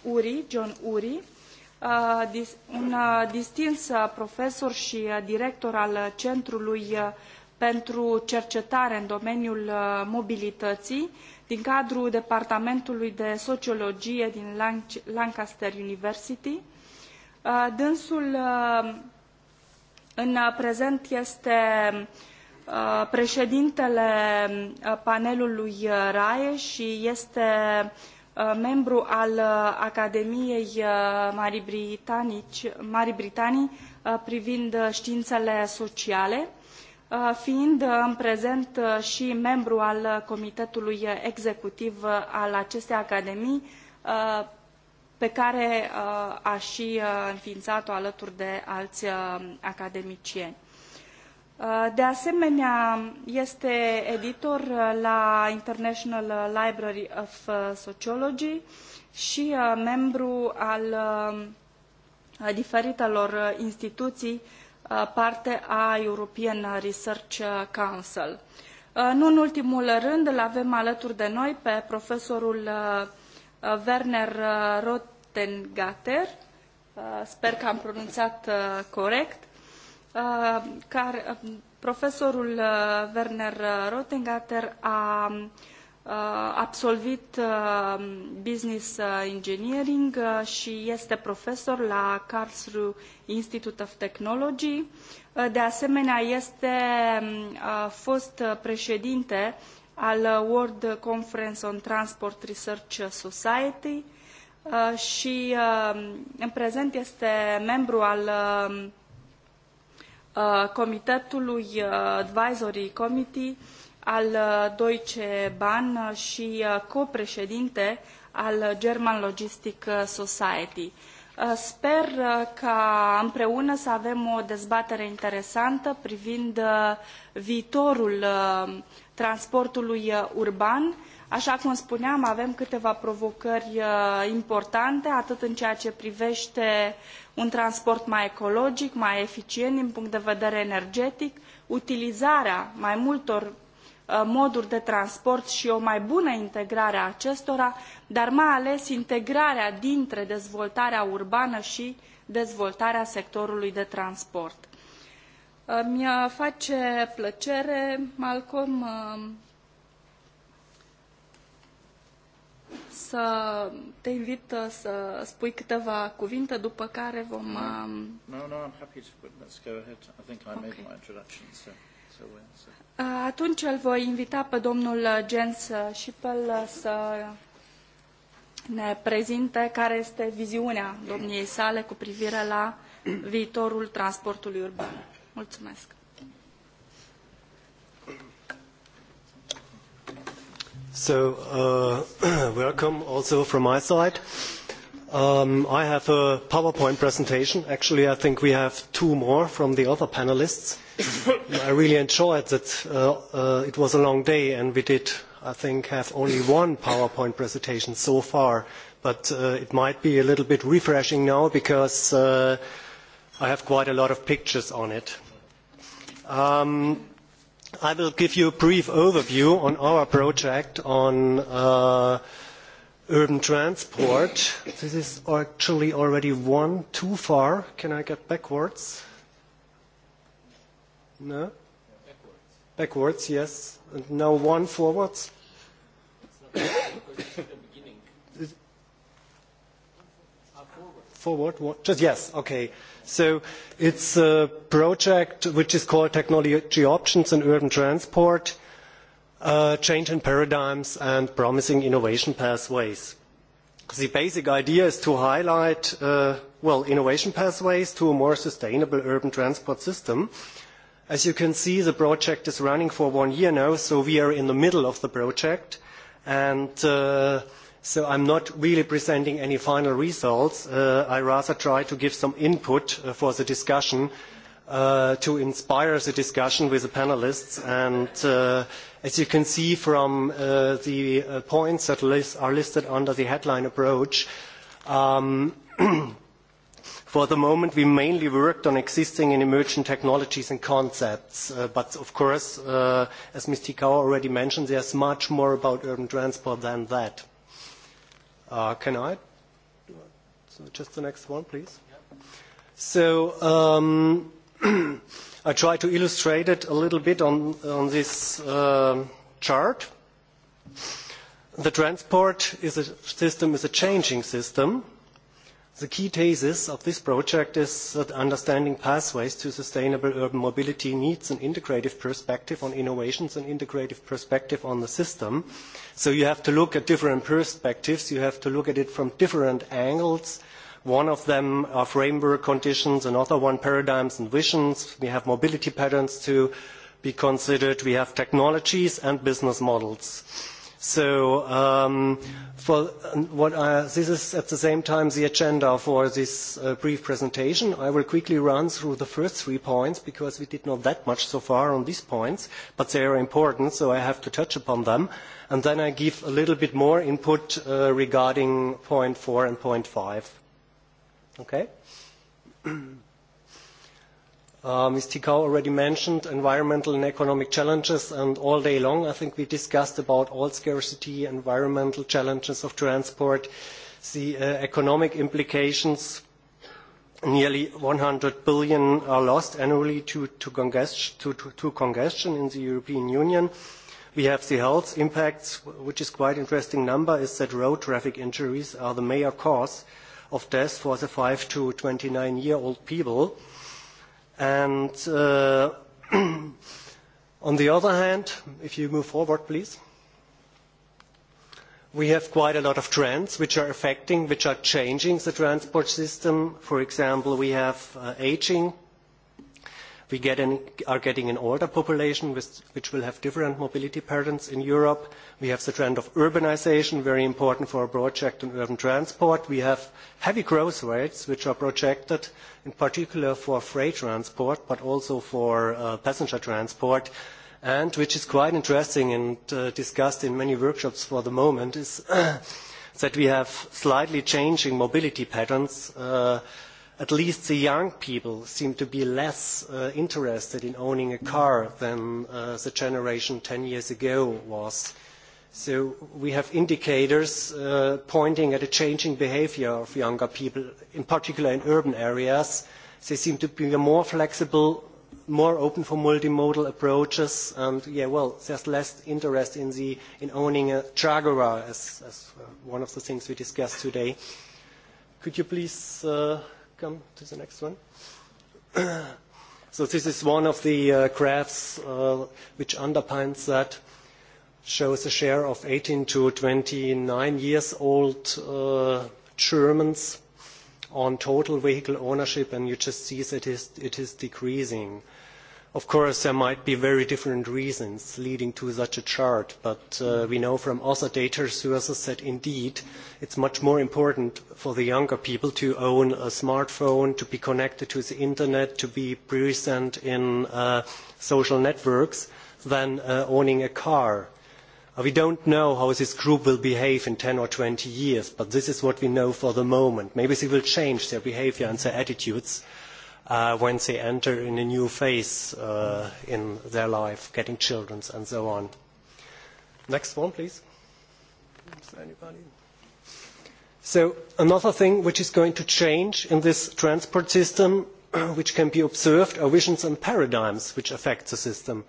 I: Uri, John Uri, un distins profesor și director al Centrului pentru Cercetare în domeniul mobilității din cadrul Departamentului de Sociologie din Lancaster University. Dânsul în prezent este uh, Uh, președintele uh, panelului uh, RAE și este membru al Academiei Marii Britanici, Marii Britanii privind științele sociale, fiind în prezent și membru al Comitetului Executiv al acestei academii, pe care a și înființat-o alături de alți academicieni. De asemenea, este editor la International Library of uh, Sociology și uh, membru al uh, diferitelor instituții parte a European Research Council. Nu în ultimul rând, îl avem alături de noi pe profesorul Werner Rottengatter, sper că am pronunțat corect, Uh, care, uh, profesorul uh, Werner Rottengatter a absolvit business engineering și este profesor la Karlsruhe Institute of Technology. De asemenea, este um, fost președinte al World Conference on Transport Research Society și um, în prezent este membru al um, Uh, comitetului uh, Advisory Committee al uh, Deutsche Bahn și copreședinte al German Logistic Society. Sper ca împreună să avem o dezbatere interesantă privind viitorul transportului urban. Așa cum spuneam, avem câteva provocări importante, atât în ceea ce privește un transport mai ecologic, mai eficient din punct de vedere energetic, utilizarea mai multor uh, moduri de transport și o mai bună integrare a acestora, dar mai ales integrarea dintre dezvoltarea urbană și dezvoltarea sectorului de transport. Îmi uh, face plăcere, Malcolm, uh, să te invit uh, să spui câteva cuvinte, după care vom... Um,
D: no, no, I'm happy to put, let's go ahead. I think I okay. made my introduction, so... so, so.
I: Uh, atunci îl voi invita pe domnul uh, Jens Schippel să ne prezinte care este viziunea domniei sale cu privire la viitorul transportului urban. Mulțumesc.
J: So, uh, welcome also from my side. Um, I have a PowerPoint presentation. Actually, I think we have two more from the other panelists. I really enjoyed that uh, uh, it was a long day, and we did, I think, have only one PowerPoint presentation so far. But uh, it might be a little bit refreshing now because uh, I have quite a lot of pictures on it. Um, I will give you a brief overview on our project on uh, urban transport. This is actually already one too far. Can I get backwards? No? Backwards. Backwards, yes. And now one forwards. It's not because it's at the beginning. It, uh, forward. Forward, what? Just yes, okay. Uh, So it's a project which is called Technology Options in Urban Transport, uh, Change in Paradigms and Promising Innovation Pathways. The basic idea is to highlight, uh, well, innovation pathways to a more sustainable urban transport system. As you can see, the project is running for one year now, so we are in the middle of the project. And uh, So I'm not really presenting any final results. Uh, I rather try to give some input uh, for the discussion uh, to inspire the discussion with the panelists. And uh, as you can see from uh, the uh, points that list are listed under the headline approach, um, For the moment, we mainly worked on existing and emerging technologies and concepts. Uh, but of course, uh, as Ms. Tikau already mentioned, there's much more about urban transport than that. Uh, can I? So just the next one, please. Yeah. So um, I try to illustrate it a little bit on, on this uh, chart. The transport is a system is a changing system The key thesis of this project is that understanding pathways to sustainable urban mobility needs an integrative perspective on innovations and integrative perspective on the system. So you have to look at different perspectives. You have to look at it from different angles. One of them are framework conditions, another one paradigms and visions. We have mobility patterns to be considered. We have technologies and business models. So um, for um, what I, this is at the same time the agenda for this uh, brief presentation. I will quickly run through the first three points because we did not that much so far on these points, but they are important, so I have to touch upon them. And then I give a little bit more input uh, regarding point four and point five. Okay? Uh, Ms. Tikau already mentioned environmental and economic challenges, and all day long I think we discussed about oil scarcity, environmental challenges of transport, the uh, economic implications. Nearly 100 billion are lost annually to, to, congest to, to, to congestion in the European Union. We have the health impacts, which is quite interesting number, is that road traffic injuries are the major cause of death for the 5 to 29 year old people. Uh, And uh, on the other hand, if you move forward, please, we have quite a lot of trends which are affecting, which are changing the transport system. For example, we have uh, aging We get an, are getting an older population, with, which will have different mobility patterns in Europe. We have the trend of urbanization, very important for a project on urban transport. We have heavy growth rates, which are projected in particular for freight transport, but also for uh, passenger transport. And which is quite interesting and uh, discussed in many workshops for the moment is that we have slightly changing mobility patterns. Uh, at least the young people seem to be less uh, interested in owning a car than uh, the generation 10 years ago was. So we have indicators uh, pointing at a changing behavior of younger people, in particular in urban areas. They seem to be more flexible, more open for multimodal approaches, and yeah, well, there's less interest in, the, in owning a Jaguar as, as uh, one of the things we discussed today. Could you please uh, come to the next one. so this is one of the uh, graphs uh, which underpins that, shows a share of 18 to 29 years old uh, Germans on total vehicle ownership, and you just see that it is, it is decreasing. Uh, Of course, there might be very different reasons leading to such a chart, but uh, we know from other data sources that indeed it's much more important for the younger people to own a smartphone, to be connected to the internet, to be present in uh, social networks than uh, owning a car. Uh, we don't know how this group will behave in 10 or 20 years, but this is what we know for the moment. Maybe they will change their behavior and their attitudes. Uh, uh, when they enter in a new phase uh, in their life, getting children and so on. Next one, please. Is there anybody? So another thing which is going to change in this transport system, which can be observed, are visions and paradigms which affect the system.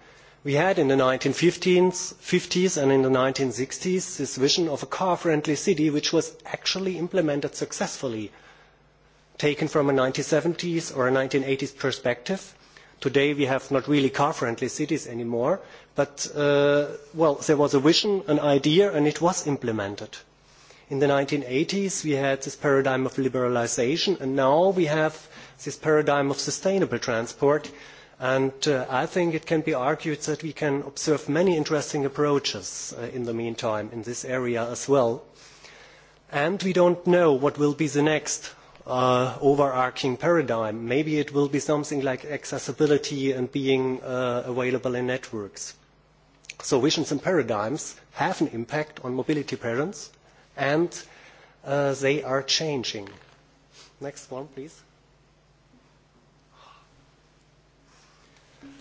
J: We had in the 1950s and in the 1960s this vision of a car-friendly city which was actually implemented successfully uh, taken from a 1970s or a 1980s perspective. Today we have not really car-friendly cities anymore, but uh, well, there was a vision, an idea, and it was implemented. In the 1980s we had this paradigm of liberalization, and now we have this paradigm of sustainable transport, and uh, I think it can be argued that we can observe many interesting approaches uh, in the meantime in this area as well. And we don't know what will be the next uh, overarching paradigm. Maybe it will be something like accessibility and being uh, available in networks. So visions and paradigms have an impact on mobility patterns, and uh, they are changing. Next one, please.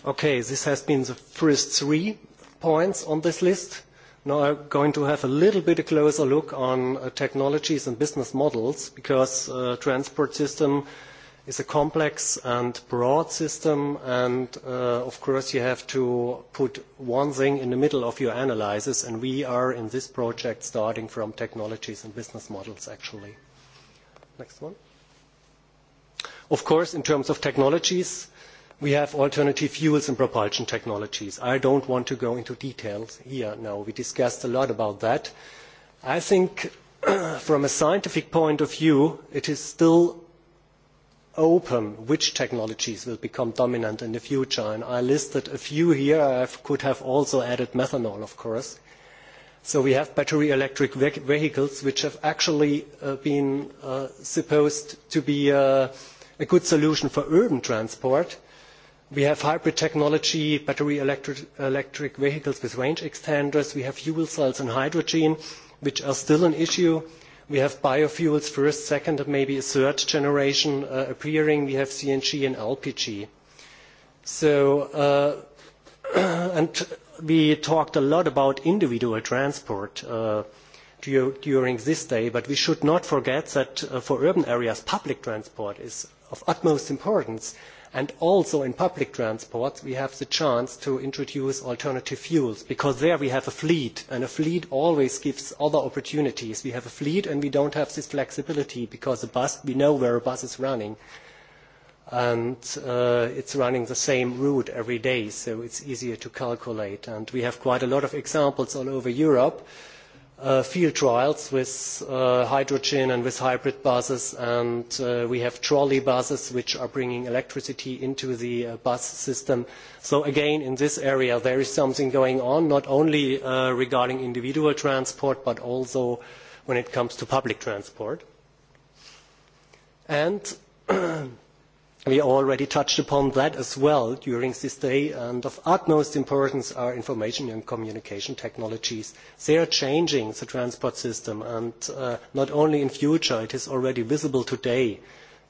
J: Okay, this has been the first three points on this list now are going to have a little bit a closer look on uh, technologies and business models because uh, transport system is a complex and broad system and uh, of course you have to put one thing in the middle of your analysis and we are in this project starting from technologies and business models actually. Next one. Of course, in terms of technologies, we have alternative fuels and propulsion technologies. I don't want to go into details here now. We discussed a lot about that. I think from a scientific point of view, it is still open which technologies will become dominant in the future. And I listed a few here. I could have also added methanol, of course. So we have battery electric ve vehicles, which have actually uh, been uh, supposed to be uh, a good solution for urban transport We have hybrid technology, battery electric, electric vehicles with range extenders. We have fuel cells and hydrogen, which are still an issue. We have biofuels first, second, and maybe a third generation uh, appearing. We have CNG and LPG. So, uh, and we talked a lot about individual transport uh, during this day, but we should not forget that uh, for urban areas, public transport is of utmost importance. Uh, and also in public transport we have the chance to introduce alternative fuels because there we have a fleet and a fleet always gives other opportunities. We have a fleet and we don't have this flexibility because a bus, we know where a bus is running and uh, it's running the same route every day so it's easier to calculate and we have quite a lot of examples all over Europe uh, uh, field trials with uh, hydrogen and with hybrid buses and uh, we have trolley buses which are bringing electricity into the uh, bus system. So again in this area there is something going on not only uh, regarding individual transport but also when it comes to public transport. And We already touched upon that as well during this day, and of utmost importance are information and communication technologies. They are changing the transport system, and uh, not only in future, it is already visible today.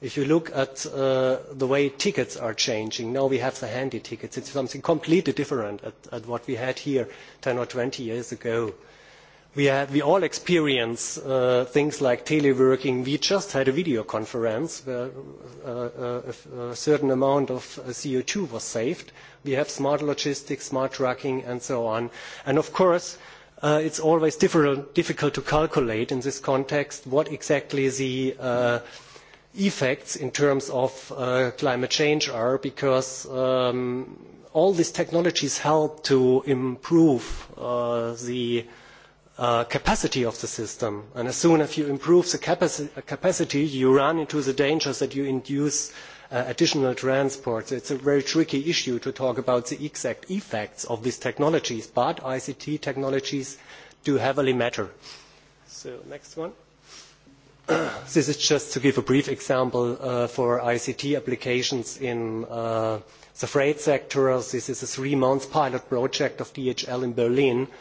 J: If you look at uh, the way tickets are changing, now we have the handy tickets. It's something completely different at, at what we had here 10 or 20 years ago. Uh, we, have, we all experience uh, things like teleworking. We just had a video conference where uh, uh, a, a certain amount of uh, CO2 was saved. We have smart logistics, smart tracking, and so on. And of course, uh, it's always difficult, difficult to calculate in this context what exactly the uh, effects in terms of uh, climate change are because um, all these technologies help to improve uh, the uh, uh, capacity of the system. And as soon as you improve the capaci uh, capacity, you run into the dangers that you induce uh, additional transport. So it's a very tricky issue to talk about the exact effects of these technologies, but ICT technologies do heavily matter. So next one. this is just to give a brief example uh, for ICT applications in uh, the freight sector. This is a three-month pilot project of DHL in Berlin. Uh,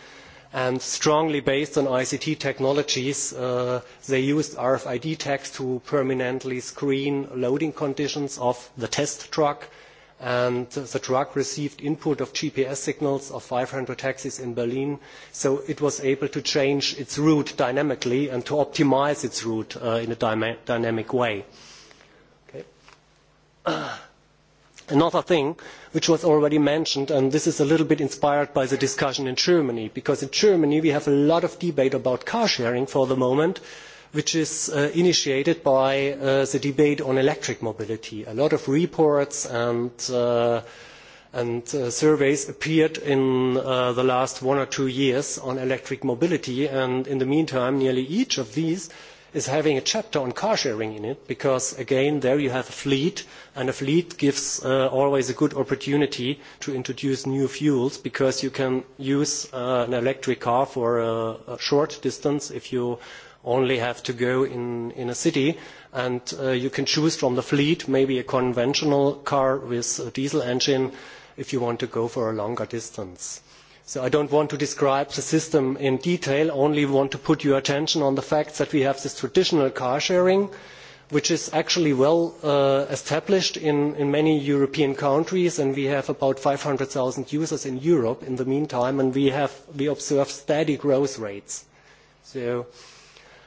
J: and strongly based on ICT technologies. Uh, they used RFID tags to permanently screen loading conditions of the test truck and the truck received input of GPS signals of 500 taxis in Berlin, so it was able to change its route dynamically and to optimize its route uh, in a dyma dynamic way. Okay. another thing which was already mentioned and this is a little bit inspired by the discussion in germany because in germany we have a lot of debate about car sharing for the moment which is uh, initiated by uh, the debate on electric mobility a lot of reports and uh, and uh, surveys appeared in uh, the last one or two years on electric mobility and in the meantime nearly each of these uh, is having a chapter on car sharing in it because again there you have a fleet and a fleet gives uh, always a good opportunity to introduce new fuels because you can use uh, an electric car for a, a short distance if you only have to go in, in a city and uh, you can choose from the fleet maybe a conventional car with a diesel engine if you want to go for a longer distance. So I don't want to describe the system in detail, only want to put your attention on the fact that we have this traditional car sharing, which is actually well uh, established in, in many European countries, and we have about 500,000 users in Europe in the meantime, and we, have, we observe steady growth rates. So,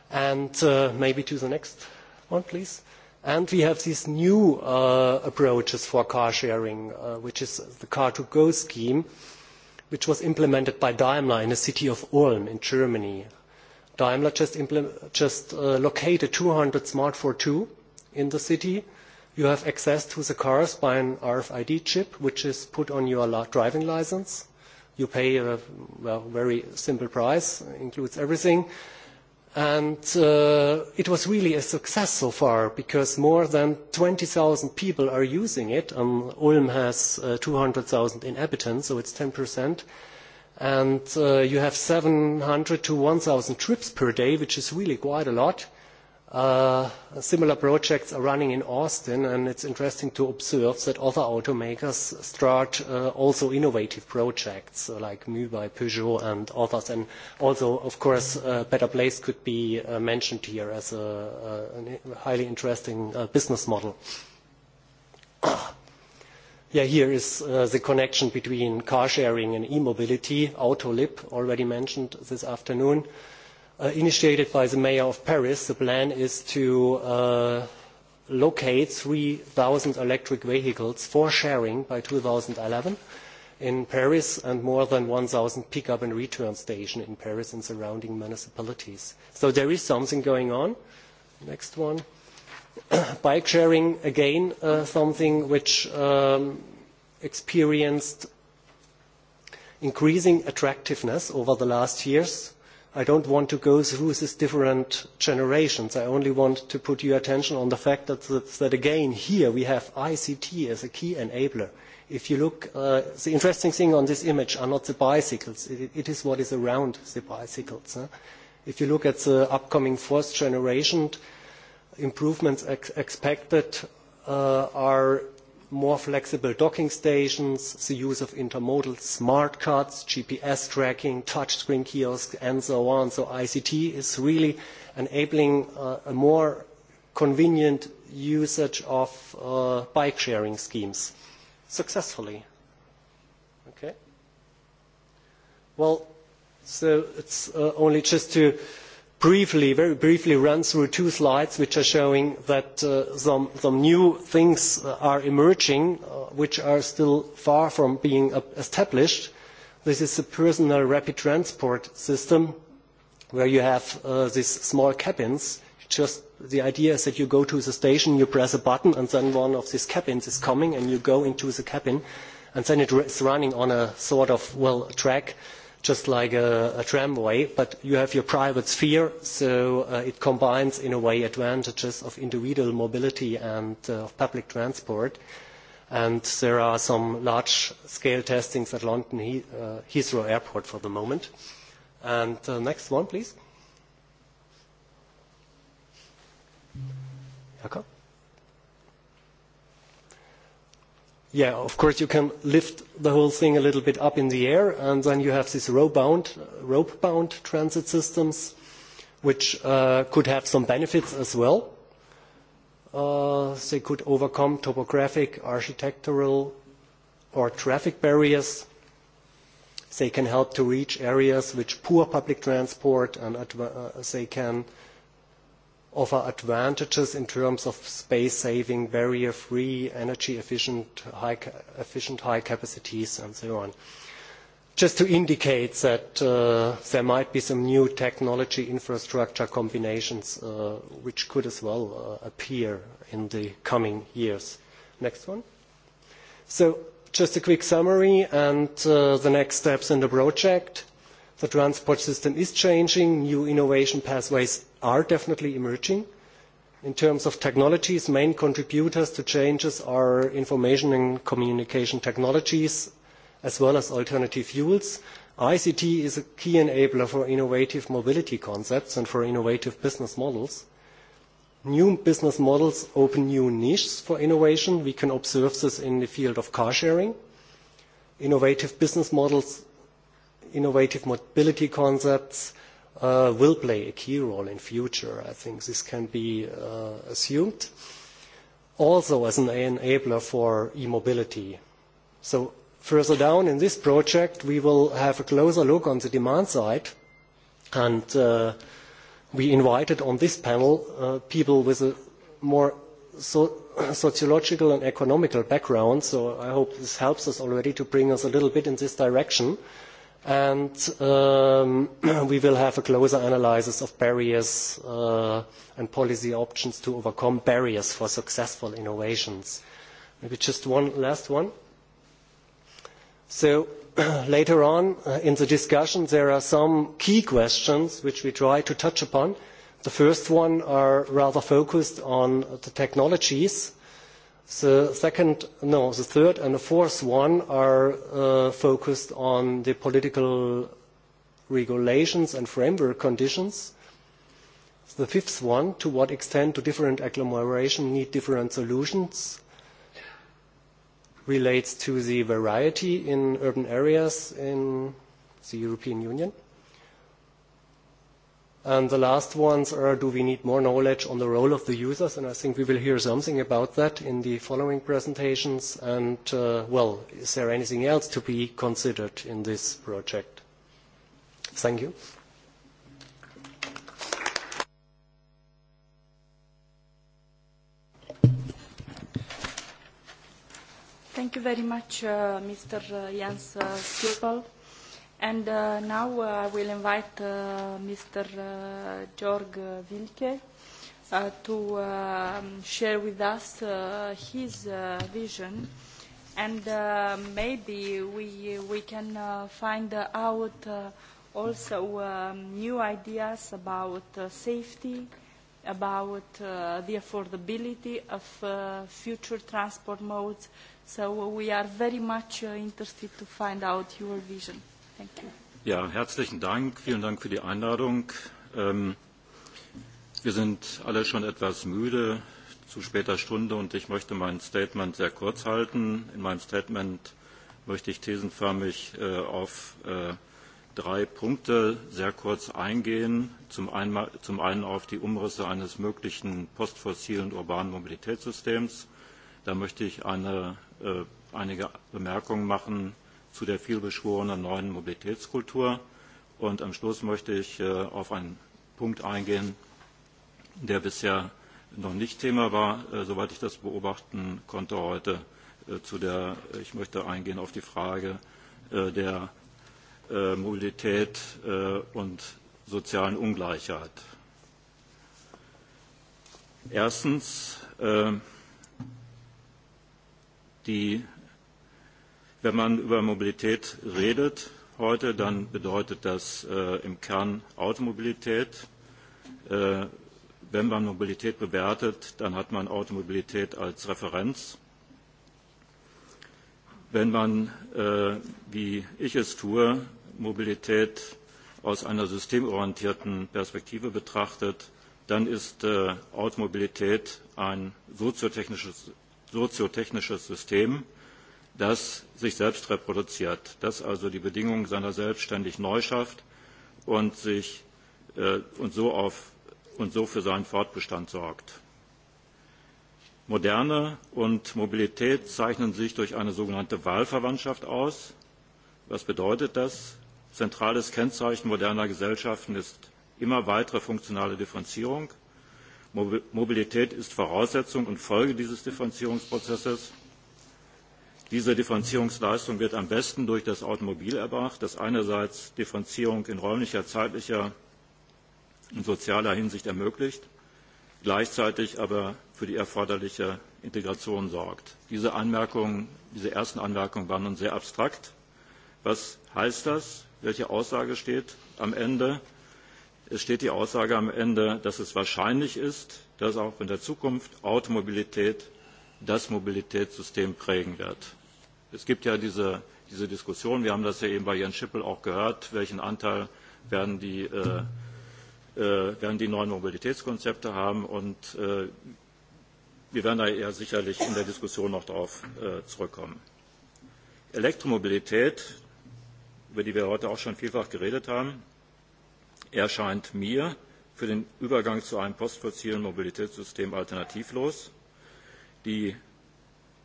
J: and uh, maybe to the next one, please. And we have these new uh, approaches for car sharing, uh, which is the car-to-go scheme, uh, which was implemented by Daimler in the city of Ulm in Germany. Daimler just, impl- just uh, located 200 Smart 42 in the city. You have access to the cars by an RFID chip, which is put on your la- driving license. You pay a well, very simple price, includes everything and uh, it was really a success so far because more than 20,000 people are using it. Um, Ulm has uh, 200,000 inhabitants, so it's 10%. And uh, you have 700 to 1,000 trips per day, which is really quite a lot. Uh, Uh, similar projects are running in Austin, and it's interesting to observe that other automakers start uh, also innovative projects uh, like Mu by Peugeot and others. And also, of course, uh, Better Place could be uh, mentioned here as a, a highly interesting uh, business model. yeah, here is uh, the connection between car sharing and e-mobility. Autolib already mentioned this afternoon. Uh, uh, initiated by the mayor of Paris, the plan is to uh, locate 3,000 electric vehicles for sharing by 2011 in Paris and more than 1,000 pickup and return stations in Paris and surrounding municipalities. So there is something going on. Next one. Bike sharing, again, uh, something which um, experienced increasing attractiveness over the last years i do not want to go through these different generations i only want to put your attention on the fact that, that again here we have ict as a key enabler. if you look uh, the interesting thing on this image are not the bicycles it, it is what is around the bicycles. Huh? if you look at the upcoming fourth generation improvements ex expected uh, are more flexible docking stations, the use of intermodal smart cards, GPS tracking, touchscreen kiosks, and so on. So ICT is really enabling uh, a more convenient usage of uh, bike sharing schemes successfully. Okay. Well, so it's uh, only just to uh, briefly, very briefly run through two slides which are showing that uh, some, some new things uh, are emerging uh, which are still far from being established. This is the personal rapid transport system where you have uh, these small cabins. Just the idea is that you go to the station, you press a button, and then one of these cabins is coming, and you go into the cabin, and then it's running on a sort of, well, track. Uh, just like a, a tramway, but you have your private sphere, so uh, it combines in a way advantages of individual mobility and uh, of public transport. And there are some large-scale testings at London he uh, Heathrow Airport for the moment. And uh, next one, please. Jakob? Okay. Yeah, of course you can lift the whole thing a little bit up in the air, and then you have these rope-bound rope -bound transit systems, which uh, could have some benefits as well. Uh, they could overcome topographic, architectural, or traffic barriers. They can help to reach areas which poor public transport, and uh, they can uh, offer advantages in terms of space saving, barrier free, energy efficient, high, efficient high capacities and so on. Just to indicate that uh, there might be some new technology infrastructure combinations uh, which could as well uh, appear in the coming years. Next one. So just a quick summary and uh, the next steps in the project. The transport system is changing, new innovation pathways are definitely emerging. In terms of technologies, main contributors to changes are information and communication technologies, as well as alternative fuels. ICT is a key enabler for innovative mobility concepts and for innovative business models. New business models open new niches for innovation. We can observe this in the field of car sharing. Innovative business models, innovative mobility concepts, uh, will play a key role in future. I think this can be uh, assumed. Also as an enabler for e-mobility. So further down in this project, we will have a closer look on the demand side and uh, we invited on this panel uh, people with a more so sociological and economical background, so I hope this helps us already to bring us a little bit in this direction. Uh, and um, we will have a closer analysis of barriers uh, and policy options to overcome barriers for successful innovations. Maybe just one last one. So later on uh, in the discussion, there are some key questions which we try to touch upon. The first one are rather focused on the technologies The second, no, the third and the fourth one are uh, focused on the political regulations and framework conditions. The fifth one, to what extent do different agglomerations need different solutions, relates to the variety in urban areas in the European Union. And the last ones are, do we need more knowledge on the role of the users? And I think we will hear something about that in the following presentations. And, uh, well, is there anything else to be considered in this project? Thank you.
I: Thank you very much, uh, Mr. Uh, Jens uh, Schippel. And uh, now uh, I will invite uh, Mr. Uh, Georg uh, Wilke uh, to uh, share with us uh, his uh, vision. And uh, maybe we, we can uh, find out uh, also um, new ideas about uh, safety, about uh, the affordability of uh, future transport modes. So we are very much uh, interested to find out your vision. Thank
K: you. Ja, herzlichen Dank. Vielen Dank für die Einladung. Ähm, wir sind alle schon etwas müde zu später Stunde und ich möchte mein Statement sehr kurz halten. In meinem Statement möchte ich thesenförmig äh, auf äh, drei Punkte sehr kurz eingehen. Zum einen, zum einen auf die Umrisse eines möglichen postfossilen urbanen Mobilitätssystems. Da möchte ich eine, äh, einige Bemerkungen machen zu der vielbeschworenen neuen Mobilitätskultur. Und am Schluss möchte ich äh, auf einen Punkt eingehen, der bisher noch nicht Thema war, äh, soweit ich das beobachten konnte heute. Äh, zu der, ich möchte eingehen auf die Frage der Mobilität und sozialen Ungleichheit. Erstens, die Wenn man über Mobilität redet heute, dann bedeutet das äh, im Kern Automobilität. Äh, wenn man Mobilität bewertet, dann hat man Automobilität als Referenz. Wenn man, äh, wie ich es tue, Mobilität aus einer systemorientierten Perspektive betrachtet, dann ist äh, Automobilität ein soziotechnisches, soziotechnisches System, das sich selbst reproduziert, das also die Bedingungen seiner selbst ständig neu schafft und, sich, äh, und, so auf, und so für seinen Fortbestand sorgt. Moderne und Mobilität zeichnen sich durch eine sogenannte Wahlverwandtschaft aus. Was bedeutet das? Zentrales Kennzeichen moderner Gesellschaften ist immer weitere funktionale Differenzierung. Mobilität ist Voraussetzung und Folge dieses Differenzierungsprozesses Diese Differenzierungsleistung wird am besten durch das Automobil erbracht, das einerseits Differenzierung in räumlicher, zeitlicher und sozialer Hinsicht ermöglicht, gleichzeitig aber für die erforderliche Integration sorgt. Diese, Anmerkungen, diese ersten Anmerkungen waren nun sehr abstrakt. Was heißt das? Welche Aussage steht am Ende? Es steht die Aussage am Ende, dass es wahrscheinlich ist, dass auch in der Zukunft Automobilität das Mobilitätssystem prägen wird es gibt ja diese, diese Diskussion, wir haben das ja eben bei Jens Schippel auch gehört, welchen Anteil werden die, äh, äh, werden die neuen Mobilitätskonzepte haben und äh, wir werden da ja sicherlich in der Diskussion noch darauf äh, zurückkommen. Elektromobilität, über die wir heute auch schon vielfach geredet haben, erscheint mir für den Übergang zu einem postfossilen Mobilitätssystem alternativlos. Die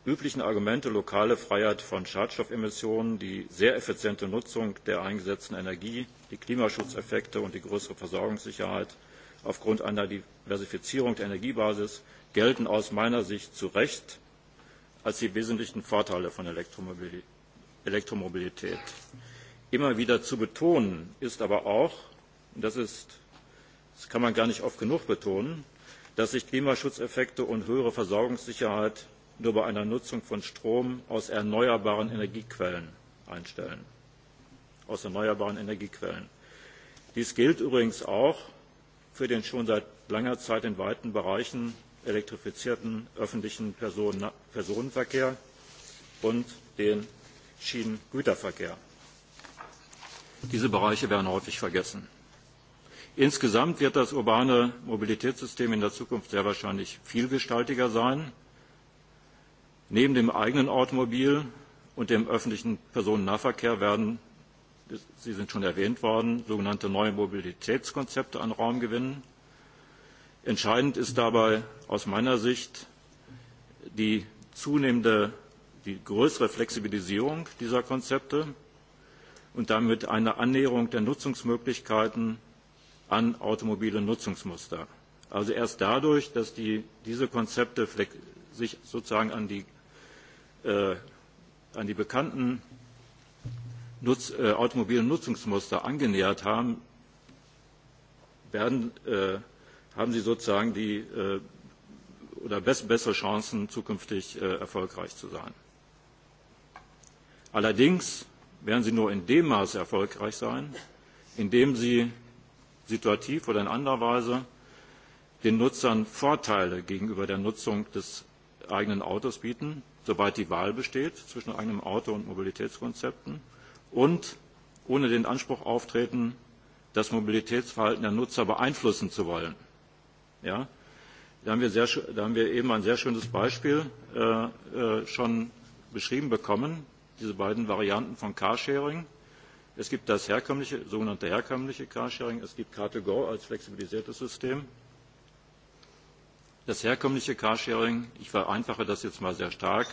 K: üblichen argumente lokale freiheit von schadstoffemissionen die sehr effiziente nutzung der eingesetzten energie die klimaschutzeffekte und die größere versorgungssicherheit aufgrund einer diversifizierung der energiebasis gelten aus meiner sicht zu recht als die wesentlichen vorteile von elektromobilität. immer wieder zu betonen ist aber auch und das kann man gar nicht oft genug betonen dass sich klimaschutzeffekte und höhere versorgungssicherheit nur bei einer Nutzung von Strom aus erneuerbaren Energiequellen einstellen. Aus erneuerbaren Energiequellen. Dies gilt übrigens auch für den schon seit langer Zeit in weiten Bereichen elektrifizierten öffentlichen Personen Personenverkehr und den Schienengüterverkehr. Diese Bereiche werden häufig vergessen. Insgesamt wird das urbane Mobilitätssystem in der Zukunft sehr wahrscheinlich vielgestaltiger sein neben dem eigenen automobil und dem öffentlichen personennahverkehr werden sie sind schon erwähnt worden sogenannte neue mobilitätskonzepte an raum gewinnen. entscheidend ist dabei aus meiner sicht die zunehmende die größere flexibilisierung dieser konzepte und damit eine annäherung der nutzungsmöglichkeiten an automobile nutzungsmuster. also erst dadurch dass die, diese konzepte sich sozusagen äh, an die bekannten Nutz, äh, automobilen Nutzungsmuster angenähert haben, werden, äh, haben sie sozusagen die äh, oder best, bessere Chancen, zukünftig äh, erfolgreich zu sein. Allerdings werden sie nur in dem Maße erfolgreich sein, indem sie situativ oder in anderer Weise den Nutzern Vorteile gegenüber der Nutzung des eigenen Autos bieten soweit die Wahl besteht zwischen eigenem Auto und Mobilitätskonzepten und ohne den Anspruch auftreten, das Mobilitätsverhalten der Nutzer beeinflussen zu wollen. Ja? Da, haben wir sehr, da haben wir eben ein sehr schönes Beispiel äh, äh, schon beschrieben bekommen, diese beiden Varianten von Carsharing. Es gibt das herkömmliche, sogenannte herkömmliche Carsharing, es gibt Car2Go als flexibilisiertes System Das herkömmliche Carsharing, ich vereinfache das jetzt mal sehr stark,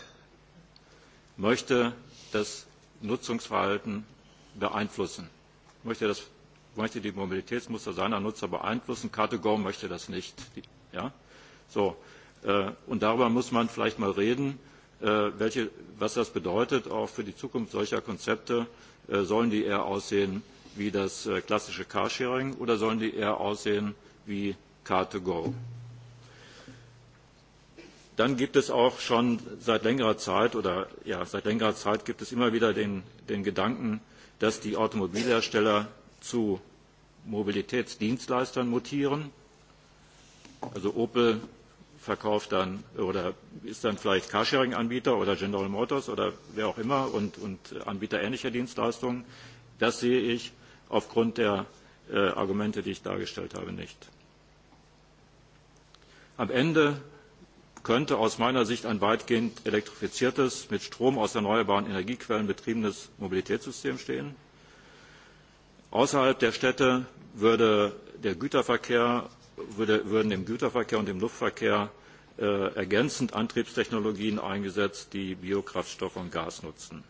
K: möchte das Nutzungsverhalten beeinflussen, möchte, das, möchte die Mobilitätsmuster seiner Nutzer beeinflussen. Car2Go möchte das nicht. Ja? So, äh, und darüber muss man vielleicht mal reden, äh, welche, was das bedeutet, auch für die Zukunft solcher Konzepte. Äh, sollen die eher aussehen wie das äh, klassische Carsharing oder sollen die eher aussehen wie Car2Go? Mhm. Dann gibt es auch schon seit längerer Zeit oder ja, seit längerer Zeit gibt es immer wieder den, den Gedanken, dass die Automobilhersteller zu Mobilitätsdienstleistern mutieren. Also Opel verkauft dann oder ist dann vielleicht Carsharing-Anbieter oder General Motors oder wer auch immer und, und Anbieter ähnlicher Dienstleistungen. Das sehe ich aufgrund der äh, Argumente, die ich dargestellt habe, nicht. Am Ende könnte aus meiner sicht ein weitgehend elektrifiziertes mit strom aus erneuerbaren energiequellen betriebenes mobilitätssystem stehen. außerhalb der städte würde würde, würden im güterverkehr und im luftverkehr äh, ergänzend antriebstechnologien eingesetzt die biokraftstoffe und gas nutzen.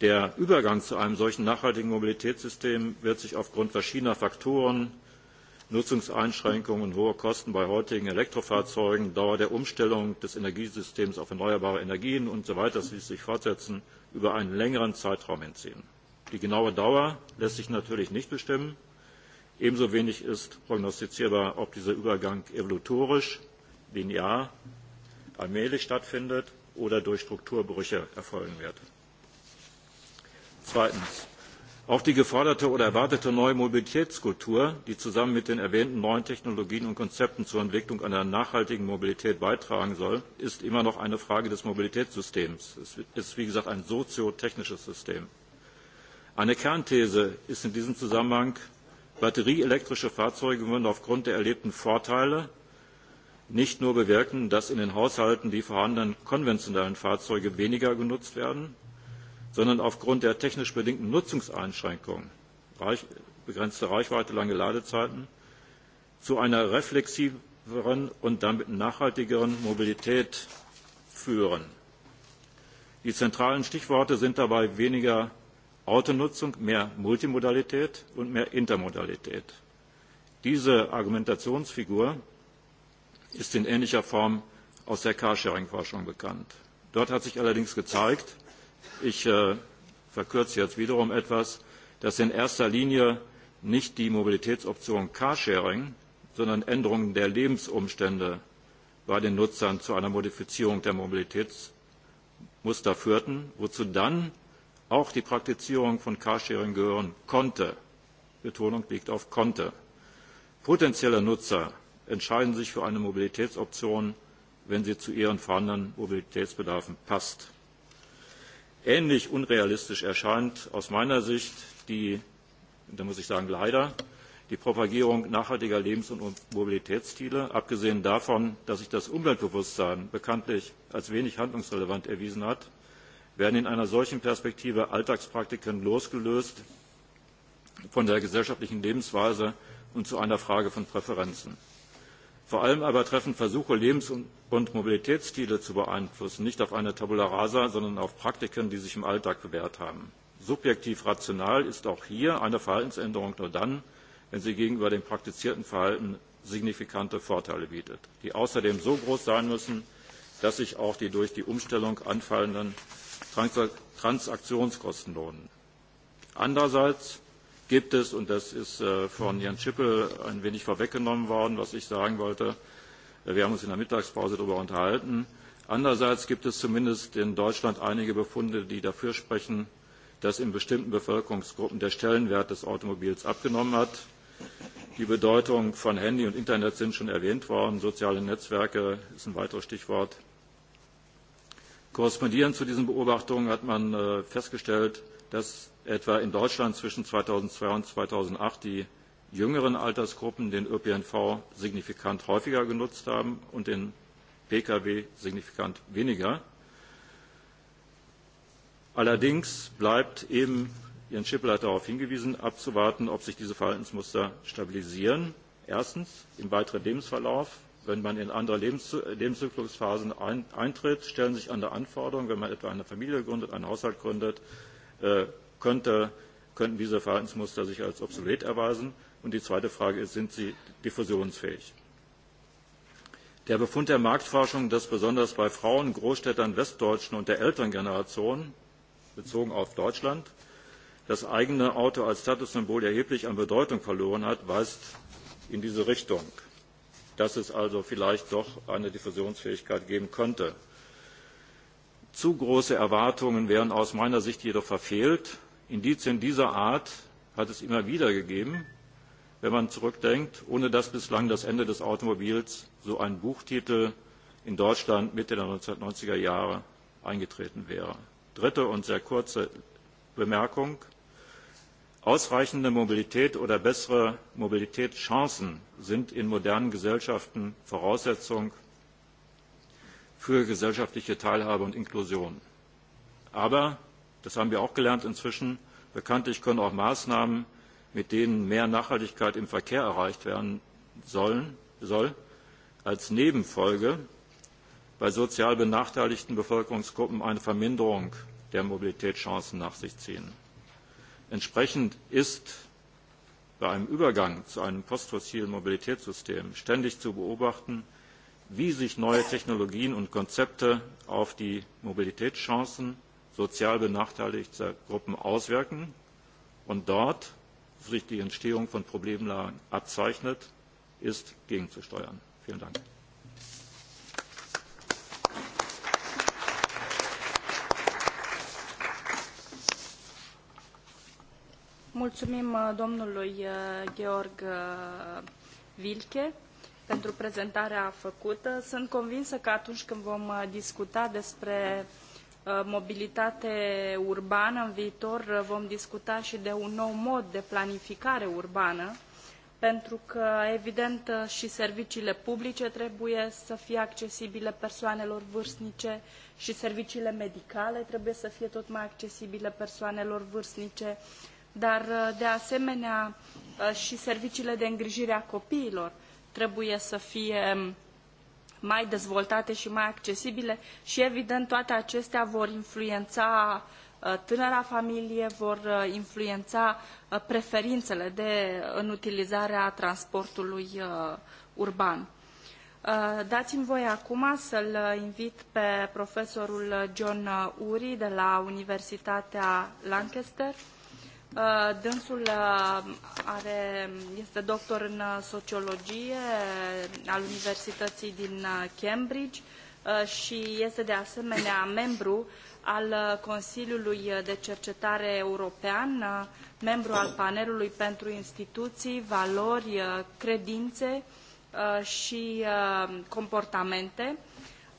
K: der übergang zu einem solchen nachhaltigen mobilitätssystem wird sich aufgrund verschiedener faktoren Nutzungseinschränkungen und hohe Kosten bei heutigen Elektrofahrzeugen, Dauer der Umstellung des Energiesystems auf erneuerbare Energien und so weiter, die sich fortsetzen, über einen längeren Zeitraum hinziehen. Die genaue Dauer lässt sich natürlich nicht bestimmen. Ebenso wenig ist prognostizierbar, ob dieser Übergang evolutorisch, linear, allmählich stattfindet oder durch Strukturbrüche erfolgen wird. Zweitens auch die geforderte oder erwartete neue mobilitätskultur die zusammen mit den erwähnten neuen technologien und konzepten zur entwicklung einer nachhaltigen mobilität beitragen soll ist immer noch eine frage des mobilitätssystems. es ist wie gesagt ein soziotechnisches system. eine kernthese ist in diesem zusammenhang batterieelektrische fahrzeuge würden aufgrund der erlebten vorteile nicht nur bewirken dass in den haushalten die vorhandenen konventionellen fahrzeuge weniger genutzt werden sondern aufgrund der technisch bedingten Nutzungseinschränkungen, reich, begrenzte Reichweite, lange Ladezeiten, zu einer reflexiveren und damit nachhaltigeren Mobilität führen. Die zentralen Stichworte sind dabei weniger Autonutzung, mehr Multimodalität und mehr Intermodalität. Diese Argumentationsfigur ist in ähnlicher Form aus der Carsharing-Forschung bekannt. Dort hat sich allerdings gezeigt, ich äh, verkürze jetzt wiederum etwas, dass in erster Linie nicht die Mobilitätsoption Carsharing, sondern Änderungen der Lebensumstände bei den Nutzern zu einer Modifizierung der Mobilitätsmuster führten, wozu dann auch die Praktizierung von Carsharing gehören konnte. Betonung liegt auf konnte. Potenzielle Nutzer entscheiden sich für eine Mobilitätsoption, wenn sie zu ihren vorhandenen Mobilitätsbedarfen passt ähnlich unrealistisch erscheint aus meiner Sicht die, da muss ich sagen leider, die Propagierung nachhaltiger Lebens- und Mobilitätsziele, abgesehen davon, dass sich das Umweltbewusstsein bekanntlich als wenig handlungsrelevant erwiesen hat, werden in einer solchen Perspektive Alltagspraktiken losgelöst von der gesellschaftlichen Lebensweise und zu einer Frage von Präferenzen vor allem aber treffen versuche lebens und mobilitätsstile zu beeinflussen nicht auf eine tabula rasa sondern auf praktiken die sich im alltag bewährt haben. subjektiv rational ist auch hier eine verhaltensänderung nur dann wenn sie gegenüber dem praktizierten verhalten signifikante vorteile bietet die außerdem so groß sein müssen dass sich auch die durch die umstellung anfallenden transaktionskosten lohnen. andererseits gibt es, und das ist äh, von Jens Schippe ein wenig vorweggenommen worden, was ich sagen wollte, äh, wir haben uns in der Mittagspause darüber unterhalten. Andererseits gibt es zumindest in Deutschland einige Befunde, die dafür sprechen, dass in bestimmten Bevölkerungsgruppen der Stellenwert des Automobils abgenommen hat. Die Bedeutung von Handy und Internet sind schon erwähnt worden. Soziale Netzwerke ist ein weiteres Stichwort. Korrespondierend zu diesen Beobachtungen hat man äh, festgestellt, dass etwa in deutschland zwischen zweitausendzwei und zweitausendacht die jüngeren altersgruppen den öpnv signifikant häufiger genutzt haben und den pkw signifikant weniger. allerdings bleibt eben jan schipper hat darauf hingewiesen abzuwarten ob sich diese verhaltensmuster stabilisieren erstens im weiteren lebensverlauf wenn man in andere lebenszyklusphasen eintritt stellen sich andere anforderungen wenn man etwa eine familie gründet einen haushalt gründet Äh, könnte, könnten diese Verhaltensmuster sich als obsolet erweisen? Und die zweite Frage ist, sind sie diffusionsfähig? Der Befund der Marktforschung, dass besonders bei Frauen, Großstädtern, Westdeutschen und der älteren Generation, bezogen auf Deutschland, das eigene Auto als Statussymbol erheblich an Bedeutung verloren hat, weist in diese Richtung, dass es also vielleicht doch eine Diffusionsfähigkeit geben könnte zu große erwartungen wären aus meiner sicht jedoch verfehlt. indizien dieser art hat es immer wieder gegeben wenn man zurückdenkt ohne dass bislang das ende des automobils so ein buchtitel in deutschland mitte der eintausendneunhundertneunzig er jahre eingetreten wäre. dritte und sehr kurze bemerkung ausreichende mobilität oder bessere mobilitätschancen sind in modernen gesellschaften voraussetzung für gesellschaftliche Teilhabe und Inklusion. Aber, das haben wir auch gelernt inzwischen, bekanntlich können auch Maßnahmen, mit denen mehr Nachhaltigkeit im Verkehr erreicht werden sollen, soll, als Nebenfolge bei sozial benachteiligten Bevölkerungsgruppen eine Verminderung der Mobilitätschancen nach sich ziehen. Entsprechend ist bei einem Übergang zu einem postfossilen Mobilitätssystem ständig zu beobachten, wie sich neue technologien und konzepte auf die mobilitätschancen sozial benachteiligter gruppen auswirken und dort wo sich die entstehung von problemlagen abzeichnet ist gegenzusteuern. vielen dank!
I: Mulțumim uh, domnului uh, Georg Vilche. Uh, pentru prezentarea făcută. Sunt convinsă că atunci când vom uh, discuta despre uh, mobilitate urbană în viitor, uh, vom discuta și de un nou mod de planificare urbană, pentru că, evident, și serviciile publice trebuie să fie accesibile persoanelor vârstnice și serviciile medicale trebuie să fie tot mai accesibile persoanelor vârstnice, dar, de asemenea, și serviciile de îngrijire a copiilor trebuie să fie um, mai dezvoltate și mai accesibile și, evident, toate acestea vor influența uh, tânăra familie, vor uh, influența uh, preferințele de, în utilizarea transportului urban. Dați-mi voi acum să-l invit pe profesorul John Uri de la Universitatea Lancaster Uh, dânsul uh, are, este doctor în uh, sociologie al Universității din Cambridge și este de asemenea membru al Consiliului de Cercetare European, membru al panelului pentru instituții, valori, credințe și comportamente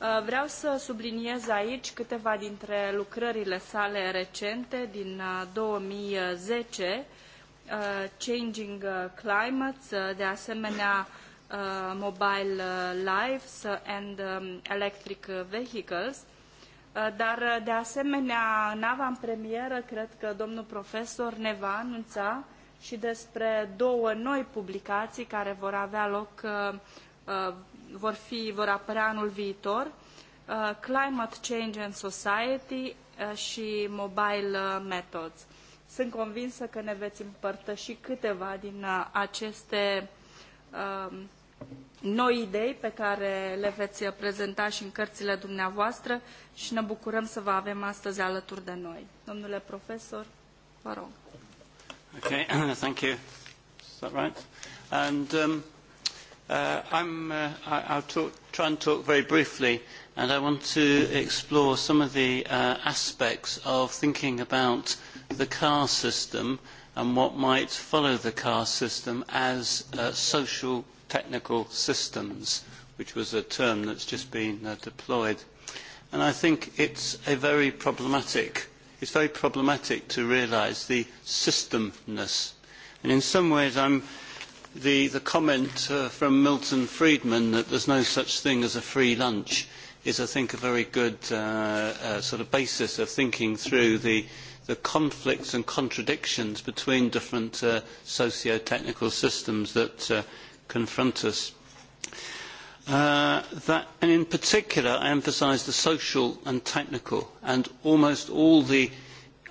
I: Uh, vreau să subliniez aici câteva dintre lucrările sale recente din 2010, uh, uh, Changing Climates, de asemenea Mobile Lives and um, Electric Vehicles, dar de asemenea în avantpremieră cred că domnul profesor ne va anunța și despre două noi publicații care vor avea loc vor, fi, vor apărea anul viitor, uh, Climate Change and Society uh, și Mobile uh, Methods. Sunt convinsă că ne veți împărtăși câteva din uh, aceste uh, noi idei pe care le veți prezenta și în cărțile dumneavoastră și ne bucurăm să vă avem astăzi alături de noi. Domnule profesor, vă rog.
F: Okay, thank you. Is that right? And um, Uh, I'm, uh, I, I'll talk, try and talk very briefly, and I want to explore some of the uh, aspects of thinking about the car system and what might follow the car system as uh, social technical systems, which was a term that's just been uh, deployed. And I think it's a very problematic, it's very problematic to realise the systemness. And in some ways I'm the, the comment uh, from Milton Friedman that there's no such thing as a free lunch is, I think, a very good uh, uh, sort of basis of thinking through the, the conflicts and contradictions between different uh, socio-technical systems that uh, confront us. Uh, that, and in particular, I emphasise the social and technical, and almost all the,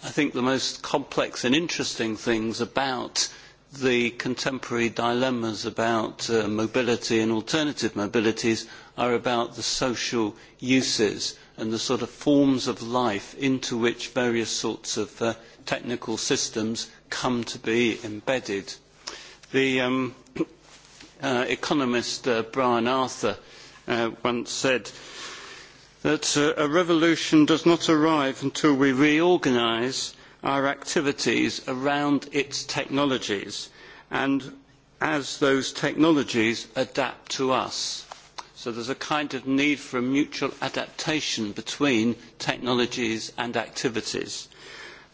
F: I think, the most complex and interesting things about the contemporary dilemmas about uh, mobility and alternative mobilities are about the social uses and the sort of forms of life into which various sorts of uh, technical systems come to be embedded. The um, uh, economist uh, Brian Arthur uh, once said that uh, a revolution does not arrive until we reorganize our activities around its technologies and as those technologies adapt to us. So there's a kind of need for a mutual adaptation between technologies and activities.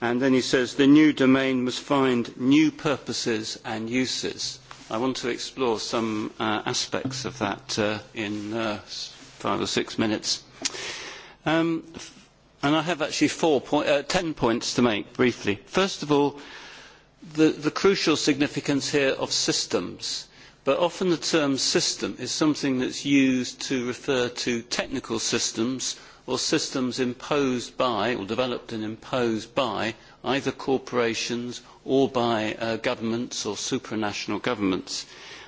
F: And then he says the new domain must find new purposes and uses. I want to explore some uh, aspects of that uh, in uh, five or six minutes. Um, And I have actually four point, uh, ten points to make briefly. First of all, the, the crucial significance here of systems. But often the term system is something that's used to refer to technical systems or systems imposed by or developed and imposed by either corporations or by uh, governments or supranational governments.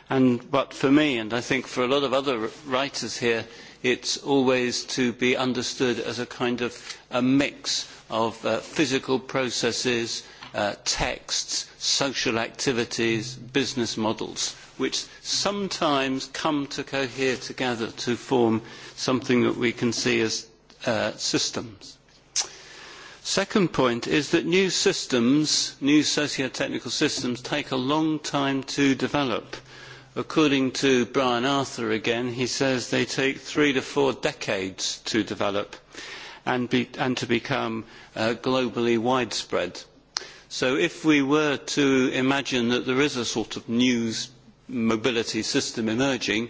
F: And, but for me, and I think for a lot of other writers here, uh, it's always to be understood as a kind of a mix of uh, physical processes, uh, texts, social activities, business models, which sometimes come to cohere together to form something that we can see as uh, systems. Second point is that new systems, new socio-technical systems, take a long time to develop According to Brian Arthur again, he says they take three to four decades to develop and, be, and to become uh, globally widespread. So if we were to imagine that there is a sort of news mobility system emerging,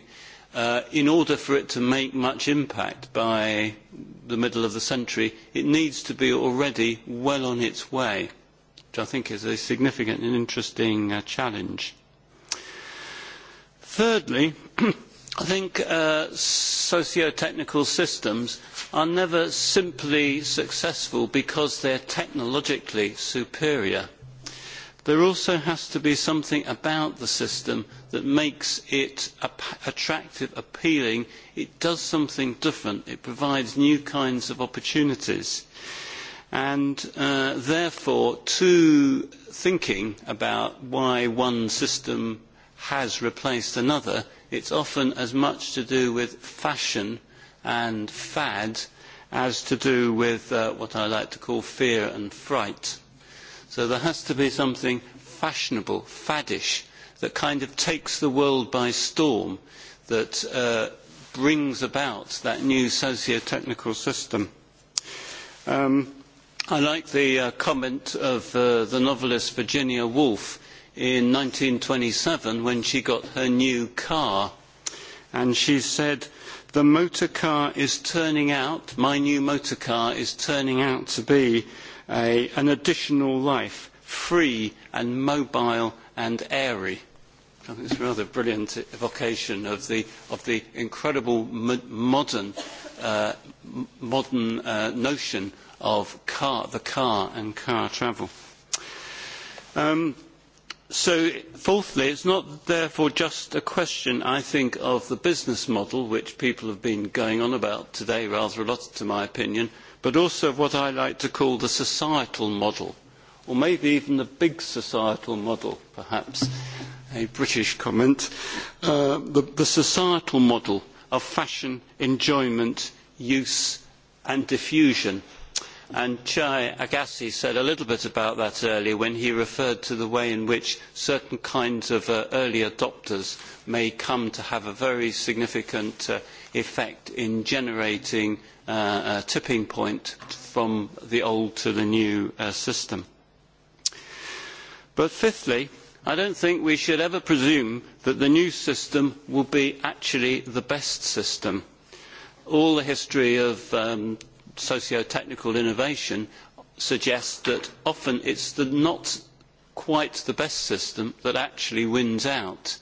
F: uh, in order for it to make much impact by the middle of the century, it needs to be already well on its way, which I think is a significant and interesting uh, challenge. Uh, Thirdly, I think uh, socio-technical systems are never simply successful because they're technologically superior. There also has to be something about the system that makes it ap attractive, appealing. It does something different. It provides new kinds of opportunities. And uh, therefore, to thinking about why one system has replaced another. It's often as much to do with fashion and fad as to do with uh, what I like to call fear and fright. So there has to be something fashionable, faddish, that kind of takes the world by storm, that uh, brings about that new socio-technical system. Um, I like the uh, comment of uh, the novelist Virginia Woolf in 1927 when she got her new car. And she said, the motor car is turning out, my new motor car is turning out to be a, an additional life, free and mobile and airy. I think it's a rather brilliant evocation of the, of the incredible mo- modern, uh, modern uh, notion of car, the car and car travel. Um, So, fourthly, it's not therefore just a question, I think, of the business model, which people have been going on about today rather a lot, to my opinion, but also of what I like to call the societal model, or maybe even the big societal model, perhaps, a British comment, uh, the, the societal model of fashion, enjoyment, use and diffusion and Chai Agassi said a little bit about that earlier when he referred to the way in which certain kinds of uh, early adopters may come to have a very significant uh, effect in generating uh, a tipping point from the old to the new uh, system. But fifthly, I don't think we should ever presume that the new system will be actually the best system all the history of um, socio-technical innovation suggests that often it's the, not quite the best system that actually wins out.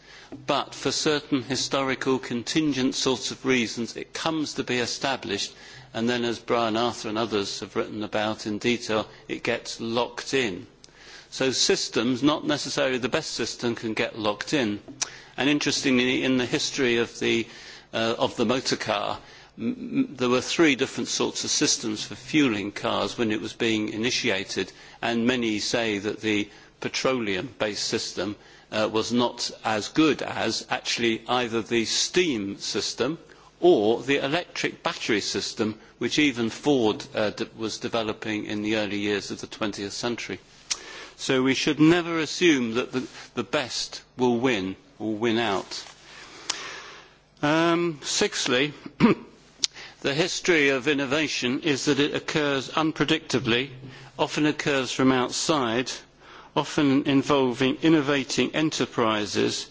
F: But for certain historical contingent sorts of reasons, it comes to be established, and then as Brian Arthur and others have written about in detail, it gets locked in. So systems, not necessarily the best system, can get locked in. And interestingly, in the history of the, uh, of the motor car, there were three different sorts of systems for fueling cars when it was being initiated, and many say that the petroleum-based system uh, was not as good as actually either the steam system or the electric battery system, which even Ford uh, d- was developing in the early years of the 20th century. So we should never assume that the, the best will win or win out. Um, sixthly, the history of innovation is that it occurs unpredictably, often occurs from outside, often involving innovating enterprises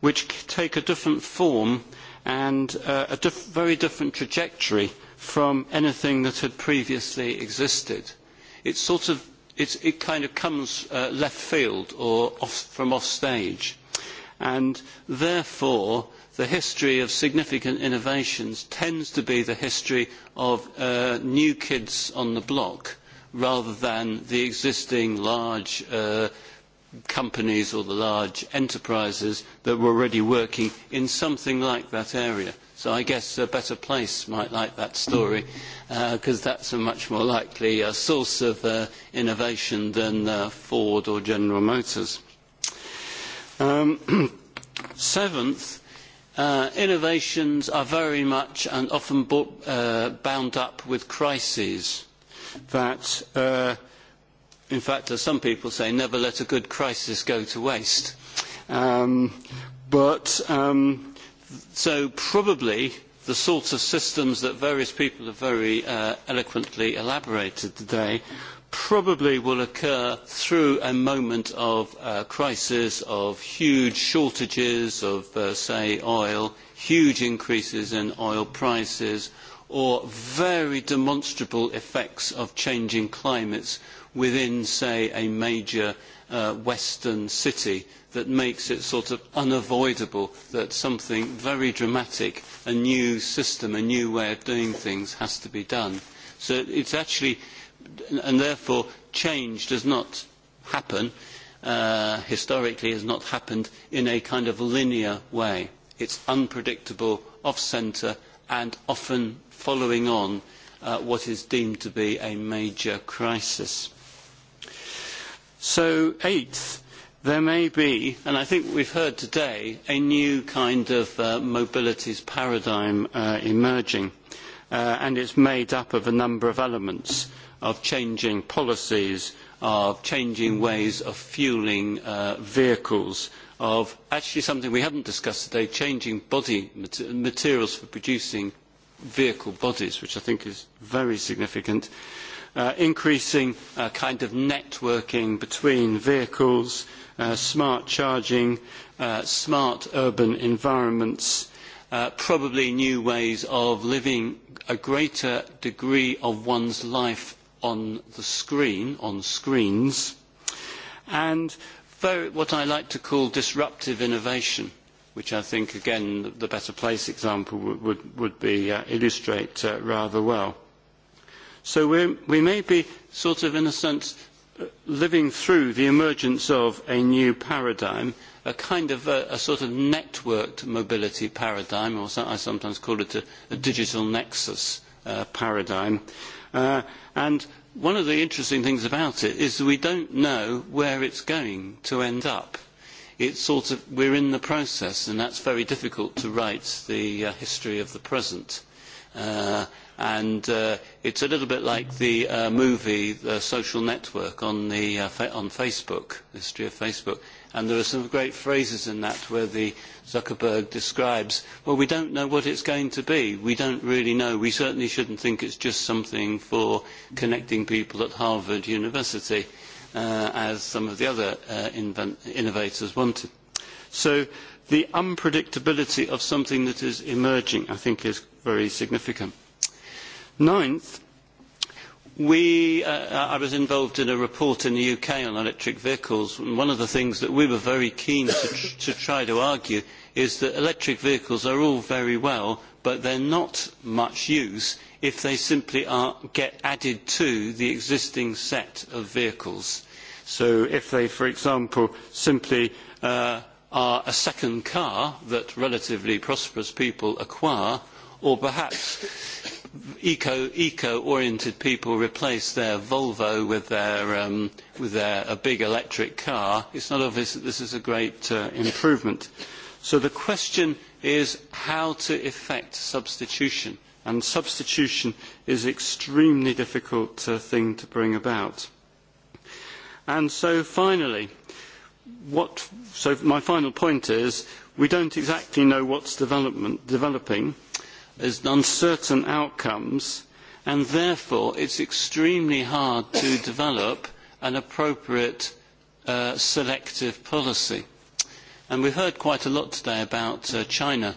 F: which take a different form and uh, a diff very different trajectory from anything that had previously existed. It's sort of, it's, it kind of comes uh, left field or off, from off stage. And therefore, the history of significant innovations tends to be the history of uh, new kids on the block rather than the existing large uh, companies or the large enterprises that were already working in something like that area. So I guess a better place might like that story because uh, that's a much more likely uh, source of uh, innovation than uh, Ford or General Motors. Um, seventh, uh, innovations are very much and often bo- uh, bound up with crises that, uh, in fact, as some people say, never let a good crisis go to waste. Um, but um, so probably the sorts of systems that various people have very uh, eloquently elaborated today probably will occur through a moment of uh, crisis, of huge shortages of, uh, say, oil, huge increases in oil prices, or very demonstrable effects of changing climates within, say, a major uh, Western city that makes it sort of unavoidable that something very dramatic, a new system, a new way of doing things has to be done. So it's actually and therefore change does not happen, uh, historically has not happened in a kind of linear way. It's unpredictable, off-centre and often following on uh, what is deemed to be a major crisis. So, eighth, there may be, and I think we've heard today, a new kind of uh, mobilities paradigm uh, emerging, uh, and it's made up of a number of elements. Uh, of changing policies, of changing ways of fueling uh, vehicles, of actually something we haven't discussed today, changing body mater materials for producing vehicle bodies, which I think is very significant, uh, increasing uh, kind of networking between vehicles, uh, smart charging, uh, smart urban environments, uh, probably new ways of living a greater degree of one's life on the screen, on screens, and very, what I like to call disruptive innovation, which I think, again, the, the Better Place example would, would, would be, uh, illustrate uh, rather well. So we're, we may be sort of, in a sense, uh, living through the emergence of a new paradigm, a kind of a, uh, a sort of networked mobility paradigm, or so I sometimes call it a, a digital nexus uh, paradigm, Uh, and one of the interesting things about it is that we don't know where it's going to end up. It's sort of, we're in the process, and that's very difficult to write the uh, history of the present. Uh, and uh, it's a little bit like the uh, movie the social network on the uh, fa- on facebook history of facebook And there are some great phrases in that where the Zuckerberg describes, well, we don't know what it's going to be. We don't really know. We certainly shouldn't think it's just something for connecting people at Harvard University, uh, as some of the other uh, invent- innovators wanted. So the unpredictability of something that is emerging, I think, is very significant. Ninth, We, uh, uh, I was involved in a report in the UK on electric vehicles, and one of the things that we were very keen to, tr to try to argue is that electric vehicles are all very well, but they're not much use if they simply are, get added to the existing set of vehicles. So if they, for example, simply uh, are a second car that relatively prosperous people acquire, or perhaps eco eco oriented people replace their Volvo with their um, with their a big electric car, it's not obvious that this is a great uh, improvement. So the question is how to effect substitution, and substitution is an extremely difficult uh, thing to bring about. And so finally, what, so my final point is we don't exactly know what's development, developing as uncertain outcomes, and therefore it's extremely hard to develop an appropriate uh, selective policy. And we've heard quite a lot today about uh, China.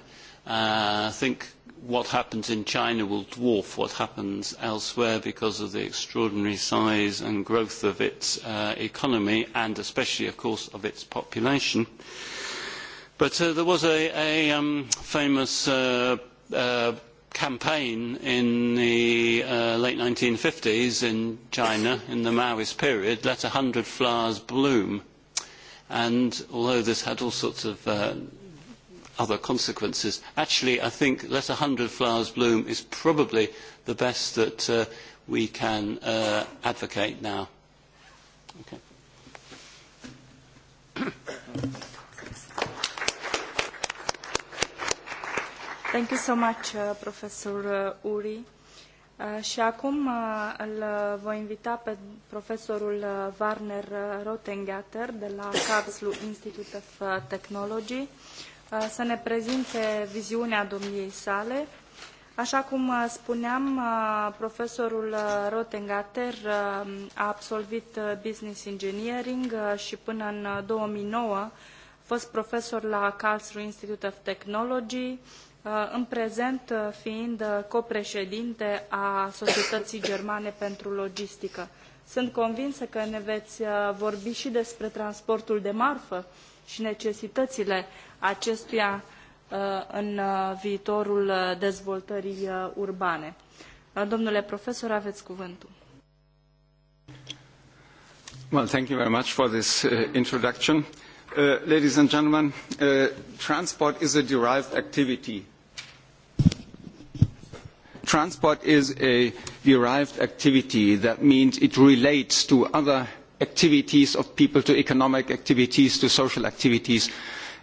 F: Uh, I think what happens in China will dwarf what happens elsewhere because of the extraordinary size and growth of its uh, economy and especially, of course, of its population. But uh, there was a, a um, famous uh, uh, campaign in the uh, late 1950s in China, in the Maoist period, let a hundred flowers bloom. And although this had all sorts of uh, other consequences, actually I think let a hundred flowers bloom is probably the best that uh, we can uh, advocate now. Okay.
I: Thank you so much, uh, Professor uh, Uri. Uh, și acum uh, îl voi invita pe profesorul uh, Warner uh, Rottengatter de la Karlsruhe Institute of uh, Technology uh, să ne prezinte viziunea domniei sale. Așa cum uh, spuneam, uh, profesorul uh, Rottengatter uh, a absolvit uh, Business Engineering uh, și până în uh, 2009 a fost profesor la Karlsruhe Institute of Technology, uh, Uh, în prezent uh, fiind uh, copreședinte a Societății Germane pentru Logistică. Sunt convinsă că ne veți vorbi și despre transportul de marfă și necesitățile acestuia în viitorul dezvoltării urbane. Domnule profesor, aveți cuvântul.
L: Well, thank you very much for this uh, introduction. Uh, Uh, ladies and gentlemen, uh, transport is a derived activity. Transport is a derived activity. That means it relates to other activities of people, to economic activities, to social activities. Uh,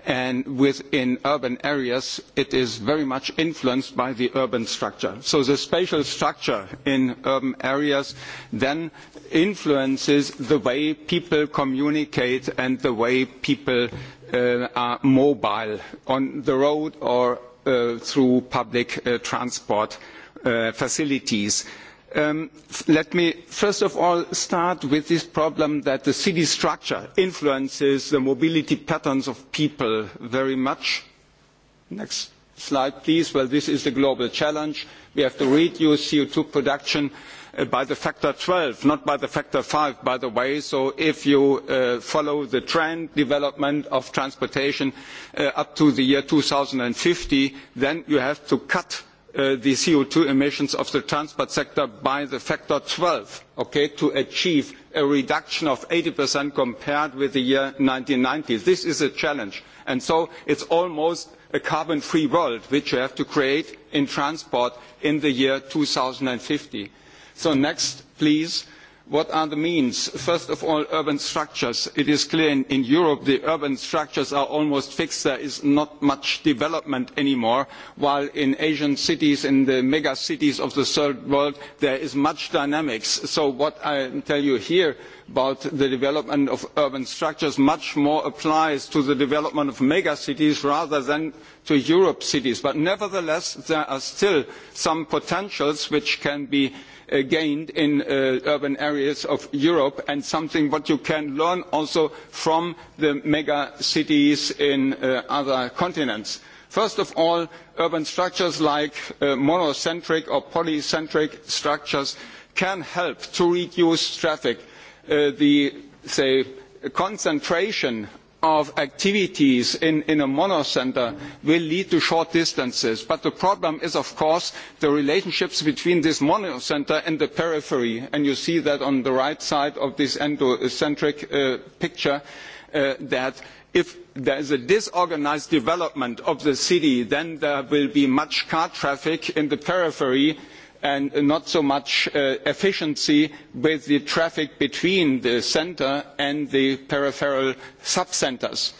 L: and within urban areas it is very much influenced by the urban structure. So the spatial structure in urban areas then influences the way people communicate and the way people uh, are mobile on the road or uh, through public uh, transport uh, facilities. Uh, Um, let me first of all start with this problem that the city structure influences the mobility patterns of people very much. Next slide, please. Well, this is the global challenge. We have to reduce CO2 production uh, by the factor 12, not by the factor 5, by the way. So if you uh, follow the trend development of transportation uh, up to the year 2050, then you have to cut uh, the CO2 emissions of the transport sector by the factor 12, okay, to achieve a reduction of 80% compared with the year 1990. This is a challenge. And so it's almost a carbon-free world which you have to create in transport in the year 2050. So next, please what are the means? first of all urban structures. it is clear in, in europe the urban structures are almost fixed there is not much development any more while in asian cities in the mega cities of the third world there is much dynamics. so what i tell you here about the development of urban structures much more applies to the development of mega cities rather than to europe's cities but nevertheless there are still some potentials which can be uh, gained in uh, urban areas of Europe and something what you can learn also from the mega cities in uh, other continents. First of all, urban structures like uh, monocentric or polycentric structures can help to reduce traffic. Uh, the, say, concentration of activities in, in a monocenter will lead to short distances. But the problem is, of course, the relationships between this monocenter and the periphery. And you see that on the right side of this endocentric uh, picture, uh, that if there is a disorganized development of the city, then there will be much car traffic in the periphery, and not so much uh, efficiency with the traffic between the centre and the peripheral sub-centres.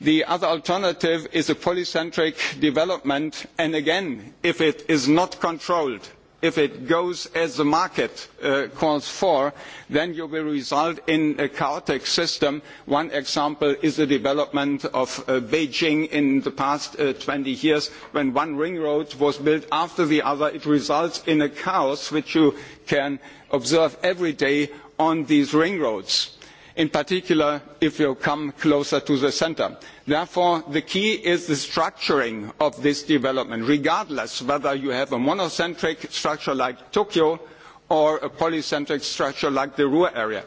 L: The other alternative is a polycentric development, and again, if it is not controlled, if it goes as the market uh, calls for, then you will result in a chaotic system. One example is the development of uh, Beijing in the past uh, 20 years. When one ring road was built after the other, it results in a chaos which you can observe every day on these ring roads in particular if you come closer to the centre. Therefore, the key is the structuring of this development, regardless whether you have a monocentric structure like Tokyo or a polycentric structure like the Ruhr area.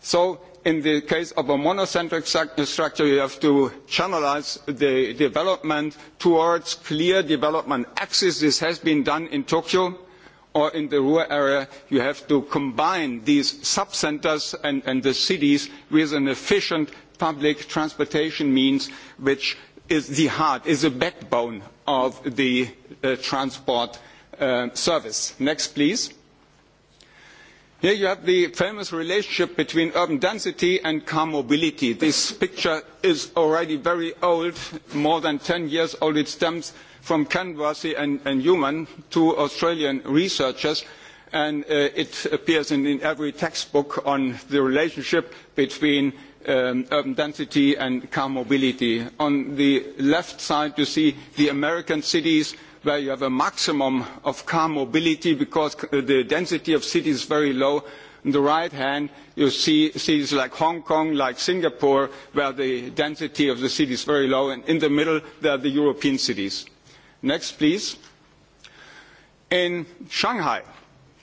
L: So in the case of a monocentric structure, you have to channelize the development towards clear development axis. This has been done in Tokyo or in the rural area, you have to combine these sub-centers and, and the cities with an efficient public transportation means, which is the heart, is the backbone of the uh, transport uh, service. Next, please. Here you have the famous relationship between urban density and car mobility. This picture is already very old, more than 10 years old. It stems from Kanwasi and, and Human to Australian researchers, and uh, it appears in, in every textbook on the relationship between um, urban density and car mobility. On the left side, you see the American cities where you have a maximum of car mobility because the density of cities is very low. On the right hand, you see cities like Hong Kong, like Singapore, where the density of the city is very low, and in the middle, there are the European cities. Next, please. In Shanghai,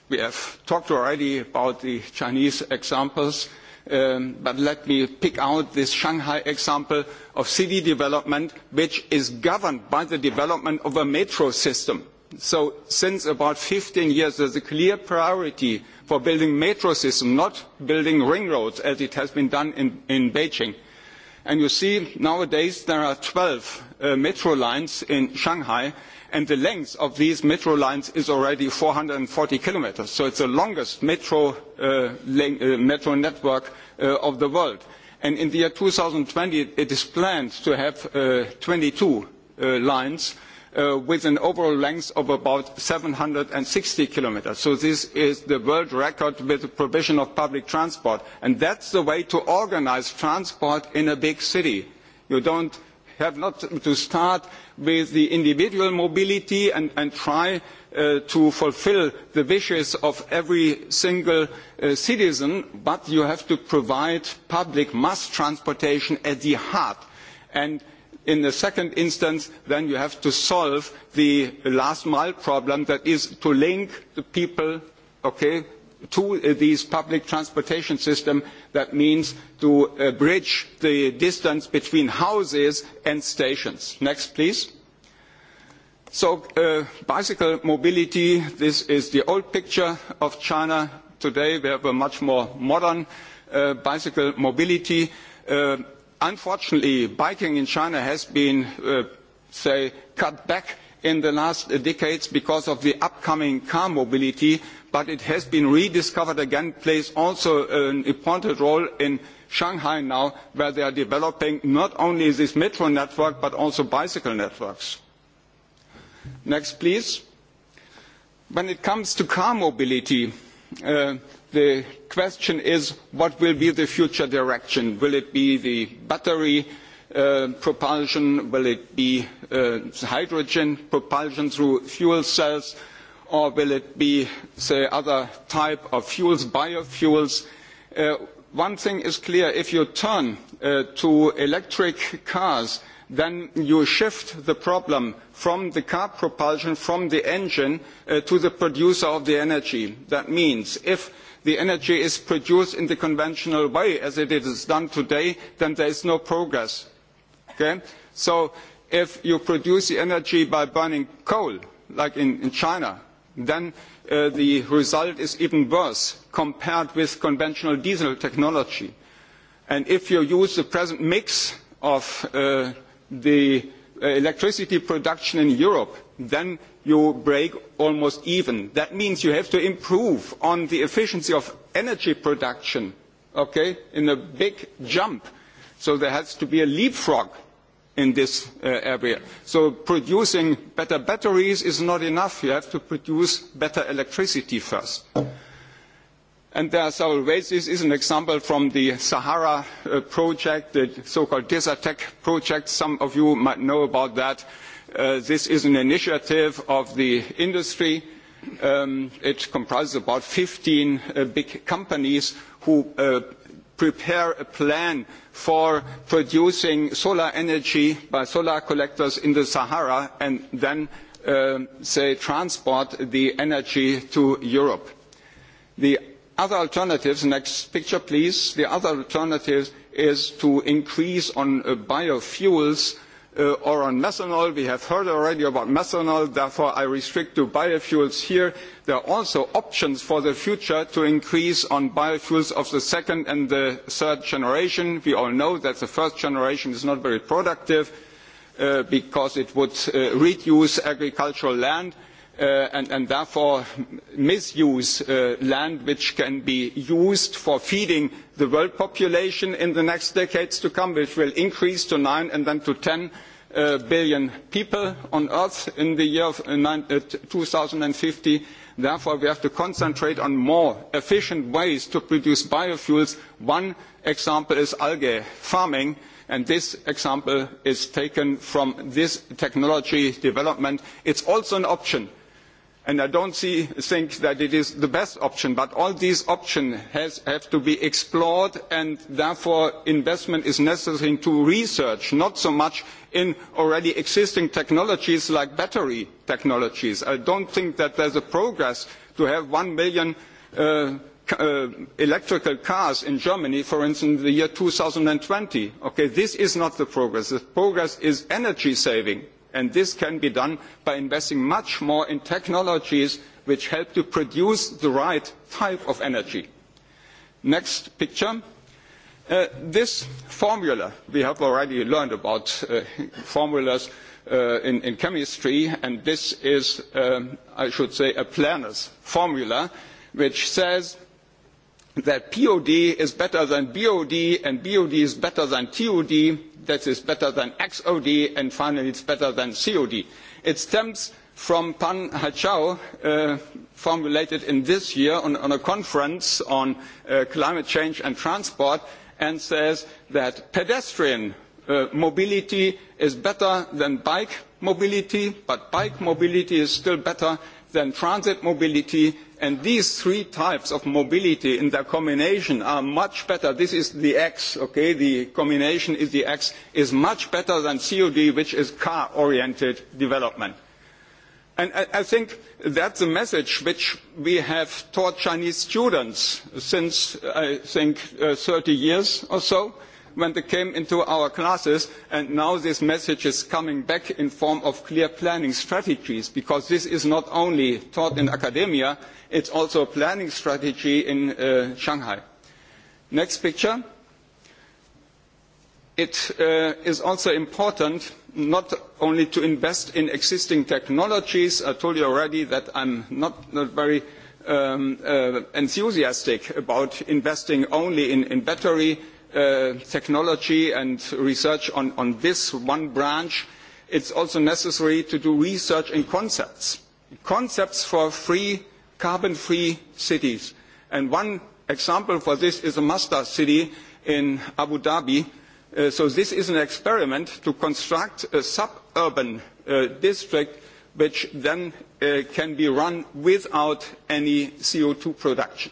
L: we have talked already about the Chinese examples, um, but let me pick out this Shanghai example of city development, which is governed by the development of a metro system. So since about 15 years, there's a clear priority for building metro system, not building ring roads as it has been done in, in Beijing. And you see, nowadays there are 12 uh, metro lines in Shanghai, and the length of these metro lines is already 440 kilometers. So it's the longest metro, uh, leng- uh, metro network uh, of the world. And in the year 2020, it is planned to have uh, 22 uh, lines uh, with an overall length of about 760 kilometers. So this is the world record with the provision of public transport. And that's the way to organize transport in a big city. You don't have not to start with the individual mobility and, and try uh, to fulfill the wishes of every single uh, citizen, but you have to provide public mass transportation at the heart. And in the second instance, then you have to solve the last mile problem that is to link the people okay, to uh, these public transportation system. That means to uh, bridge the distance between houses and stations. Next, please. So, uh, bicycle mobility, this is the old picture of China. Today we have a much more modern uh, bicycle mobility. Uh, unfortunately, biking in China has been, uh, say, cut back in the last decades because of the upcoming car mobility, but it has been rediscovered again, plays also an important role in Shanghai now, where they are developing not only this metro network, but also bicycle networks. Next, please. When it comes to car mobility, uh, the question is, what will be the future direction? Will it be the battery uh, propulsion, will it be uh, hydrogen propulsion through fuel cells, or will it be, say, other type of fuels, biofuels? Uh, one thing is clear, if you turn uh, to electric cars, then you shift the problem from the car propulsion, from the engine, uh, to the producer of the energy. That means if the energy is produced in the conventional way, as it is done today, then there is no progress Okay? So if you produce the energy by burning coal, like in, in China, then uh, the result is even worse compared with conventional diesel technology. And if you use the present mix of uh, the uh, electricity production in Europe, then you break almost even. That means you have to improve on the efficiency of energy production, okay, in a big jump. So there has to be a leapfrog in this uh, area. So producing better batteries is not enough. You have to produce better electricity first. And there are several ways. This is an example from the Sahara uh, project, the so-called Desertec project. Some of you might know about that. Uh, this is an initiative of the industry. Um, it comprises about 15 uh, big companies who uh, prepare a plan for producing solar energy by solar collectors in the Sahara and then uh, say transport the energy to Europe. The other alternatives, next picture please, the other alternative is to increase on uh, biofuels uh, uh, or on methanol. We have heard already about methanol, therefore I restrict to biofuels here. There are also options for the future to increase on biofuels of the second and the third generation. We all know that the first generation is not very productive uh, because it would uh, reduce agricultural land uh, and, and therefore misuse uh, land which can be used for feeding the world population in the next decades to come, which will increase to 9 and then to 10 uh, billion people on Earth in the year of, uh, nine, uh, 2050. Therefore, we have to concentrate on more efficient ways to produce biofuels. One example is algae farming, and this example is taken from this technology development. It's also an option and I don't see, think that it is the best option, but all these options has, have to be explored and therefore investment is necessary into research, not so much in already existing technologies like battery technologies. I don't think that there's a progress to have 1 million uh, uh, electrical cars in Germany, for instance, in the year 2020. Okay, this is not the progress. The progress is energy saving, and this can be done by investing much more in technologies which help to produce the right type of energy. Next picture. Uh, this formula, we have already learned about uh, formulas uh, in, in chemistry, and this is, um, I should say, a Planner's formula, which says that POD is better than BOD, and BOD is better than TOD, that is better than XOD, and finally it's better than COD. It stems from Pan Hachao, uh, formulated in this year on, on a conference on uh, climate change and transport, and says that pedestrian uh, mobility is better than bike mobility, but bike mobility is still better than transit mobility, and these three types of mobility in their combination are much better. This is the X, okay? The combination is the X, is much better than COD, which is car-oriented development. And I, I think that's a message which we have taught Chinese students since, I think, uh, 30 years or so when they came into our classes and now this message is coming back in form of clear planning strategies because this is not only taught in academia, it's also a planning strategy in uh, Shanghai. Next picture it uh, is also important not only to invest in existing technologies. I told you already that I'm not, not very um, uh, enthusiastic about investing only in, in battery uh, technology and research on, on this one branch. It's also necessary to do research in concepts, concepts for free, carbon-free cities. And one example for this is a master city in Abu Dhabi, uh, Uh, so this is an experiment to construct a suburban uh, district which then uh, can be run without any CO2 production.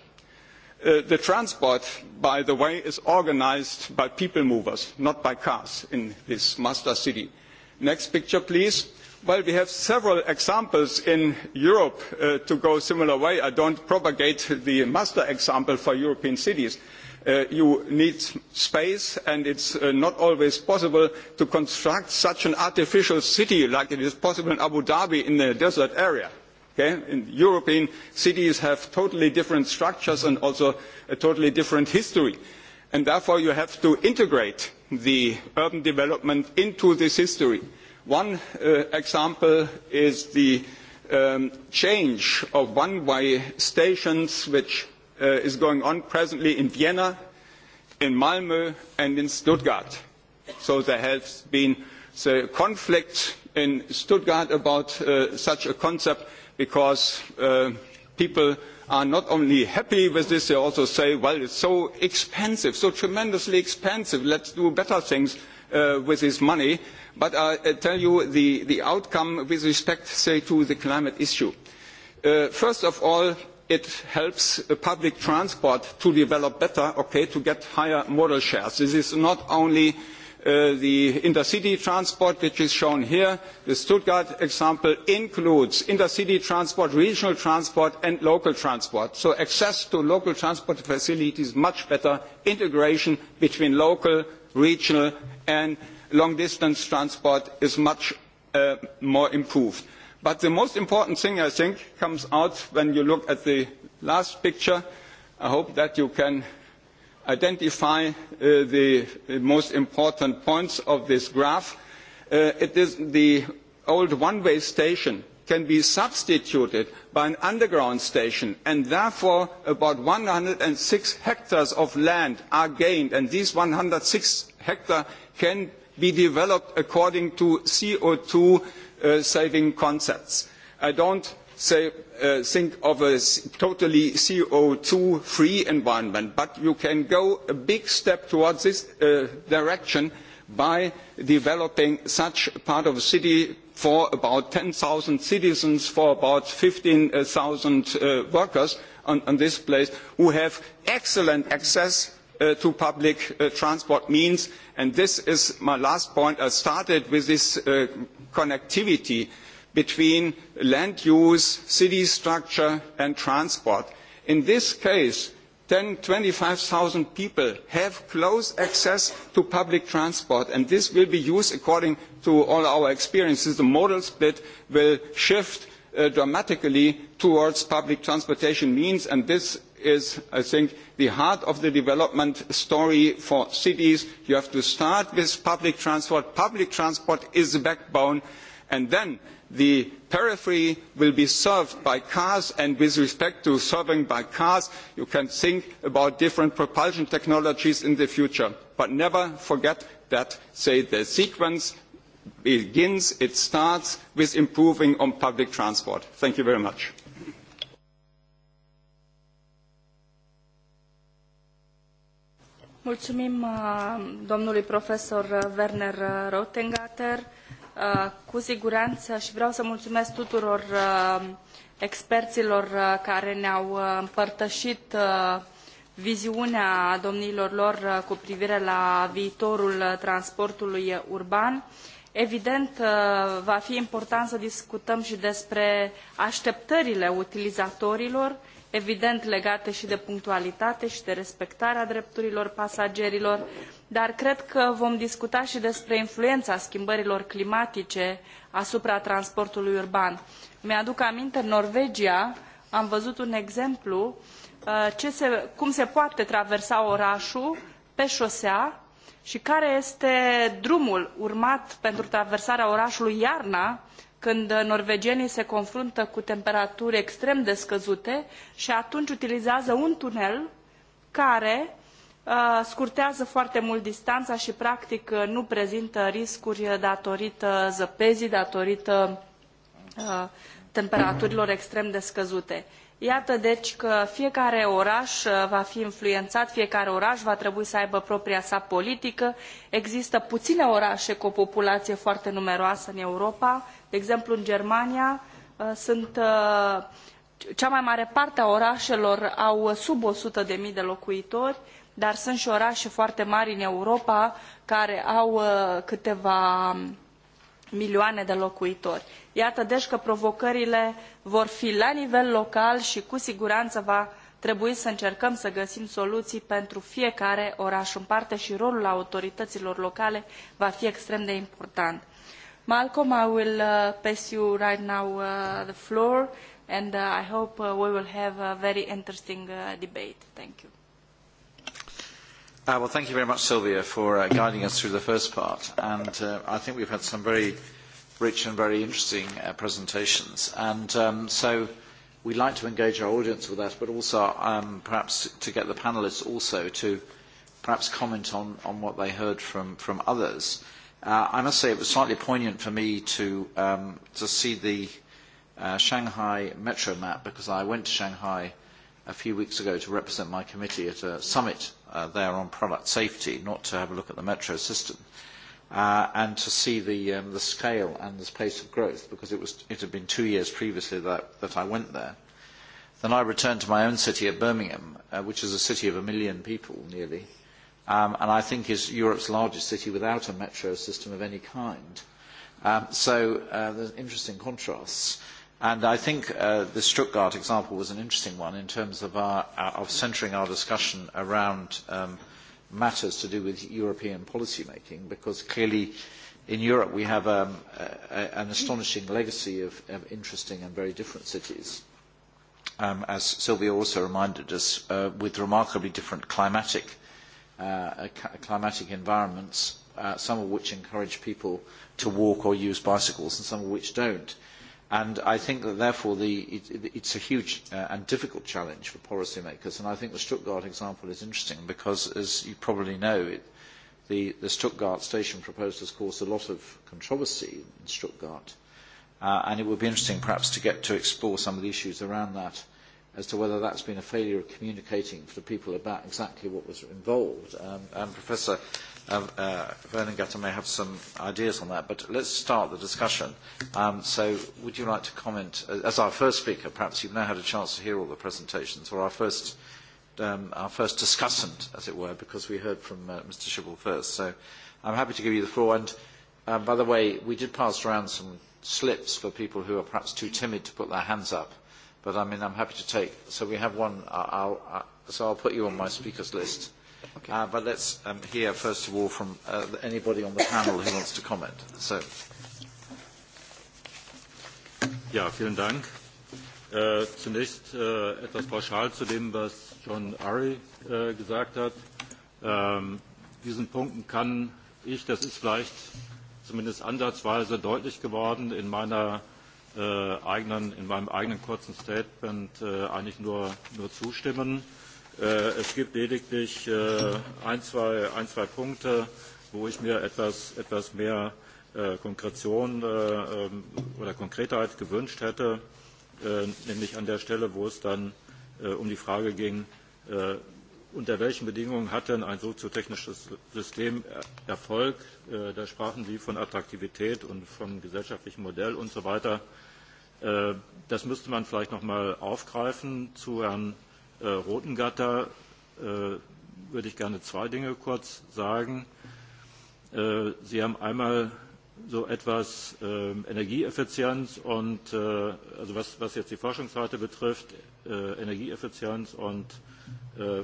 L: Uh, the transport, by the way, is organized by people movers, not by cars in this master city. Next picture, please. Well, we have several examples in Europe uh, to go similar way. I don't propagate the master example for European cities. Uh, Uh, you need space and it is uh, not always possible to construct such an artificial city like it is possible in abu dhabi in the desert area. Okay? european cities have totally different structures and also a totally different history and therefore you have to integrate the urban development into this history. one uh, example is the um, change of one way stations which uh, is going on presently in Vienna, in Malmö, and in Stuttgart. So there has been the conflict in Stuttgart about uh, such a concept because uh, people are not only happy with this, they also say, well, it's so expensive, so tremendously expensive, let's do better things uh, with this money. But I, uh, I tell you the, the outcome with respect, say, to the climate issue. Uh, first of all, it helps public transport to develop better, okay, to get higher modal shares. This is not only uh, the intercity transport, which is shown here. The Stuttgart example includes intercity transport, regional transport, and local transport. So access to local transport facilities much better, integration between local, regional, and long-distance transport is much uh, more improved. But the most important thing, I think, comes out when you look at the last picture. I hope that you can identify uh, the most important points of this graph. Uh, it is the old one-way station can be substituted by an underground station and therefore about 106 hectares of land are gained and these 106 hectares can be developed according to CO2 uh, saving concepts. I don't say, uh, think of a totally CO2 free environment, but you can go a big step towards this uh, direction by developing such part of a city for about 10,000 citizens, for about 15,000 uh, workers on, on this place who have excellent access uh, to public uh, transport means. And this is my last point. I started with this uh, connectivity between land use, city structure and transport. In this case, 10, 25,000 people have close access to public transport, and this will be used according to all our experiences. The modal split will shift uh, dramatically towards public transportation means, and this is, I think, the heart of the development story for cities. You have to start with public transport. Public transport is the backbone, and then the periphery will be served by cars, and with respect to serving by cars, you can think about different propulsion technologies in the future. But never forget that, say, the sequence begins, it starts with improving on public transport. Thank you very much.
I: Mulțumim uh, domnului profesor Werner Rotengater. Uh, cu siguranță și vreau să mulțumesc tuturor uh, experților care ne-au împărtășit viziunea domniilor lor cu privire la viitorul transportului urban. Evident, va fi important să discutăm și despre așteptările utilizatorilor, uh, evident legate și de punctualitate și de respectarea drepturilor pasagerilor, dar cred că vom discuta și despre influența schimbărilor climatice asupra transportului urban. Mi-aduc aminte, în Norvegia am văzut un exemplu uh, se, cum se poate traversa orașul pe șosea și care este drumul urmat pentru traversarea orașului iarna când norvegienii se confruntă cu temperaturi extrem de scăzute și atunci utilizează un tunel care uh, scurtează foarte mult distanța și practic uh, nu prezintă riscuri datorită zăpezii, datorită uh, temperaturilor extrem de scăzute. Iată deci că fiecare oraș va fi influențat, fiecare oraș va trebui să aibă propria sa politică. Există puține orașe cu o populație foarte numeroasă în Europa De exemplu, în Germania uh, sunt uh, cea mai mare parte a orașelor au sub 100.000 de locuitori, dar sunt și orașe foarte mari în Europa care au uh, câteva milioane de locuitori. Iată deci că provocările vor fi la nivel local și cu siguranță va trebui să încercăm să găsim soluții pentru fiecare oraș în parte și rolul autorităților locale va fi extrem de important. Malcolm, I will uh, pass you right now uh, the floor, and uh, I hope uh, we will have a very interesting uh, debate. Thank you.
D: Uh, well, thank you very much, Sylvia, for uh, guiding us through the first part. And uh, I think we've had some very rich and very interesting uh, presentations. And um, so we'd like to engage our audience with that, but also um, perhaps to get the panelists also to perhaps comment on, on what they heard from, from others. Uh, Uh, I must say it was slightly poignant for me to, um, to see the uh, Shanghai metro map because I went to Shanghai a few weeks ago to represent my committee at a summit uh, there on product safety, not to have a look at the metro system, uh, and to see the, um, the scale and the pace of growth because it, was, it had been two years previously that, that I went there. Then I returned to my own city of Birmingham, uh, which is a city of a million people nearly, um, and I think is Europe's largest city without a metro system of any kind. Um, so uh, there's interesting contrasts. And I think uh, the Stuttgart example was an interesting one in terms of, our, uh, of centering our discussion around um, matters to do with European policymaking, because clearly in Europe we have um, a, an astonishing legacy of, of interesting and very different cities, um, as Sylvia also reminded us, uh, with remarkably different climatic uh, climatic environments, uh, some of which encourage people to walk or use bicycles and some of which don't. And I think that therefore the, it, it, it's a huge uh, and difficult challenge for policymakers. And I think the Stuttgart example is interesting because, as you probably know, it, the, the Stuttgart station proposal has caused a lot of controversy in Stuttgart. Uh, and it would be interesting perhaps to get to explore some of the issues around that as to whether that's been a failure of communicating to people about exactly what was involved. Um, and Professor um, uh, Verningatter may have some ideas on that, but let's start the discussion. Um, so would you like to comment, uh, as our first speaker, perhaps you've now had a chance to hear all the presentations, or our first, um, our first discussant, as it were, because we heard from uh, Mr. Shibble first. So I'm happy to give you the floor. And uh, by the way, we did pass around some slips for people who are perhaps too timid to put their hands up but I mean, I'm happy to take. So we have one. I'll, I'll, so I'll put you on my speakers list. Okay. Uh, but let's um, hear first of all from uh, anybody on the panel who wants to comment. So. Ja, vielen Dank.
K: Äh, zunächst äh, etwas pauschal zu dem, was John Ari äh, gesagt hat. Ähm, diesen Punkten kann ich, das ist vielleicht zumindest ansatzweise deutlich geworden in meiner äh, äh, eigenen, in meinem eigenen kurzen Statement äh, eigentlich nur, nur zustimmen. Äh, es gibt lediglich äh, ein, zwei, ein, zwei Punkte, wo ich mir etwas, etwas mehr äh, Konkretion äh, ähm, oder Konkretheit gewünscht hätte, äh, nämlich an der Stelle, wo es dann äh, um die Frage ging, äh, unter welchen Bedingungen hat denn ein soziotechnisches System Erfolg? Äh, da sprachen Sie von Attraktivität und vom gesellschaftlichen Modell und so weiter. Äh, Äh, das müsste man vielleicht noch mal aufgreifen. Zu Herrn äh, Rotengatter äh, würde ich gerne zwei Dinge kurz sagen. Äh, Sie haben einmal so etwas äh, Energieeffizienz und äh, also was, was jetzt die Forschungsrate betrifft, äh, Energieeffizienz und äh,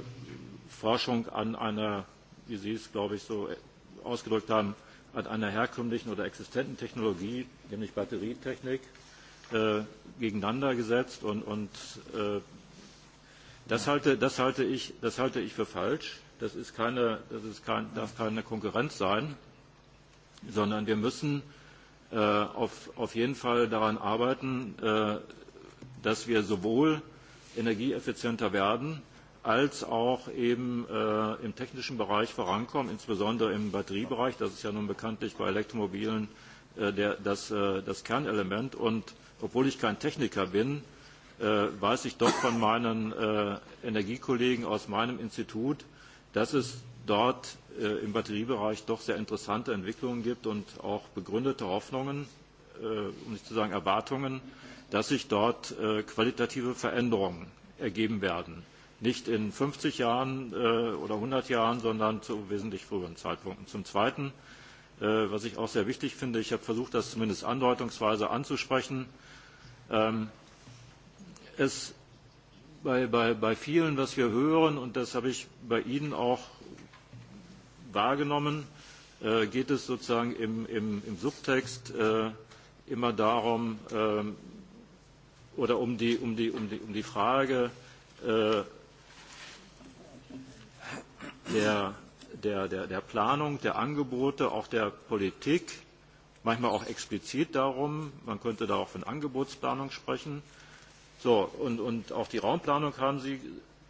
K: Forschung an einer, wie Sie es glaube ich so äh, ausgedrückt haben, an einer herkömmlichen oder existenten Technologie, nämlich Batterietechnik. Äh, äh, gegeneinander gesetzt und, und äh, das, halte, das, halte ich, das halte ich für falsch. Das, ist keine, das ist kein, darf keine Konkurrenz sein, sondern wir müssen äh, auf, auf jeden Fall daran arbeiten, äh, dass wir sowohl energieeffizienter werden, als auch eben äh, im technischen Bereich vorankommen, insbesondere im Batteriebereich. Das ist ja nun bekanntlich bei Elektromobilen äh, der, das, äh, das Kernelement. Und obwohl ich kein Techniker bin, äh, weiß ich doch von meinen äh, Energiekollegen aus meinem Institut, dass es dort äh, im Batteriebereich doch sehr interessante Entwicklungen gibt und auch begründete Hoffnungen, äh, um nicht zu sagen Erwartungen, dass sich dort äh, qualitative Veränderungen ergeben werden. Nicht in 50 Jahren äh, oder 100 Jahren, sondern zu wesentlich früheren Zeitpunkten. Zum Zweiten äh, äh, was ich auch sehr wichtig finde. Ich habe versucht, das zumindest andeutungsweise anzusprechen. Ähm, es bei, bei, bei vielen, was wir hören, und das habe ich bei Ihnen auch wahrgenommen, äh, geht es sozusagen im, im, im Subtext äh, immer darum, äh, oder um die, um die, um die, um die Frage äh, der, der, der, der Planung, der Angebote, auch der Politik, manchmal auch explizit darum, man könnte da auch von Angebotsplanung sprechen. So, und, und auch die Raumplanung haben Sie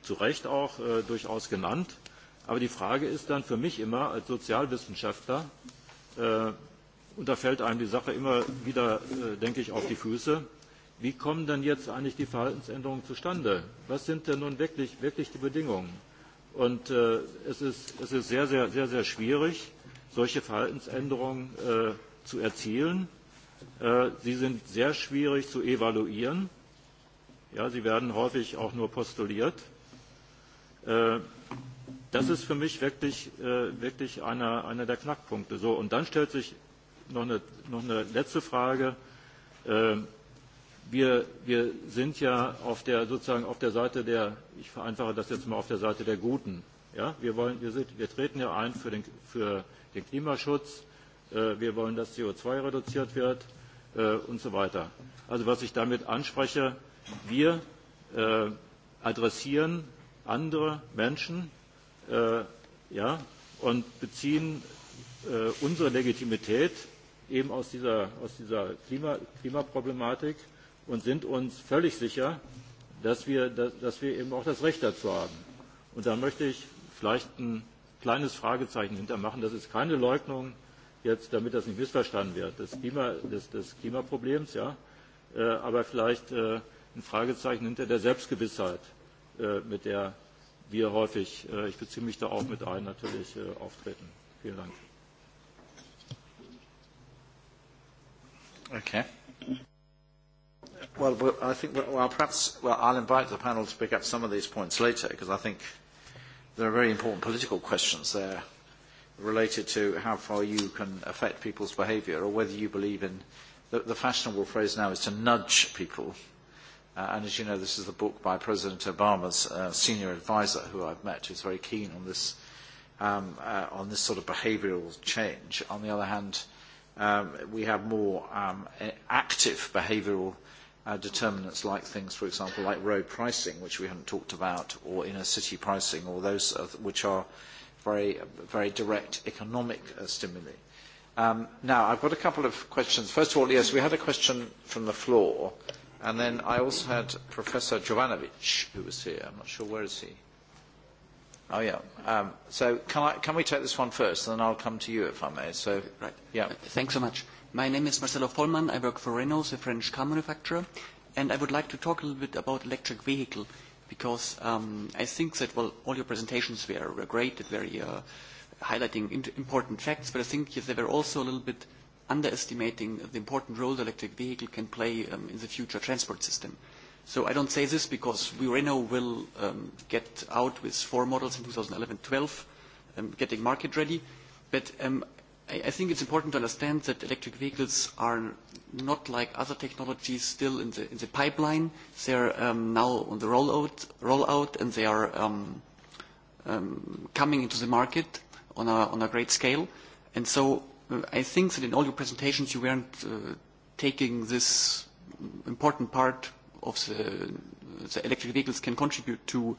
K: zu Recht auch äh, durchaus genannt. Aber die Frage ist dann für mich immer als Sozialwissenschaftler, äh, und da fällt einem die Sache immer wieder, äh, denke ich, auf die Füße, wie kommen denn jetzt eigentlich die Verhaltensänderungen zustande? Was sind denn nun wirklich, wirklich die Bedingungen? Und äh, es, ist, es ist sehr, sehr, sehr, sehr schwierig, solche Verhaltensänderungen äh, zu erzielen. Äh, sie sind sehr schwierig zu evaluieren. Ja, sie werden häufig auch nur postuliert. Äh, das ist für mich wirklich, äh, wirklich einer, einer der Knackpunkte. So, und dann stellt sich noch eine, noch eine letzte Frage. Äh, wir, wir sind ja auf der, sozusagen auf der Seite der, ich vereinfache das jetzt mal, auf der Seite der Guten. Ja? Wir, wollen, wir, sind, wir treten ja ein für den, für den Klimaschutz, äh, wir wollen, dass CO2 reduziert wird äh, und so weiter. Also was ich damit anspreche, wir äh, adressieren andere Menschen äh, ja, und beziehen äh, unsere Legitimität eben aus dieser, aus dieser Klima, Klimaproblematik und sind uns völlig sicher, dass wir, dass, dass wir eben auch das Recht dazu haben. Und da möchte ich vielleicht ein kleines Fragezeichen hintermachen. Das ist keine Leugnung, jetzt, damit das nicht missverstanden wird, des, Klima, des, des Klimaproblems, ja, äh, aber vielleicht äh, ein Fragezeichen hinter der Selbstgewissheit, äh, mit der wir häufig, äh, ich beziehe mich da auch mit ein, natürlich äh, auftreten. Vielen Dank.
D: Okay. Well, well I think well, perhaps well, I'll invite the panel to pick up some of these points later because I think there are very important political questions there related to how far you can affect people's behaviour or whether you believe in the, the fashionable phrase now is to nudge people. Uh, and as you know, this is the book by President Obama's uh, senior advisor, who I've met, who's very keen on this, um, uh, on this sort of behavioural change. On the other hand, um, we have more um, active behavioural uh, uh, determinants like things, for example, like road pricing, which we haven't talked about, or inner city pricing, or those uh, which are very, very direct economic uh, stimuli. Um, now, I've got a couple of questions. First of all, yes, we had a question from the floor, and then I also had Professor Jovanovic, who was here. I'm not sure where is he. Oh yeah. Um, so can I can we take this one first, and then I'll come to you if I may. So right. Yeah.
M: Thanks so much. My name is Marcelo Vollmann. I work for Renault, a French car manufacturer, and I would like to talk a little bit about electric vehicle because um, I think that well, all your presentations were, were great, very uh, highlighting in- important facts, but I think yes, they were also a little bit underestimating the important role the electric vehicle can play um, in the future transport system. So I don't say this because we Renault will um, get out with four models in 2011-12, um, getting market ready. But um, I, I think it's important to understand that electric vehicles are not like other technologies still in the, in the pipeline. They are um, now on the rollout, rollout and they are um, um, coming into the market on a, on a great scale. And so uh, I think that in all your presentations you weren't uh, taking this important part of the, the electric vehicles can contribute to uh,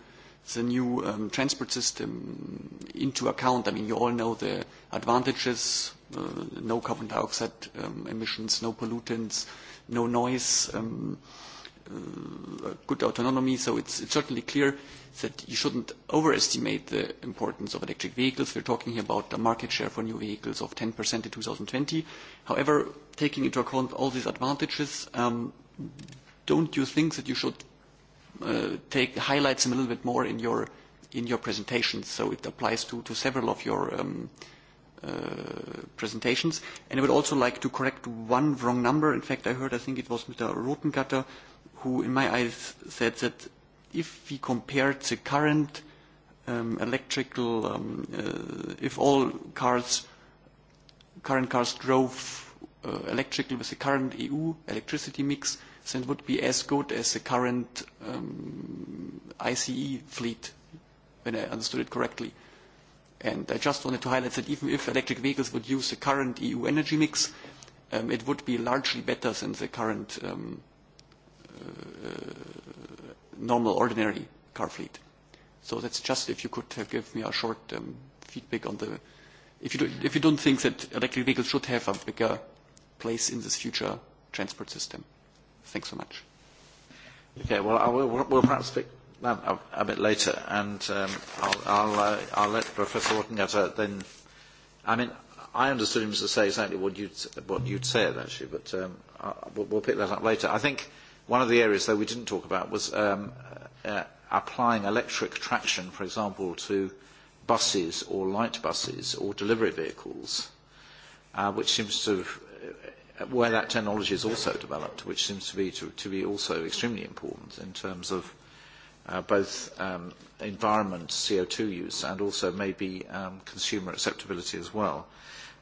M: the new um, transport system into account? I mean, you all know the advantages, uh, no carbon dioxide um, emissions, no pollutants, no noise, um, uh, good autonomy. So it's, it's certainly clear that you shouldn't overestimate the importance of electric vehicles. We're talking here about a market share for new vehicles of 10% in 2020. However, taking into account all these advantages, um, don't you think that you should uh, take highlight them a little bit more in your in your presentation. So it applies to, to several of your um, uh, presentations. And I would also like to correct one wrong number. In fact, I heard, I think it was Mr. Rotengatter, who in my eyes said that if we compared the current um, electrical, um, uh, if all cars, current cars drove uh, electrical with the current EU electricity mix, uh, then it would be as good as the current um, ICE fleet, when I understood it correctly. And I just wanted to highlight that even if electric vehicles would use the current EU energy mix, um, it would be largely better than the current um, uh, normal, ordinary car fleet. So that's just if you could have give me a short um, feedback on the if you do, if you don't think that electric vehicles should have a bigger place in this future transport system. Thanks so much.
D: Okay, well, I will, we'll perhaps pick that up a bit later, and um, I'll, I'll, uh, I'll let Professor Wattengatter then. I mean, I understood him to say exactly what you'd, what you'd said, actually, but um, I'll, we'll pick that up later. I think one of the areas, though, we didn't talk about was um, uh, applying electric traction, for example, to buses or light buses or delivery vehicles, uh, which seems to have where that technology is also developed, which seems to be to, to be also extremely important in terms of uh, both um, environment CO2 use and also maybe um, consumer acceptability as well.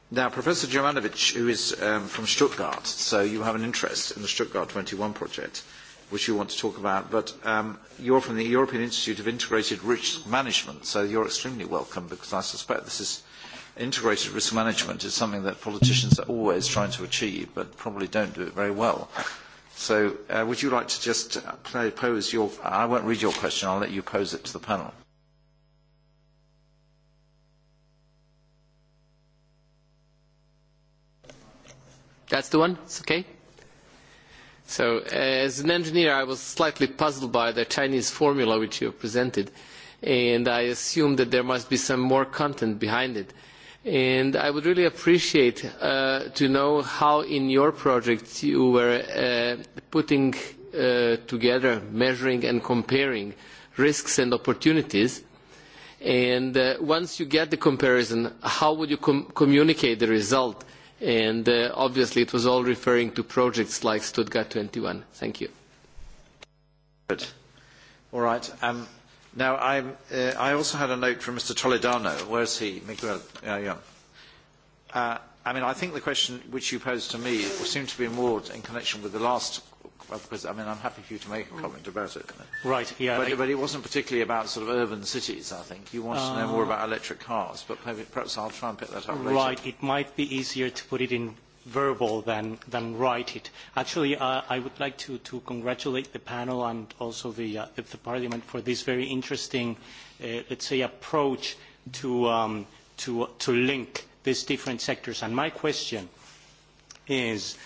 D: Now, Professor Jovanovic, who is um, from Stuttgart, so you have an interest in the Stuttgart 21 project, which you want to talk about, but um, you're from the European Institute of Integrated Risk Management, so you're extremely welcome because I suspect this is integrated risk management is something that politicians are always trying to achieve, but probably don't do it very well. So uh, would you like to just uh, pose your, I won't read your question, I'll let you pose it to the panel.
N: That's the one? It's okay? So as an engineer, I was slightly puzzled by the Chinese formula which you presented, and I assumed that there must be some more content behind it. Uh, And I would really appreciate uh, to know how in your project you were uh, putting uh, together, measuring and comparing risks and opportunities. And uh, once you get the comparison, how would you com communicate the result? And uh, obviously it was all referring to projects like Stuttgart 21. Thank you. Good.
D: All right. Um, Now, I'm, uh, I also had a note from Mr. Toledano. Where's he? Miguel. Yeah, yeah. Uh, I mean, I think the question which you posed to me seemed to be more in connection with the last, because, I mean, I'm happy for you to make a comment about it. Right, yeah. But, I, but it wasn't particularly about sort of urban cities, I think. You wanted uh, to know more uh, about electric cars, but maybe, perhaps I'll try and pick that up later. Right,
O: it might be easier to put it in verbal than, than write it. Actually, uh, I would like to, to congratulate the panel and also the, uh, the Parliament for this very interesting, uh, let's say, approach to, um, to, to link these different sectors. And my question is,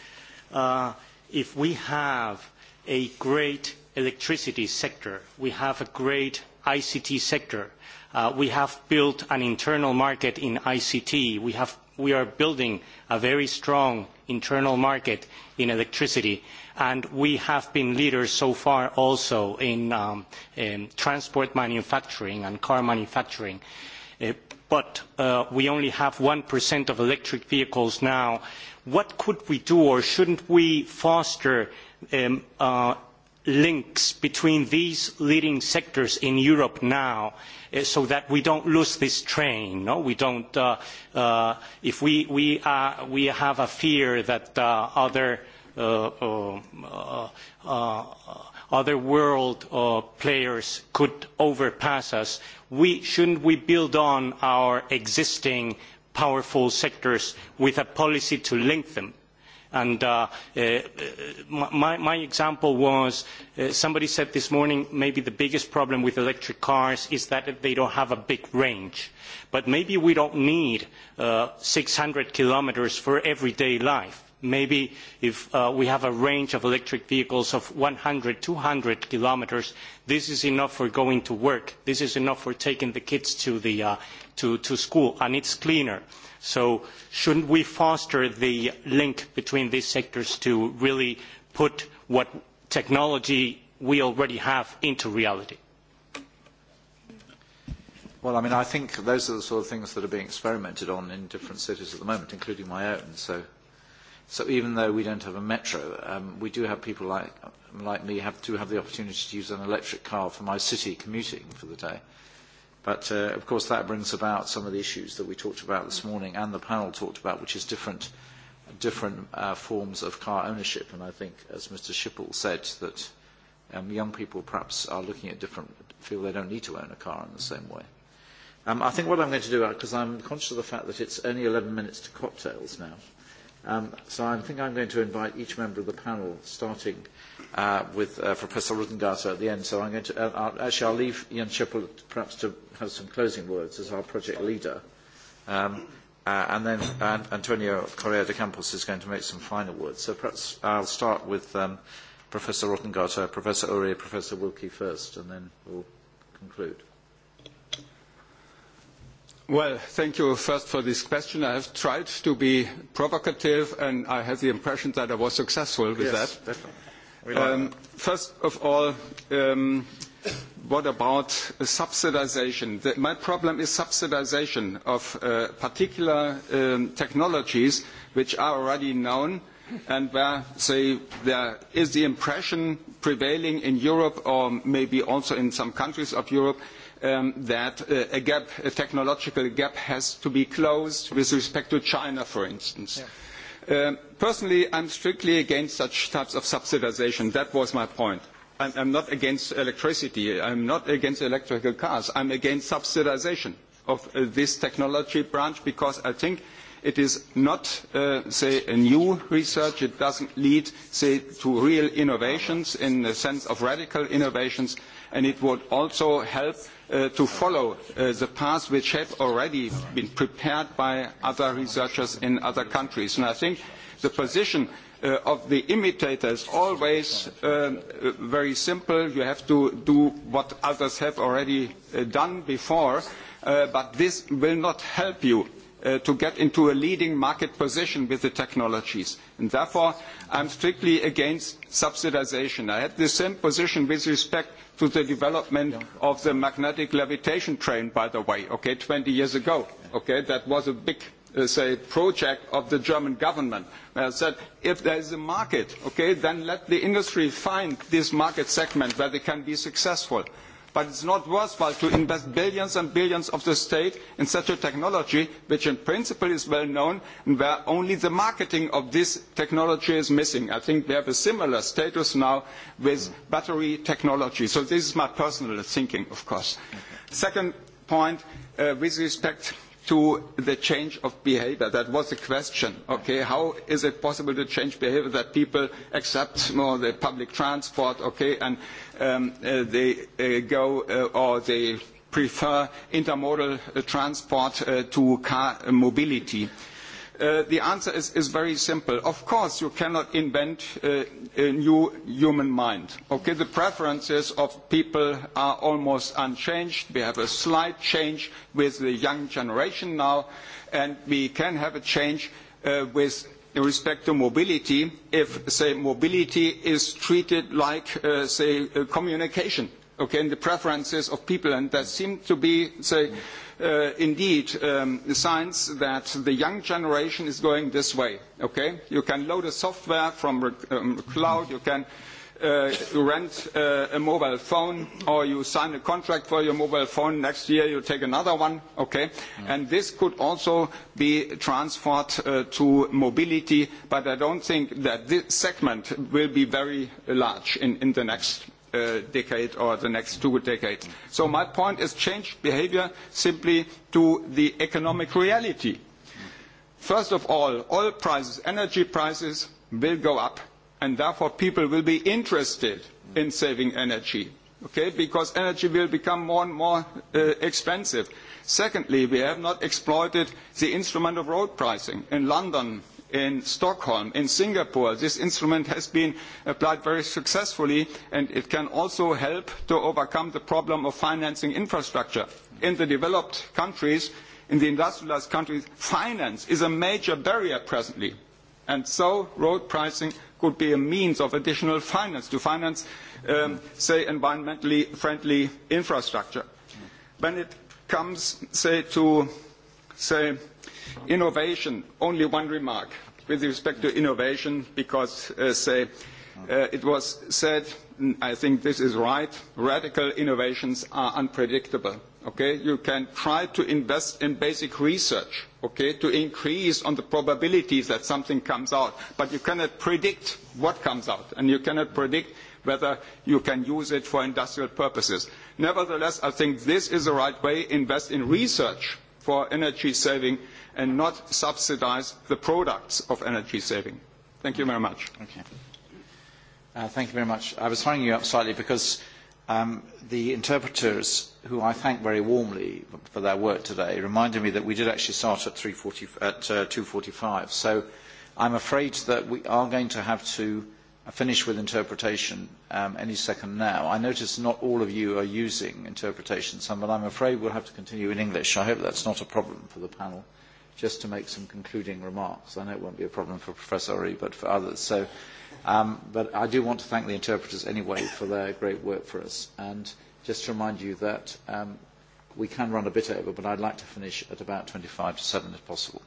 O: uh, if we have a great electricity sector, we have a great ICT sector, uh, we have built an internal market in ICT, we have we are building a very strong internal market in electricity and we have been leaders so far also in, um, in transport manufacturing and car manufacturing. Uh, but uh, we only have 1% of electric vehicles now. What could we do or shouldn't we foster um, uh, links between these leading sectors in Europe now uh, so that we don't lose this train. No, we don't. Uh, uh, if we, we, uh, we have a fear that uh, other, uh, uh, uh, uh, other world uh, players could overpass us, we, shouldn't we build on our existing powerful sectors with a policy to link them? And uh, uh, uh my, my example was uh, somebody said this morning maybe the biggest problem with electric cars is that they don't have a big range. But maybe we don't need uh, 600 kilometers for everyday life maybe if uh, we have a range of electric vehicles of 100, 200 kilometers, this is enough for going to work. This is enough for taking the kids to, the, uh, to, to school, and it's cleaner. Uh, So shouldn't we foster the link between these sectors to really put what technology we already have into reality?
D: Well, I mean, I think those are the sort of things that are being experimented on in different cities at the moment, including my own. So, so even though we don't have a metro, um, we do have people like, like me have, do have the opportunity to use an electric car for my city commuting for the day. Uh, But, uh, of course, that brings about some of the issues that we talked about this morning and the panel talked about, which is different, different uh, forms of car ownership. And I think, as Mr. Schippel said, that um, young people perhaps are looking at different, feel they don't need to own a car in the same way. Um, I think what I'm going to do, because uh, I'm conscious of the fact that it's only 11 minutes to cocktails now, um, so I think I'm going to invite each member of the panel, starting uh, with uh, Professor Ruttengatter at the end. So I'm going to, uh, I'll, actually, I'll leave Ian Chippell perhaps to have some closing words as our project leader. Um, uh, and then uh, Antonio Correa de Campos is going to make some final words. So perhaps I'll start with um, Professor Rottengarter, Professor Uri, Professor Wilkie first, and then we'll conclude.
L: Well, thank you first for this question. I have tried to be provocative, and I have the impression that I was successful with yes, that. Definitely Um, first of all, um, what about subsidization? The, my problem is subsidization of uh, particular um, technologies which are already known and where, say, there is the impression prevailing in Europe or maybe also in some countries of Europe um, that uh, a gap, a technological gap has to be closed with respect to China, for instance. Yeah Uh, personally, I'm strictly against such types of subsidization. That was my point. I'm, I'm not against electricity. I'm not against electrical cars. I'm against subsidization of uh, this technology branch because I think it is not, uh, say, a new research. It doesn't lead, say, to real innovations in the sense of radical innovations, and it would also help uh, to follow uh, the paths which have already been prepared by other researchers in other countries. And I think the position uh, of the imitator is always uh, uh, very simple. You have to do what others have already uh, done before, uh, but this will not help you uh, to get into a leading market position with the technologies. And therefore, I'm strictly against subsidization. I had the same position with respect uh, to the development yeah. of the magnetic levitation train, by the way, okay, 20 years ago. Okay, that was a big uh, say project of the German government. Uh, said if there is a market, okay, then let the industry find this market segment where they can be successful but it's not worthwhile to invest billions and billions of the state in such a technology which in principle is well known and where only the marketing of this technology is missing. I think we have a similar status now with battery technology. So this is my personal thinking, of course. Okay. Second point, uh, with respect to the change of behavior. That was the question. Okay, how is it possible to change behavior that people accept more the public transport, okay, and um, uh, they uh, go uh, or they prefer intermodal uh, transport uh, to car uh, mobility. Uh, the answer is, is very simple. Of course, you cannot invent uh, a new human mind. Okay, the preferences of people are almost unchanged. We have a slight change with the young generation now, and we can have a change uh, with in respect to mobility if, say, mobility is treated like, uh, say, uh, communication, okay, and the preferences of people. And that seems to be, say, uh, indeed um, signs that the young generation is going this way, okay? You can load a software from um, cloud, you can uh, uh, you rent uh, a mobile phone or you sign a contract for your mobile phone. Next year you take another one. Okay, mm. and this could also be transferred uh, to mobility, but I don't think that this segment will be very large in, in the next uh, decade or the next two decades. So my point is change behavior simply to the economic reality. First of all, oil prices, energy prices will go up and therefore people will be interested mm. in saving energy, okay? Because energy will become more and more uh, expensive. Secondly, we have not exploited the instrument of road pricing. In London, in Stockholm, in Singapore, this instrument has been applied very successfully, and it can also help to overcome the problem of financing infrastructure. In the developed countries, in the industrialized countries, finance is a major barrier presently, and so road pricing could be a means of additional finance to finance, um, say, environmentally friendly infrastructure. When it comes, say, to, say, innovation, only one remark with respect to innovation, because, uh, say, uh, it was said, I think this is right, radical innovations are unpredictable okay, you can try to invest in basic research, okay, to increase on the probabilities that something comes out, but you cannot predict what comes out, and you cannot predict whether you can use it for industrial purposes. Nevertheless, I think this is the right way, invest in research for energy saving and not subsidize the products of energy saving. Thank you very much. Okay.
D: Uh, thank you very much. I was hanging you up slightly because Um, the interpreters, who I thank very warmly for their work today, reminded me that we did actually start at, 340, at uh, 2.45. So I'm afraid that we are going to have to uh, finish with interpretation um, any second now. I notice not all of you are using interpretation, some, but I'm afraid we'll have to continue in English. I hope that's not a problem for the panel, just to make some concluding remarks. I know it won't be a problem for Professor Ori, but for others. So Um, but I do want to thank the interpreters anyway for their great work for us. And just to remind you that um, we can run a bit over, but I'd like to finish at about 25 to 7 if possible.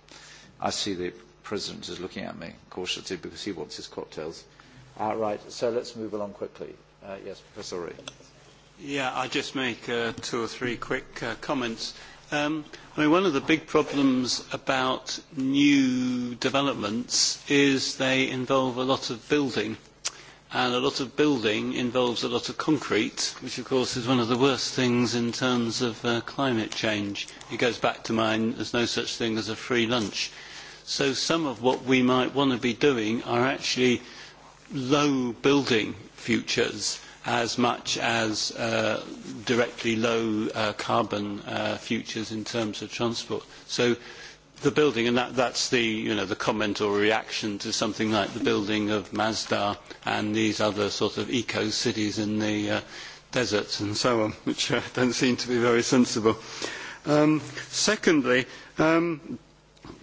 D: I see the President is looking at me cautiously because he wants his cocktails. Uh, right, so let's move along quickly. Uh, yes, Professor Ree.
F: Yeah, I'll just make uh, two or three quick uh, comments. Um, I mean, one of the big problems about new developments is they involve a lot of building. And a lot of building involves a lot of concrete, which of course is one of the worst things in terms of uh, climate change. It goes back to mine, there's no such thing as a free lunch. So some of what we might want to be doing are actually low building futures as much as uh, directly low uh, carbon uh, futures in terms of transport. So the building, and that, that's the, you know, the comment or reaction to something like the building of Mazda and these other sort of eco-cities in the uh, deserts and so on, which uh, don't seem to be very sensible. Um, secondly, um,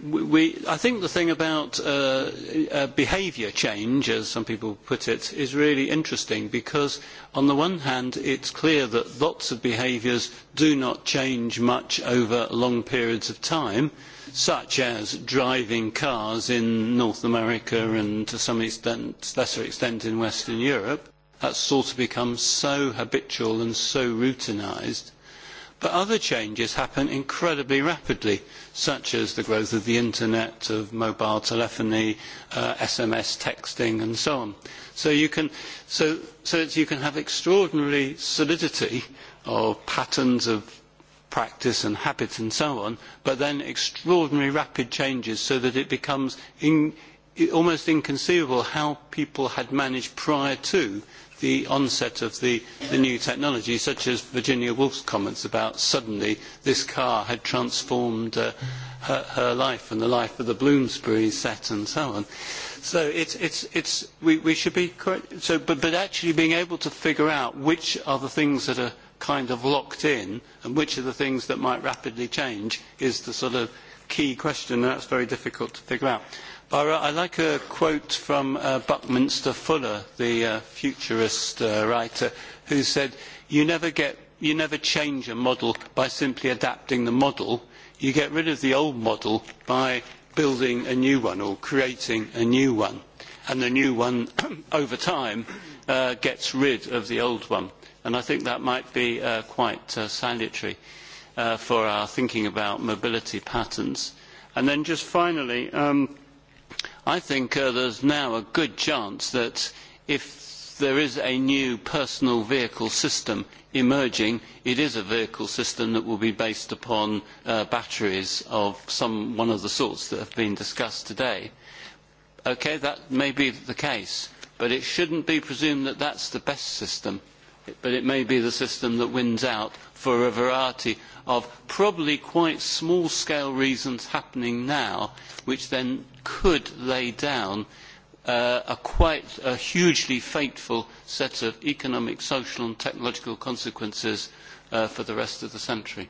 F: we, I think the thing about uh, uh, behaviour change, as some people put it, is really interesting because on the one hand it's clear that lots of behaviours do not change much over long periods of time, such as driving cars in North America and to some extent, lesser extent in Western Europe. That's sort of become so habitual and so routinised But other changes happen incredibly rapidly, such as the growth of the internet, of mobile telephony, uh, SMS texting, and so on. So you can, so, so you can have extraordinary solidity of patterns of practice and habit and so on, but then extraordinary rapid changes so that it becomes in, almost inconceivable how people had managed prior to the onset of the, the new technology, such as Virginia Woolf's comments about suddenly this car had transformed uh, her, her life and the life of the Bloomsbury set and so on. So it's, it's, it's, we, we should be quite, so, but, but actually being able to figure out which are the things that are kind of locked in and which are the things that might rapidly change is the sort of key question and that's very difficult to figure out. Ira, I like a quote from uh, Buckminster Fuller, the uh, futurist uh, writer, who said, you never, get, you never change a model by simply adapting the model. You get rid of the old model by building a new one or creating a new one. And the new one, over time, uh, gets rid of the old one. And I think that might be uh, quite uh, salutary uh, for our thinking about mobility patterns. And then just finally, um, I think uh, there's now a good chance that if there is a new personal vehicle system emerging, it is a vehicle system that will be based upon uh, batteries of some one of the sorts that have been discussed today. Okay, that may be the case, but it shouldn't be presumed that that's the best system. But it may be the system that wins out for a variety of probably quite small-scale reasons happening now, which then could lay down uh, a quite a hugely fateful set of economic, social and technological consequences uh, for the rest of the century.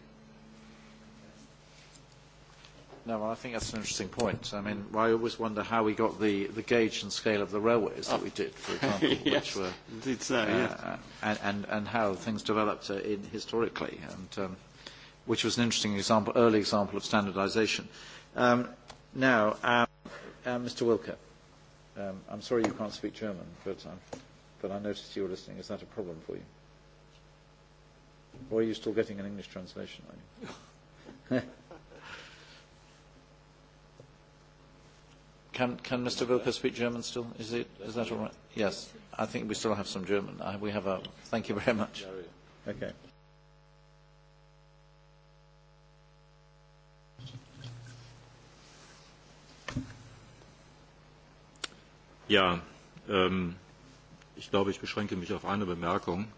D: No, well, I think that's an interesting point. I mean, I always wonder how we got the, the gauge and scale of the railways that oh. we did, for oh. example, yes, which were indeed so, uh, yes. and, and, and how things developed uh, in, historically, and um, which was an interesting example, early example of standardisation. Um, Now, um, uh, um, Mr. Wilke, um, I'm sorry you can't speak German, but, um, but I noticed you were listening. Is that a problem for you? Or are you still getting an English translation? Are you? can, can Mr. Wilke speak German still? Is, it, is that all right? Yes. I think we still have some German. I, we have a... Thank you very much. Okay.
K: Ja, ähm, ich glaube, ich beschränke mich auf eine Bemerkung.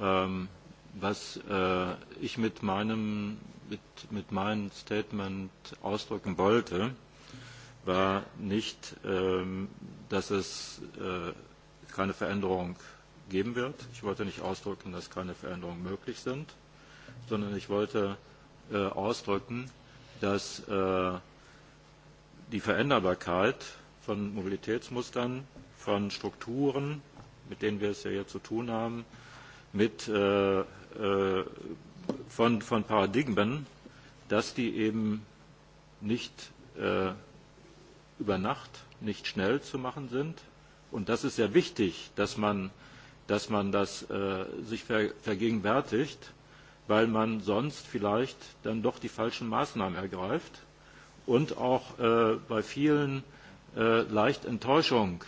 K: Ähm, was äh, ich mit meinem mit, mit meinem Statement ausdrücken wollte, war nicht, ähm, dass es äh, keine Veränderung geben wird. Ich wollte nicht ausdrücken, dass keine Veränderungen möglich sind, sondern ich wollte äh, ausdrücken, dass äh, die Veränderbarkeit von Mobilitätsmustern, von Strukturen, mit denen wir es ja hier zu tun haben, mit, äh, äh, von, von Paradigmen, dass die eben nicht äh, über Nacht, nicht schnell zu machen sind. Und das ist sehr wichtig, dass man, dass man das äh, sich ver, vergegenwärtigt, weil man sonst vielleicht dann doch die falschen Maßnahmen ergreift und auch äh, bei vielen äh, leicht Enttäuschung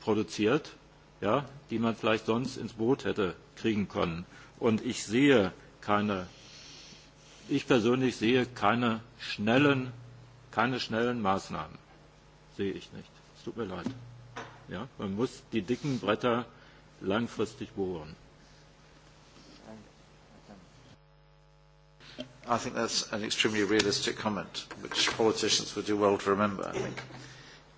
K: produziert, ja, die man vielleicht sonst ins Boot hätte kriegen können. Und ich sehe keine, ich persönlich sehe keine schnellen, keine schnellen Maßnahmen. Sehe ich nicht. Es tut mir leid. Ja, man muss die dicken Bretter langfristig bohren.
D: I think that's an extremely realistic comment, which politicians would do well to remember, I think.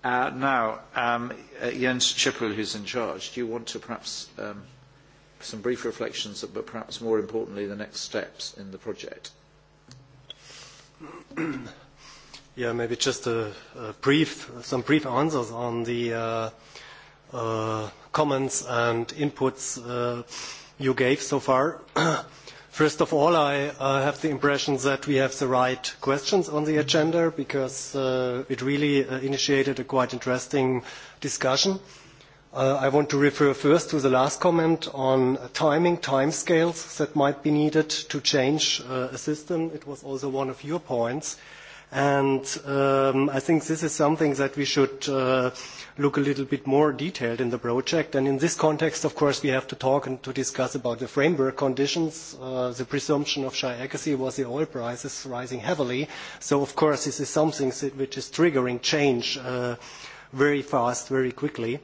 D: Uh, now, um, uh, Jens Schippel, who's in charge, do you want to perhaps um, some brief reflections, but perhaps more importantly, the next steps in the project?
J: yeah, maybe just a, a brief, some brief answers on the uh, uh, comments and inputs uh, you gave so far. First of all, I uh, have the impression that we have the right questions on the mm-hmm. agenda because uh, it really uh, initiated a quite interesting discussion. Uh, I want to refer first to the last comment on timing, timescales that might be needed to change uh, a system. It was also one of your points. Uh, And um, I think this is something that we should uh, look a little bit more detailed in the project. And in this context, of course, we have to talk and to discuss about the framework conditions. Uh, the presumption of shy accuracy was the oil prices rising heavily. So, of course, this is something which is triggering change uh, very fast, very quickly. Uh,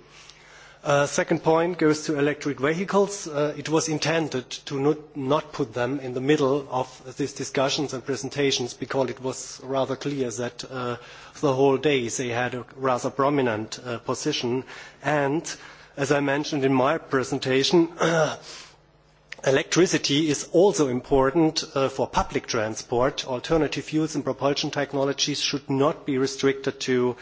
J: Uh, second point goes to electric vehicles. Uh, it was intended to not, not put them in the middle of these discussions and presentations because it was rather clear that uh, the whole day they had a rather prominent uh, position. And as I mentioned in my presentation, electricity is also important uh, for public transport. Alternative fuels and propulsion technologies should not be restricted to uh,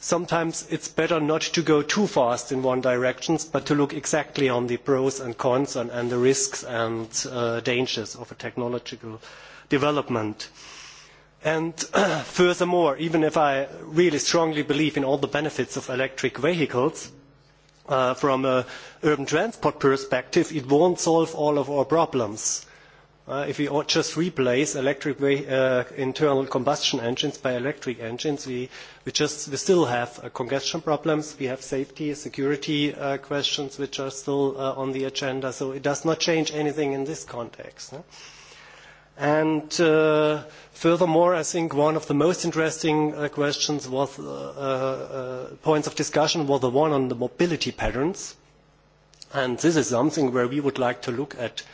J: sometimes it's better not to go too fast in one direction, but to look exactly on the pros and cons and, and the risks and uh, dangers of a technological development. And furthermore, even if I really strongly believe in all the benefits of electric vehicles, uh, from an urban transport perspective, it won't solve all of our problems Uh, if we just replace electric way, uh, internal combustion engines by electric engines, we, we, just, we still have uh, congestion problems. We have safety, security uh, questions which are still uh, on the agenda. So it does not change anything in this context. Huh? And uh, furthermore, I think one of the most interesting uh, questions was, uh, uh, uh, points of discussion was the one on the mobility patterns. And this is something where we would like to look at uh,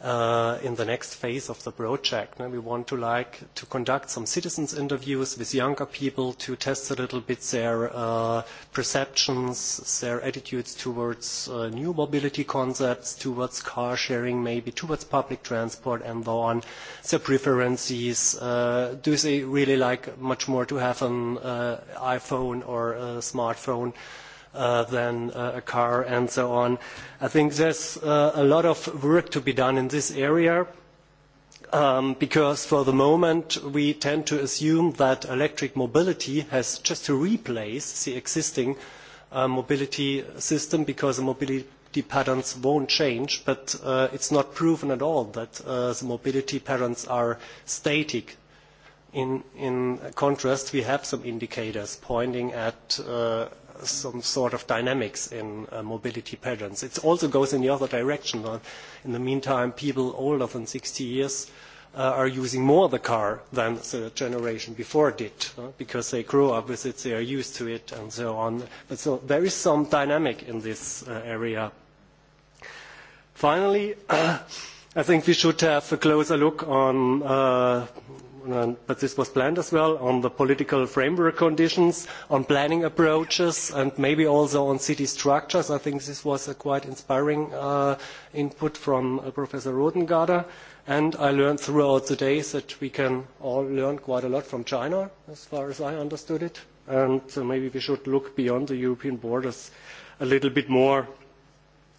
J: uh, in the next phase of the project. And we want to like to conduct some citizens interviews with younger people to test a little bit their uh, perceptions, their attitudes towards uh, new mobility concepts, towards car sharing, maybe towards public transport and so on, their preferences. Uh, do they really like much more to have an uh, iPhone or a smartphone? Uh, uh, than uh, a car and so on. I think there's uh, a lot of work to be done in this area um, because for the moment we tend to assume that electric mobility has just to replace the existing uh, mobility system because the mobility the patterns won't change, but uh, it's not proven at all that uh, the mobility patterns are static. In, in contrast, we have some indicators pointing at uh, some sort of dynamics in uh, mobility patterns. It also goes in the other direction. Uh, in the meantime, people older than 60 years uh, are using more the car than the generation before did uh, because they grow up with it, they are used to it, and so on. But so there is some dynamic in this uh, area. Finally, uh, I think we should have a closer look on uh, Uh, but this was planned as well on the political framework conditions on planning approaches and maybe also on city structures. i think this was a quite inspiring uh, input from uh, professor rodengarder and i learned throughout the day that we can all learn quite a lot from china as far as i understood it and uh, maybe we should look beyond the european borders a little bit more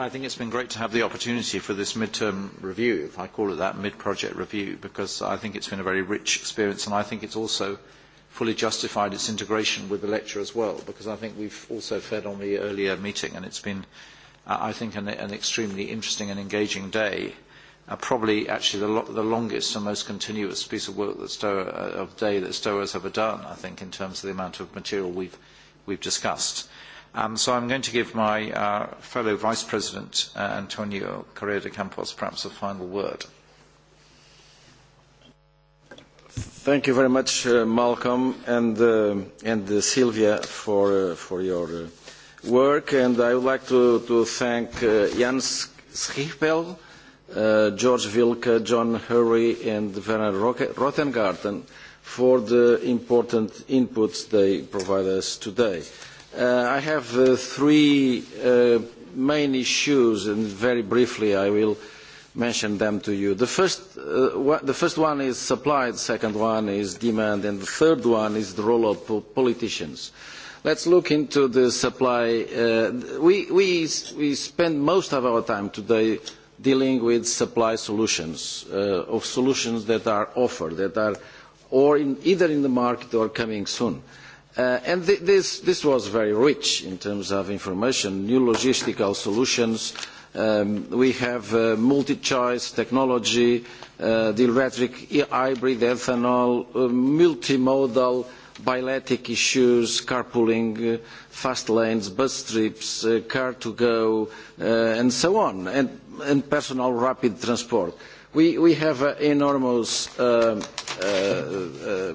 D: I think it's been great to have the opportunity for this midterm review, if I call it that, mid-project review, because I think it's been a very rich experience and I think it's also fully justified its integration with the lecture as well, because I think we've also fed on the earlier meeting and it's been, uh, I think, an, an extremely interesting and engaging day. Uh, probably actually the, lo the longest and most continuous piece of work that Stoa, uh, of day that Stoa has ever done, I think, in terms of the amount of material we've, we've discussed. Uh, Um, so I'm going to give my uh, fellow Vice President, uh, Antonio Correa de Campos, perhaps a final word. Thank
P: you very much, uh, Malcolm and, uh, and uh, Sylvia, for, uh, for your uh, work. And I would like to, to thank uh, Jans Schiepel, uh, George Wilke, John Hurry, and Werner Rottengarten for the important inputs they provide us today. Uh, Uh, I have uh, three uh, main issues, and very briefly I will mention them to you. The first, uh, the first one is supply, the second one is demand, and the third one is the role of po politicians. Let's look into the supply. Uh, we, we, we spend most of our time today dealing with supply solutions, uh, of solutions that are offered, that are or in, either in the market or coming soon. Uh, Uh, and th this, this was very rich in terms of information, new logistical solutions. Um, we have uh, multi-choice technology, uh, the electric e hybrid ethanol, uh, multimodal biletic issues, carpooling, uh, fast lanes, bus trips, uh, car to go, uh, and so on, and, and personal rapid transport. We, we have an enormous um, uh, uh, uh,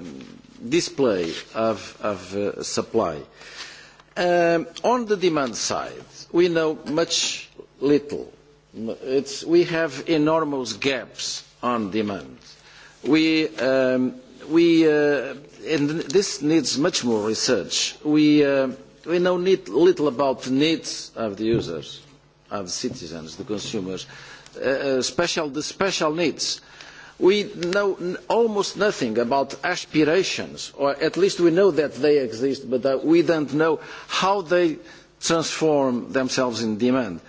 P: display of, of uh, supply. Um, on the demand side, we know much little. It's, we have enormous gaps on demand. We, um, we, uh, and this needs much more research. We, uh, we know need, little about the needs of the users, of the citizens, the consumers, uh, uh special, the special needs We know almost nothing about aspirations, or at least we know that they exist, but uh, we don't know how they transform themselves in demand.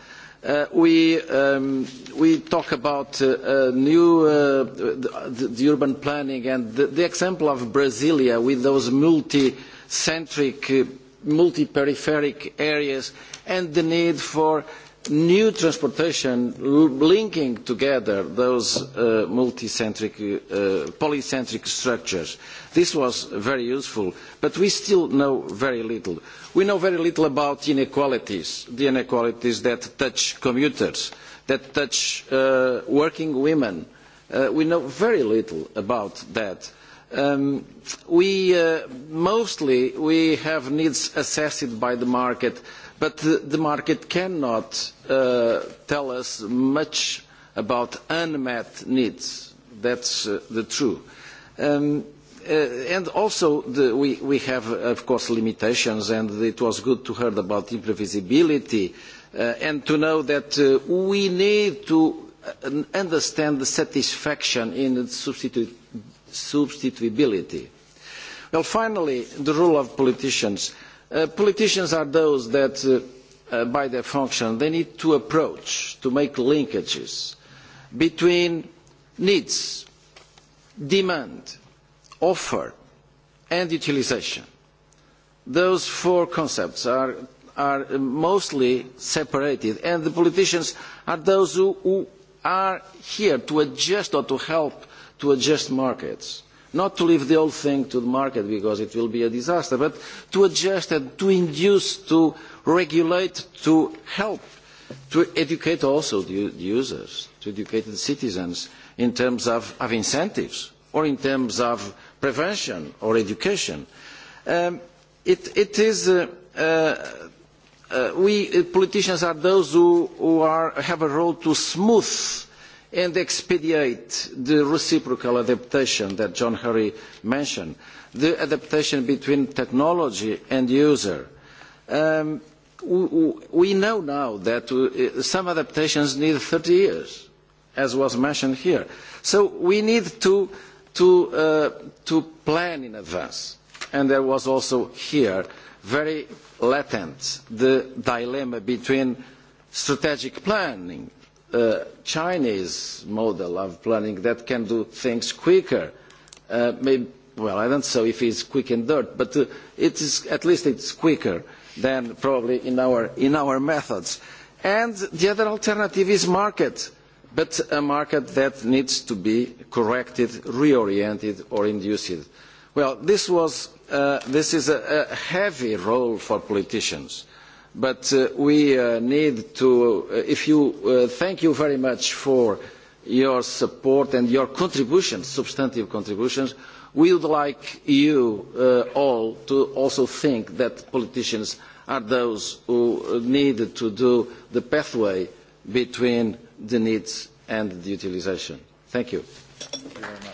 P: Uh, we, um, we talk about uh, uh, new uh, the, the urban planning and the, the example of Brasilia with those multi-centric, uh, multi-peripheric areas and the need for uh, new transportation linking together those uh, multicentric, uh, polycentric structures. This was very useful, but we still know very little. We know very little about inequalities, the inequalities that touch commuters, that touch uh, working women. Uh, we know very little about that. Um, we uh, mostly we have needs assessed by the market uh, But the, the market cannot uh, tell us much about unmet needs. That's uh, the truth. Um, uh, and also, the, we, we have, of course, limitations, and it was good to hear about imprevisibility uh, and to know that uh, we need to uh, understand the satisfaction in the substitu substitutability. Well, finally, the role of politicians. Uh, Uh, politicians are those that, uh, uh, by their function, they need to approach, to make linkages between needs, demand, offer, and utilization. Those four concepts are, are mostly separated, and the politicians are those who, who are here to adjust or to help to adjust markets not to leave the whole thing to the market because it will be a disaster, but to adjust and to induce, to regulate, to help, to educate also the, the users, to educate the citizens in terms of, of incentives or in terms of prevention or education. Um, it, it is, uh, uh, uh, we uh, politicians are those who, who are, have a role to smooth and expedite the reciprocal adaptation that John Hurry mentioned, the adaptation between technology and user. Um, we know now that uh, some adaptations need 30 years, as was mentioned here. So we need to, to, uh, to plan in advance. And there was also here very latent the dilemma between strategic planning uh, Chinese model of planning that can do things quicker. Uh, maybe, well, I don't know if it's quick and dirt, but uh, it is, at least it's quicker than probably in our, in our methods. And the other alternative is market, but a market that needs to be corrected, reoriented, or induced. Well, this, was, uh, this is a, a heavy role for politicians but uh, we uh, need to uh, if you uh, thank you very much for your support and your contributions substantive contributions we would like you uh, all to also think that politicians are those who uh, need to do the pathway between the needs and the utilization thank you,
D: thank you very much.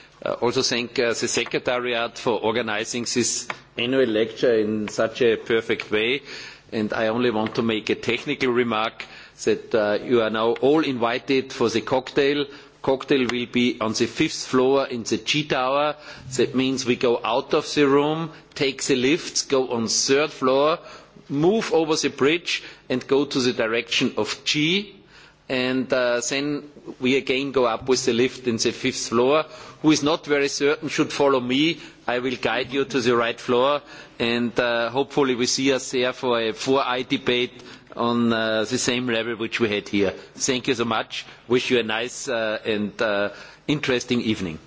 N: uh, also thank uh, the Secretariat for organizing this annual lecture in such a perfect way. And I only want to make a technical remark that uh, you are now all invited for the cocktail. Cocktail will be on the fifth floor in the G Tower. That means we go out of the room, take the lifts, go on third floor, move over the bridge and go to the direction of G and uh, then we again go up with the lift in the fifth floor. Who is not very certain should follow me. I will guide you to the right floor, and uh, hopefully we see us there for a 4i debate on uh, the same level which we had here. Thank you so much. Wish you a nice uh, and uh, interesting evening.